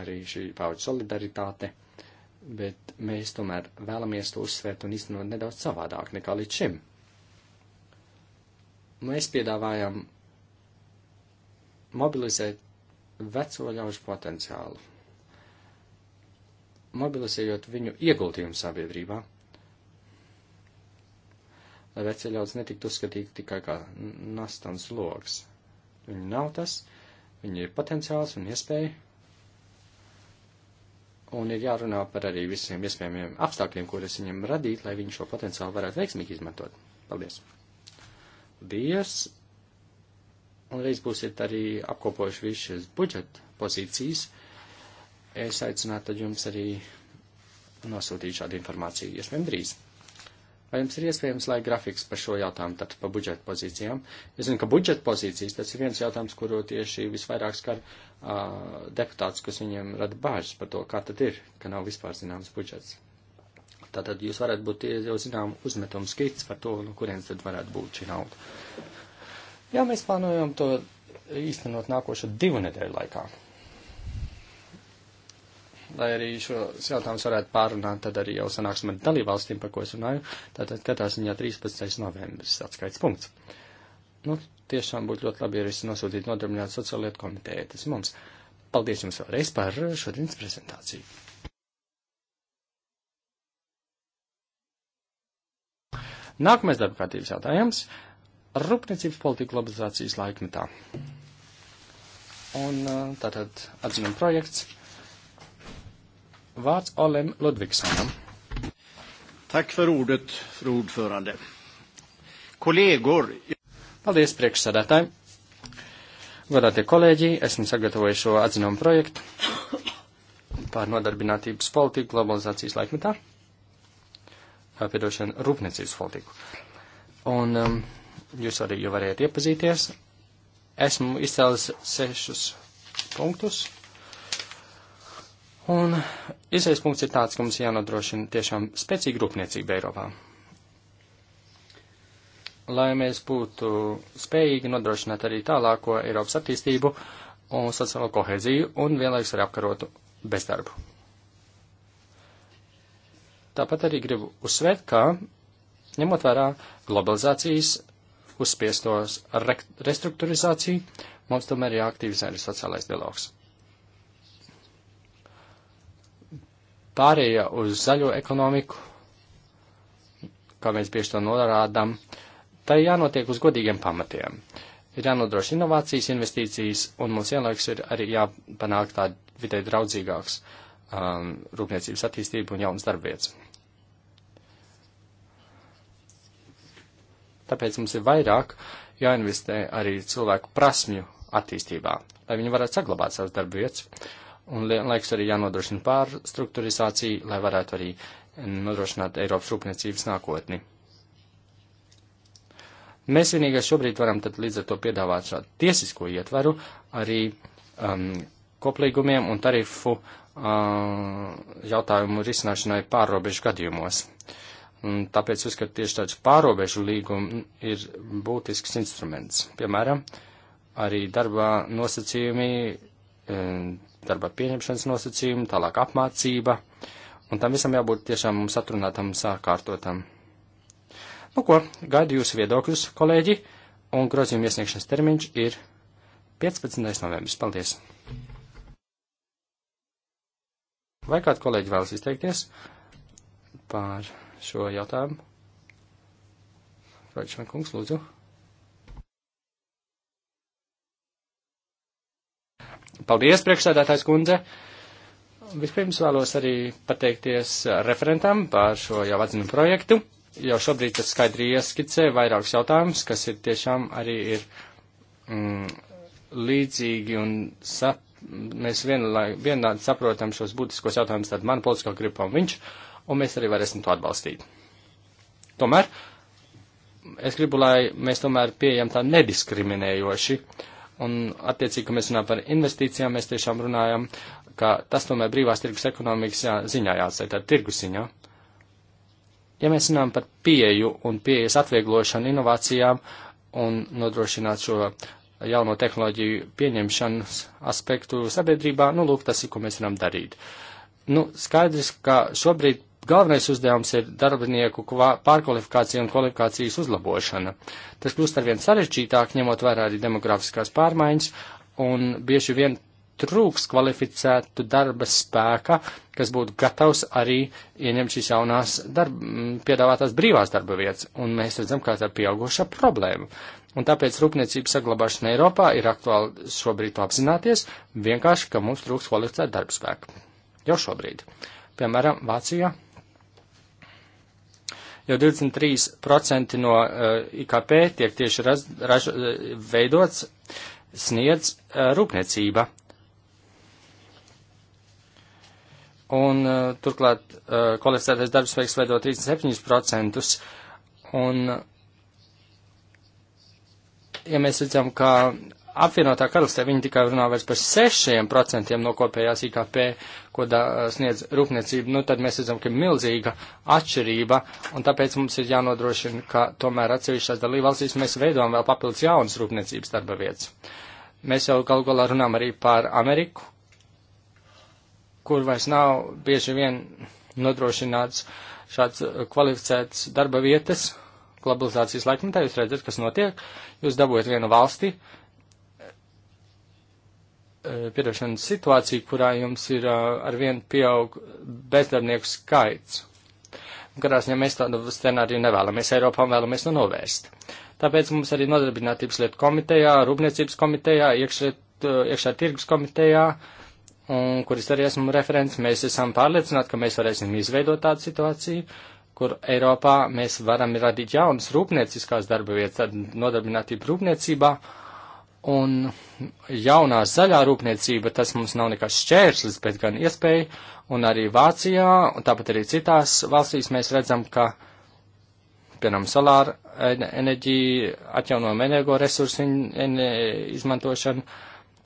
arī šī paudžu solidaritāte, bet mēs tomēr vēlamies to uzsvērt un iznot nedaudz savādāk nekā līdz šim. Mēs piedāvājam mobilizēt veco ļaužu potenciālu, mobilizējot viņu ieguldījumu sabiedrībā lai vecie ļaudis netiktu uzskatīti tikai kā nastans logs. Viņi nav tas, viņi ir potenciāls un iespēja. Un ir jārunā par arī visiem iespējamiem apstākļiem, kuras viņam radīt, lai viņi šo potenciālu varētu veiksmīgi izmantot. Paldies! Paldies! Un reiz būsiet arī apkopojuši visu šīs budžeta pozīcijas. Es aicinātu jums arī nosūtīt šādu informāciju, iespējams, drīz. Vai jums ir iespējams laika grafiks par šo jautājumu, tad par budžeta pozīcijām? Es zinu, ka budžeta pozīcijas tas ir viens jautājums, kuru tieši visvairāk skar uh, deputāts, kas viņiem rada bāžas par to, kā tad ir, ka nav vispār zināms budžets. Tātad jūs varat būt jau zinām uzmetumu skits par to, no kurienes tad varētu būt šī nauda. Jā, mēs plānojam to īstenot nākošo divu nedēļu laikā lai arī šos jautājumus varētu pārunāt, tad arī jau sanāksim ar dalībvalstīm, par ko es runāju. Tātad katrā ziņā 13. novembris atskaits punkts. Nu, tiešām būtu ļoti labi, ja es nosūtītu nodarbināt sociālietu komiteju. Tas mums. Paldies jums vēlreiz par šodienas prezentāciju. Nākamais darba kārtības jautājums - rūpniecības politika globalizācijas laikmetā. Un tātad atzinuma projekts Vārds Olem Ludvigsonam. Tak par ordet, fru ordförande. Kolēgor. Paldies, priekšsādātāji. Godātie kolēģi, esmu sagatavojis šo atzinumu projektu pār nodarbinātības politiku globalizācijas laikmetā. Piedošana, rūpniecības politiku. Un um, jūs arī jau varējāt iepazīties. Esmu izcēlis sešus punktus Un izējas punkts ir tāds, ka mums jānodrošina tiešām spēcīga rūpniecība Eiropā. Lai mēs būtu spējīgi nodrošināt arī tālāko Eiropas attīstību un sociālo koheziju un vienlaikus arī apkarotu bezdarbu. Tāpat arī gribu uzsvērt, ka ņemot vērā globalizācijas uzspiestos restruktūrizāciju, mums tomēr jāaktivizē arī sociālais dialogs. Pārēja uz zaļo ekonomiku, kā mēs bieži to norādām, tai jānotiek uz godīgiem pamatiem. Ir jānodrošina inovācijas, investīcijas, un mums vienlaiks ir arī jāpanāk tāda vidē draudzīgāks um, rūpniecības attīstība un jaunas darbvietas. Tāpēc mums ir vairāk jāinvestē arī cilvēku prasmju attīstībā, lai viņi varētu saglabāt savas darbvietas un vienlaiks arī jānodrošina pārstrukturizācija, lai varētu arī nodrošināt Eiropas rūpniecības nākotni. Mēs vienīgais šobrīd varam tad līdz ar to piedāvāt šādu tiesisko ietveru arī um, koplīgumiem un tarifu um, jautājumu risināšanai pārrobežu gadījumos. Un tāpēc uzskatu tieši tāds pārobežu līgums ir būtisks instruments. Piemēram, arī darbā nosacījumi um, darba pieņemšanas nosacījumi, tālāk apmācība, un tam visam jābūt tiešām mums atrunātam, sākārtotam. Nu ko, gaidu jūsu viedokļus, kolēģi, un grozījuma iesniegšanas termiņš ir 15. novembris. Paldies! Vai kāds kolēģi vēlas izteikties par šo jautājumu? Raidšana kungs, lūdzu. Paldies, priekšsēdētājs kundze! Vispirms vēlos arī pateikties referentam par šo jau atzinu projektu. Jau šobrīd tas skaidri ieskicē vairākus jautājumus, kas ir tiešām arī ir mm, līdzīgi un sap, mēs vienlai, vienādi saprotam šos būtiskos jautājumus, tad man politiskā gripa un viņš, un mēs arī varēsim to atbalstīt. Tomēr es gribu, lai mēs tomēr pieejam tā nediskriminējoši. Uh, Un, attiecīgi, kad mēs runājam par investīcijām, mēs tiešām runājam, ka tas tomēr brīvās tirgus ekonomikas jā, ziņā jāatstāj, tā tirgus ziņā. Ja mēs runājam par pieju un pieejas atvieglošanu inovācijām un nodrošināt šo jauno tehnoloģiju pieņemšanas aspektu sabiedrībā, nu, lūk, tas ir, ko mēs varam darīt. Nu, skaidrs, ka šobrīd Galvenais uzdevums ir darbinieku pārkvalifikācija un kvalifikācijas uzlabošana. Tas kļūst arvien sarežģītāk, ņemot vērā arī demografiskās pārmaiņas, un bieži vien trūks kvalificētu darba spēka, kas būtu gatavs arī ieņemt šīs jaunās darb, piedāvātās brīvās darba vietas, un mēs redzam, kā tā ir pieauguša problēma. Un tāpēc rūpniecības saglabāšana Eiropā ir aktuāli šobrīd to apzināties, vienkārši, ka mums trūks kvalificētu darba spēku. Jau šobrīd. Piemēram, Vācijā jo 23% no uh, eh, IKP tiek tieši raz, raž, eh, veidots, sniedz uh, rūpniecība. Un uh, turklāt uh, kvalificētais darbs veiks veido 37%. Un, uh, ja mēs redzam, ka apvienotā karalistē viņi tikai runā vairs par 6% no kopējās IKP, ko da, sniedz rūpniecība, nu tad mēs redzam, ka ir milzīga atšķirība, un tāpēc mums ir jānodrošina, ka tomēr atsevišķās dalībvalstīs mēs veidojam vēl papildus jaunas rūpniecības darba vietas. Mēs jau galu galā runām arī par Ameriku, kur vairs nav bieži vien nodrošināts šāds kvalificēts darba vietas. Globalizācijas laikmetā jūs redzat, kas notiek. Jūs dabūjat vienu valsti, uh, E, piedošanas situāciju, kurā jums ir e, arvien pieaug bezdarbnieku skaits. Katrā ziņā mēs tādu scenāriju nevēlamies Eiropā un vēlamies to novērst. Tāpēc mums arī nodarbinātības lietu komitejā, rūpniecības komitejā, iekšē, e, iekšā tirgus komitejā, un, kuras arī esmu referents, mēs esam pārliecināti, ka mēs varēsim izveidot tādu situāciju, kur Eiropā mēs varam radīt jaunas rūpnieciskās darba vietas, tad nodarbinātību rūpniecībā. Uh, Un jaunā zaļā rūpniecība, tas mums nav nekas šķērslis, bet gan iespēja, un arī Vācijā, un tāpat arī citās valstīs mēs redzam, ka, piemēram, solāra enerģija, atjaunojama energoresursu izmantošana,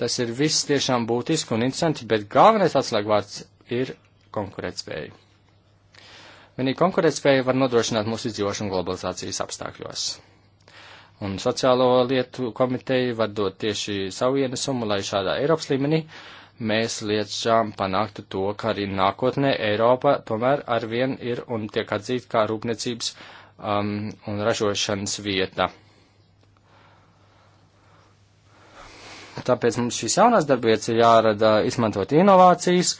tas ir viss tiešām būtiski un interesanti, bet galvenais atslēgvārds ir konkurētspēja. Vienīgi konkurētspēja var nodrošināt mūsu izdzīvošanu globalizācijas apstākļos un sociālo lietu komiteju var dot tieši savu ienesumu, lai šādā Eiropas līmenī mēs liečām panāktu to, ka arī nākotnē Eiropa tomēr arvien ir un tiek atzīta kā rūpniecības um, un ražošanas vieta. Tāpēc mums šīs jaunās darbvietas ir jārada izmantot inovācijas,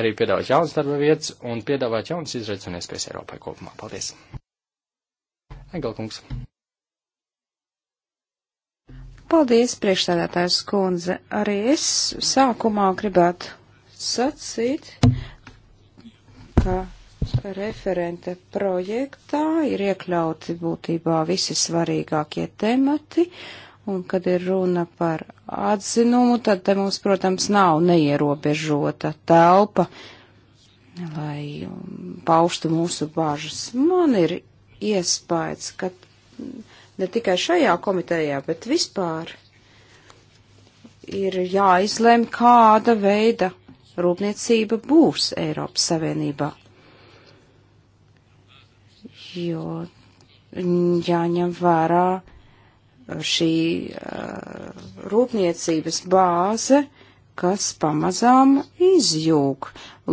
arī piedāvāt jaunas darba vietas un piedāvāt jaunas izredzes un iespējas Eiropai kopumā. Paldies! Engelkungs. Paldies, priekšstādātājs kundze. Arī es sākumā gribētu sacīt, ka referente projektā ir iekļauti būtībā visi svarīgākie temati, un kad ir runa par atzinumu, tad te mums, protams, nav neierobežota telpa, lai pauštu mūsu bāžas. Man ir iespējas, ka ne tikai šajā komitejā, bet vispār ir jāizlem, kāda veida rūpniecība būs Eiropas Savienībā. Jo jāņem vērā šī uh, rūpniecības bāze, kas pamazām izjūg.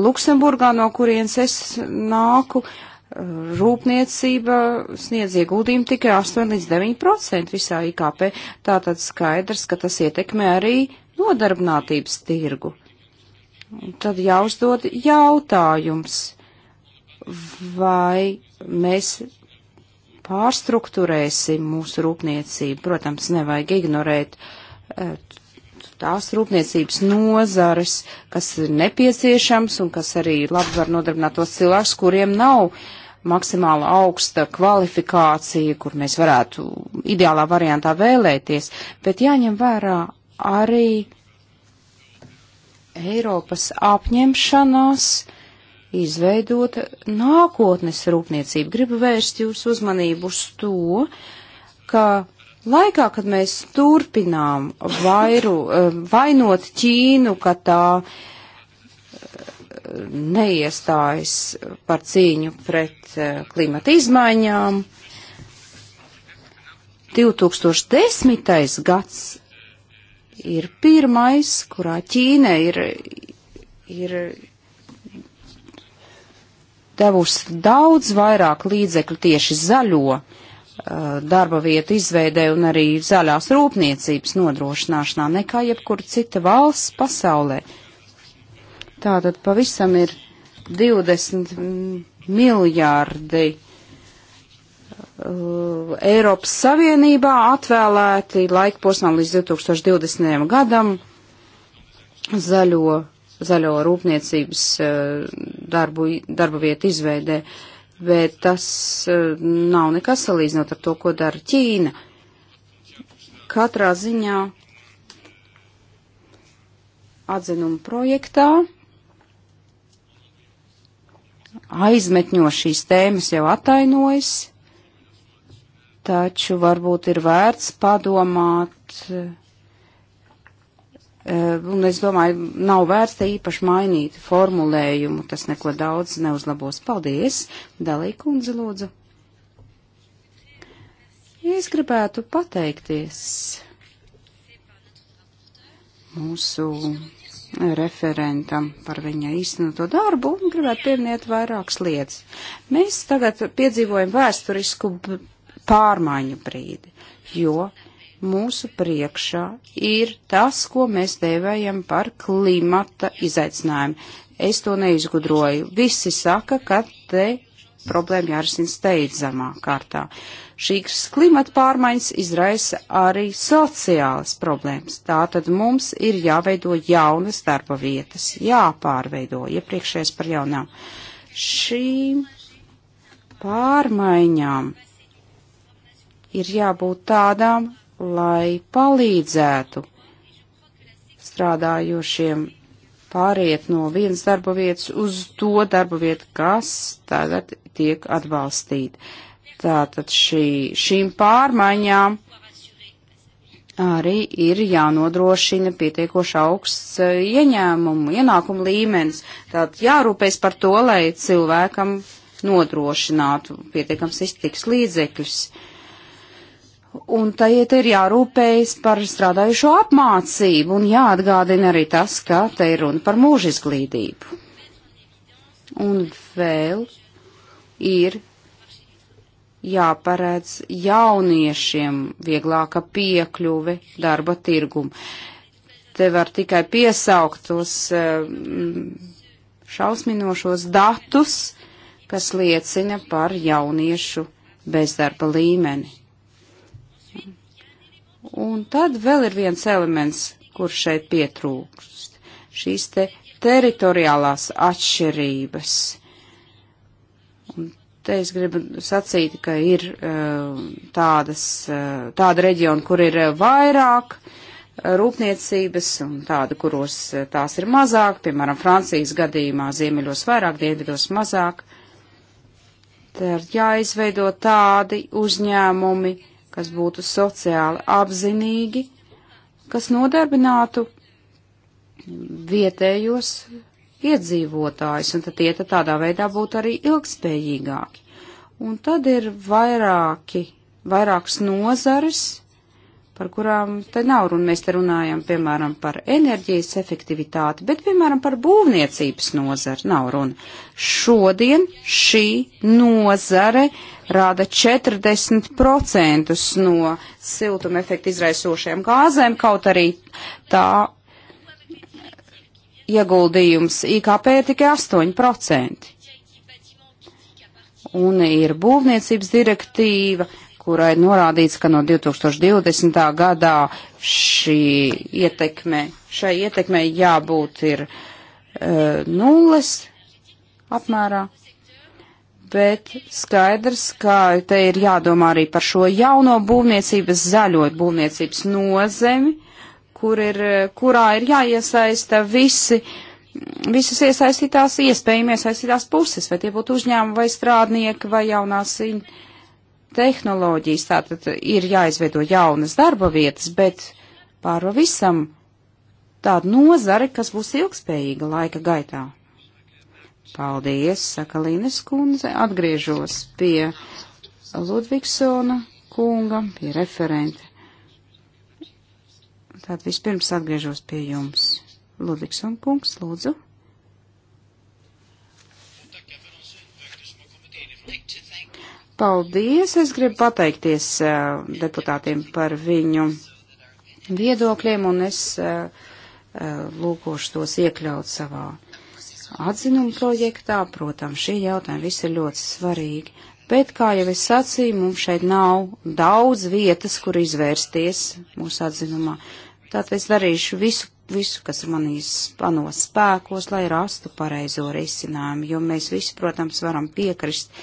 Luksemburgā, no kurienes es nāku, uh, rūpniecība sniedz ieguldījumu tikai 8 līdz 9% visā IKP. Tātad skaidrs, ka tas ietekmē arī nodarbinātības tirgu. Un tad jāuzdod jautājums, vai mēs pārstruktūrēsim mūsu rūpniecību. Protams, nevajag ignorēt e, tās rūpniecības nozares, kas ir nepieciešams un kas arī labi var nodarbināt tos cilvēkus, kuriem nav uh, maksimāli augsta kvalifikācija, kur mēs varētu ideālā variantā vēlēties, bet jāņem vērā arī Eiropas apņemšanās izveidot nākotnes rūpniecību. Gribu vērst jūsu uzmanību uz to, ka laikā, kad mēs turpinām vairu, eh, vainot Ķīnu, ka tā uh, neiestājas par cīņu pret eh, klimata izmaiņām. 2010. gads ir pirmais, kurā Ķīna ir, ir devusi daudz vairāk līdzekļu tieši zaļo eh, darba vietu izveidē un arī zaļās rūpniecības nodrošināšanā nekā jebkura cita valsts pasaulē. Uh, Tātad pavisam ir 20 miljārdi uh, Eiropas Savienībā atvēlēti laika posmām līdz 2020. gadam zaļo, zaļo rūpniecības uh, darbu, darba vietu izveidē, bet tas uh, nav nekas salīdzinot ar to, ko dara Ķīna. Katrā ziņā atzinuma projektā aizmetņo šīs tēmas jau atainojas, taču varbūt ir vērts padomāt, eh, un es domāju, nav vērts te īpaši mainīt formulējumu, tas neko daudz neuzlabos. Paldies, Dalī kundze lūdzu. Es gribētu pateikties mūsu referentam par viņa īstenoto darbu un gribētu pieminēt vairākas lietas. Mēs tagad piedzīvojam vēsturisku pārmaiņu brīdi, jo mūsu priekšā ir tas, ko mēs dēvējam par klimata izaicinājumu. Es to neizgudroju. Visi saka, ka te problēma jārisina steidzamā kārtā. Šīs klimata pārmaiņas izraisa arī sociālas problēmas. Tātad mums ir jāveido jaunas darba vietas, jāpārveido iepriekšējais par jaunām. Šīm pārmaiņām ir jābūt tādām, lai palīdzētu strādājošiem pāriet no vienas darba vietas uz to darba vietu, kas tagad tiek atbalstīta. Tātad šī, šīm pārmaiņām arī ir jānodrošina pietiekoši augsts e, ieņēmumu, ienākumu līmenis. Tātad jārūpēs par to, lai cilvēkam nodrošinātu pietiekams iztiks līdzekļus. Un tai ir jārūpējas par strādājušo apmācību un jāatgādina arī tas, ka te ir runa par mūža izglītību. Un vēl ir jāparedz jauniešiem vieglāka piekļuve darba tirgumu. Te var tikai piesaukt tos eh, šausminošos datus, kas liecina par jauniešu bezdarba līmeni. Un tad vēl ir viens elements, kurš šeit pietrūkst. Šīs te teritoriālās atšķirības Te es gribu sacīt, ka ir eh, tādas, eh, tāda reģiona, kur ir eh, vairāk rūpniecības un tāda, kuros tās ir mazāk, piemēram, Francijas gadījumā ziemeļos vairāk, dienvidos mazāk. Te ir jāizveido tādi uzņēmumi, kas būtu sociāli apzinīgi, kas nodarbinātu vietējos iedzīvotājus, un tad tie tad tādā veidā būtu arī ilgspējīgāki. Un tad ir vairāki, vairākas nozares, par kurām te nav runa. Mēs te runājam, piemēram, par enerģijas efektivitāti, bet, piemēram, par būvniecības nozari nav runa. Šodien šī nozare rāda 40% no siltuma efekta izraisošajām gāzēm, kaut arī tā ieguldījums IKP ir tikai 8%. Un ir būvniecības direktīva, kurai ir norādīts, ka no 2020. gadā šī ietekme, šai ietekmei jābūt ir uh, nulles apmērā bet skaidrs, ka te ir jādomā arī par šo jauno būvniecības, zaļo būvniecības nozemi, kur ir, kurā ir jāiesaista visi, visas iesaistītās, iespējami iesaistītās puses, vai tie būtu uzņēmumi vai strādnieki vai jaunās tehnoloģijas. Tātad ir jāizveido jaunas darba vietas, bet pārva visam tāda nozare, kas būs ilgspējīga laika gaitā. Paldies, saka Līnes kundze, atgriežos pie Ludvigsona kunga, pie referenta. Tātad vispirms atgriežos pie jums. Ludvigson kungs, lūdzu. Paldies! Es gribu pateikties uh, deputātiem par viņu viedokļiem, un es uh, lūkošu tos iekļaut savā atzinuma projektā. Protams, šie jautājumi visi ir ļoti svarīgi. Bet, kā jau es sacīju, mums šeit nav daudz vietas, kur izvērsties mūsu atzinumā. Tātad es darīšu visu, visu, kas ir manīs panos spēkos, lai rastu pareizo risinājumu, jo mēs visi, protams, varam piekrist,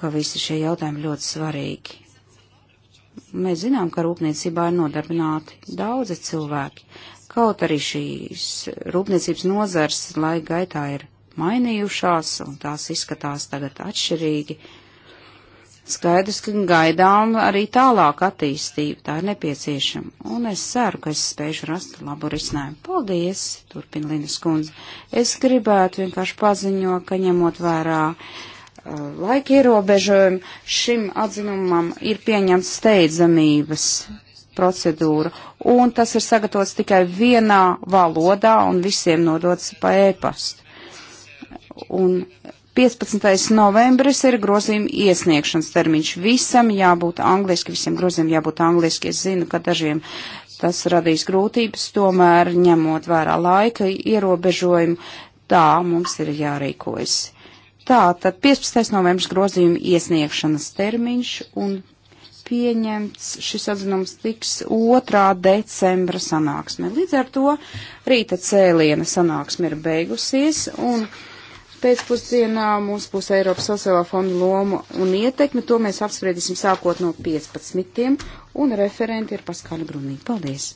ka visi šie jautājumi ļoti svarīgi. Mēs zinām, ka rūpniecībā ir nodarbināti daudzi cilvēki. Kaut arī šīs rūpniecības nozars laika gaitā ir mainījušās un tās izskatās tagad atšķirīgi, Skaidrs, ka gaidām arī tālāk attīstība, tā ir nepieciešama, un es ceru, ka es spēšu rast labu risinājumu. Paldies, turpina Linas kundze. Es gribētu vienkārši paziņot, ka ņemot vērā uh, laika ierobežojumu, šim atzinumam ir pieņemts steidzamības procedūra, un tas ir sagatavots tikai vienā valodā un visiem nodots pa ēpastu. Un 15. novembris ir grozījuma iesniegšanas termiņš. Visam jābūt angliski, visiem grozījumiem jābūt angliski. Es zinu, ka dažiem tas radīs grūtības, tomēr ņemot vērā laika ierobežojumu, tā mums ir jārīkojas. Tā, tad 15. novembris grozījuma iesniegšanas termiņš un pieņemts šis atzinums tiks 2. decembra sanāksme. Līdz ar to rīta cēliena sanāksme ir beigusies un pēcpusdienā mums būs Eiropas sociālā fonda loma un ietekme. To mēs apspriedīsim sākot no 15. un referenti ir Paskaļa Grunī. Paldies!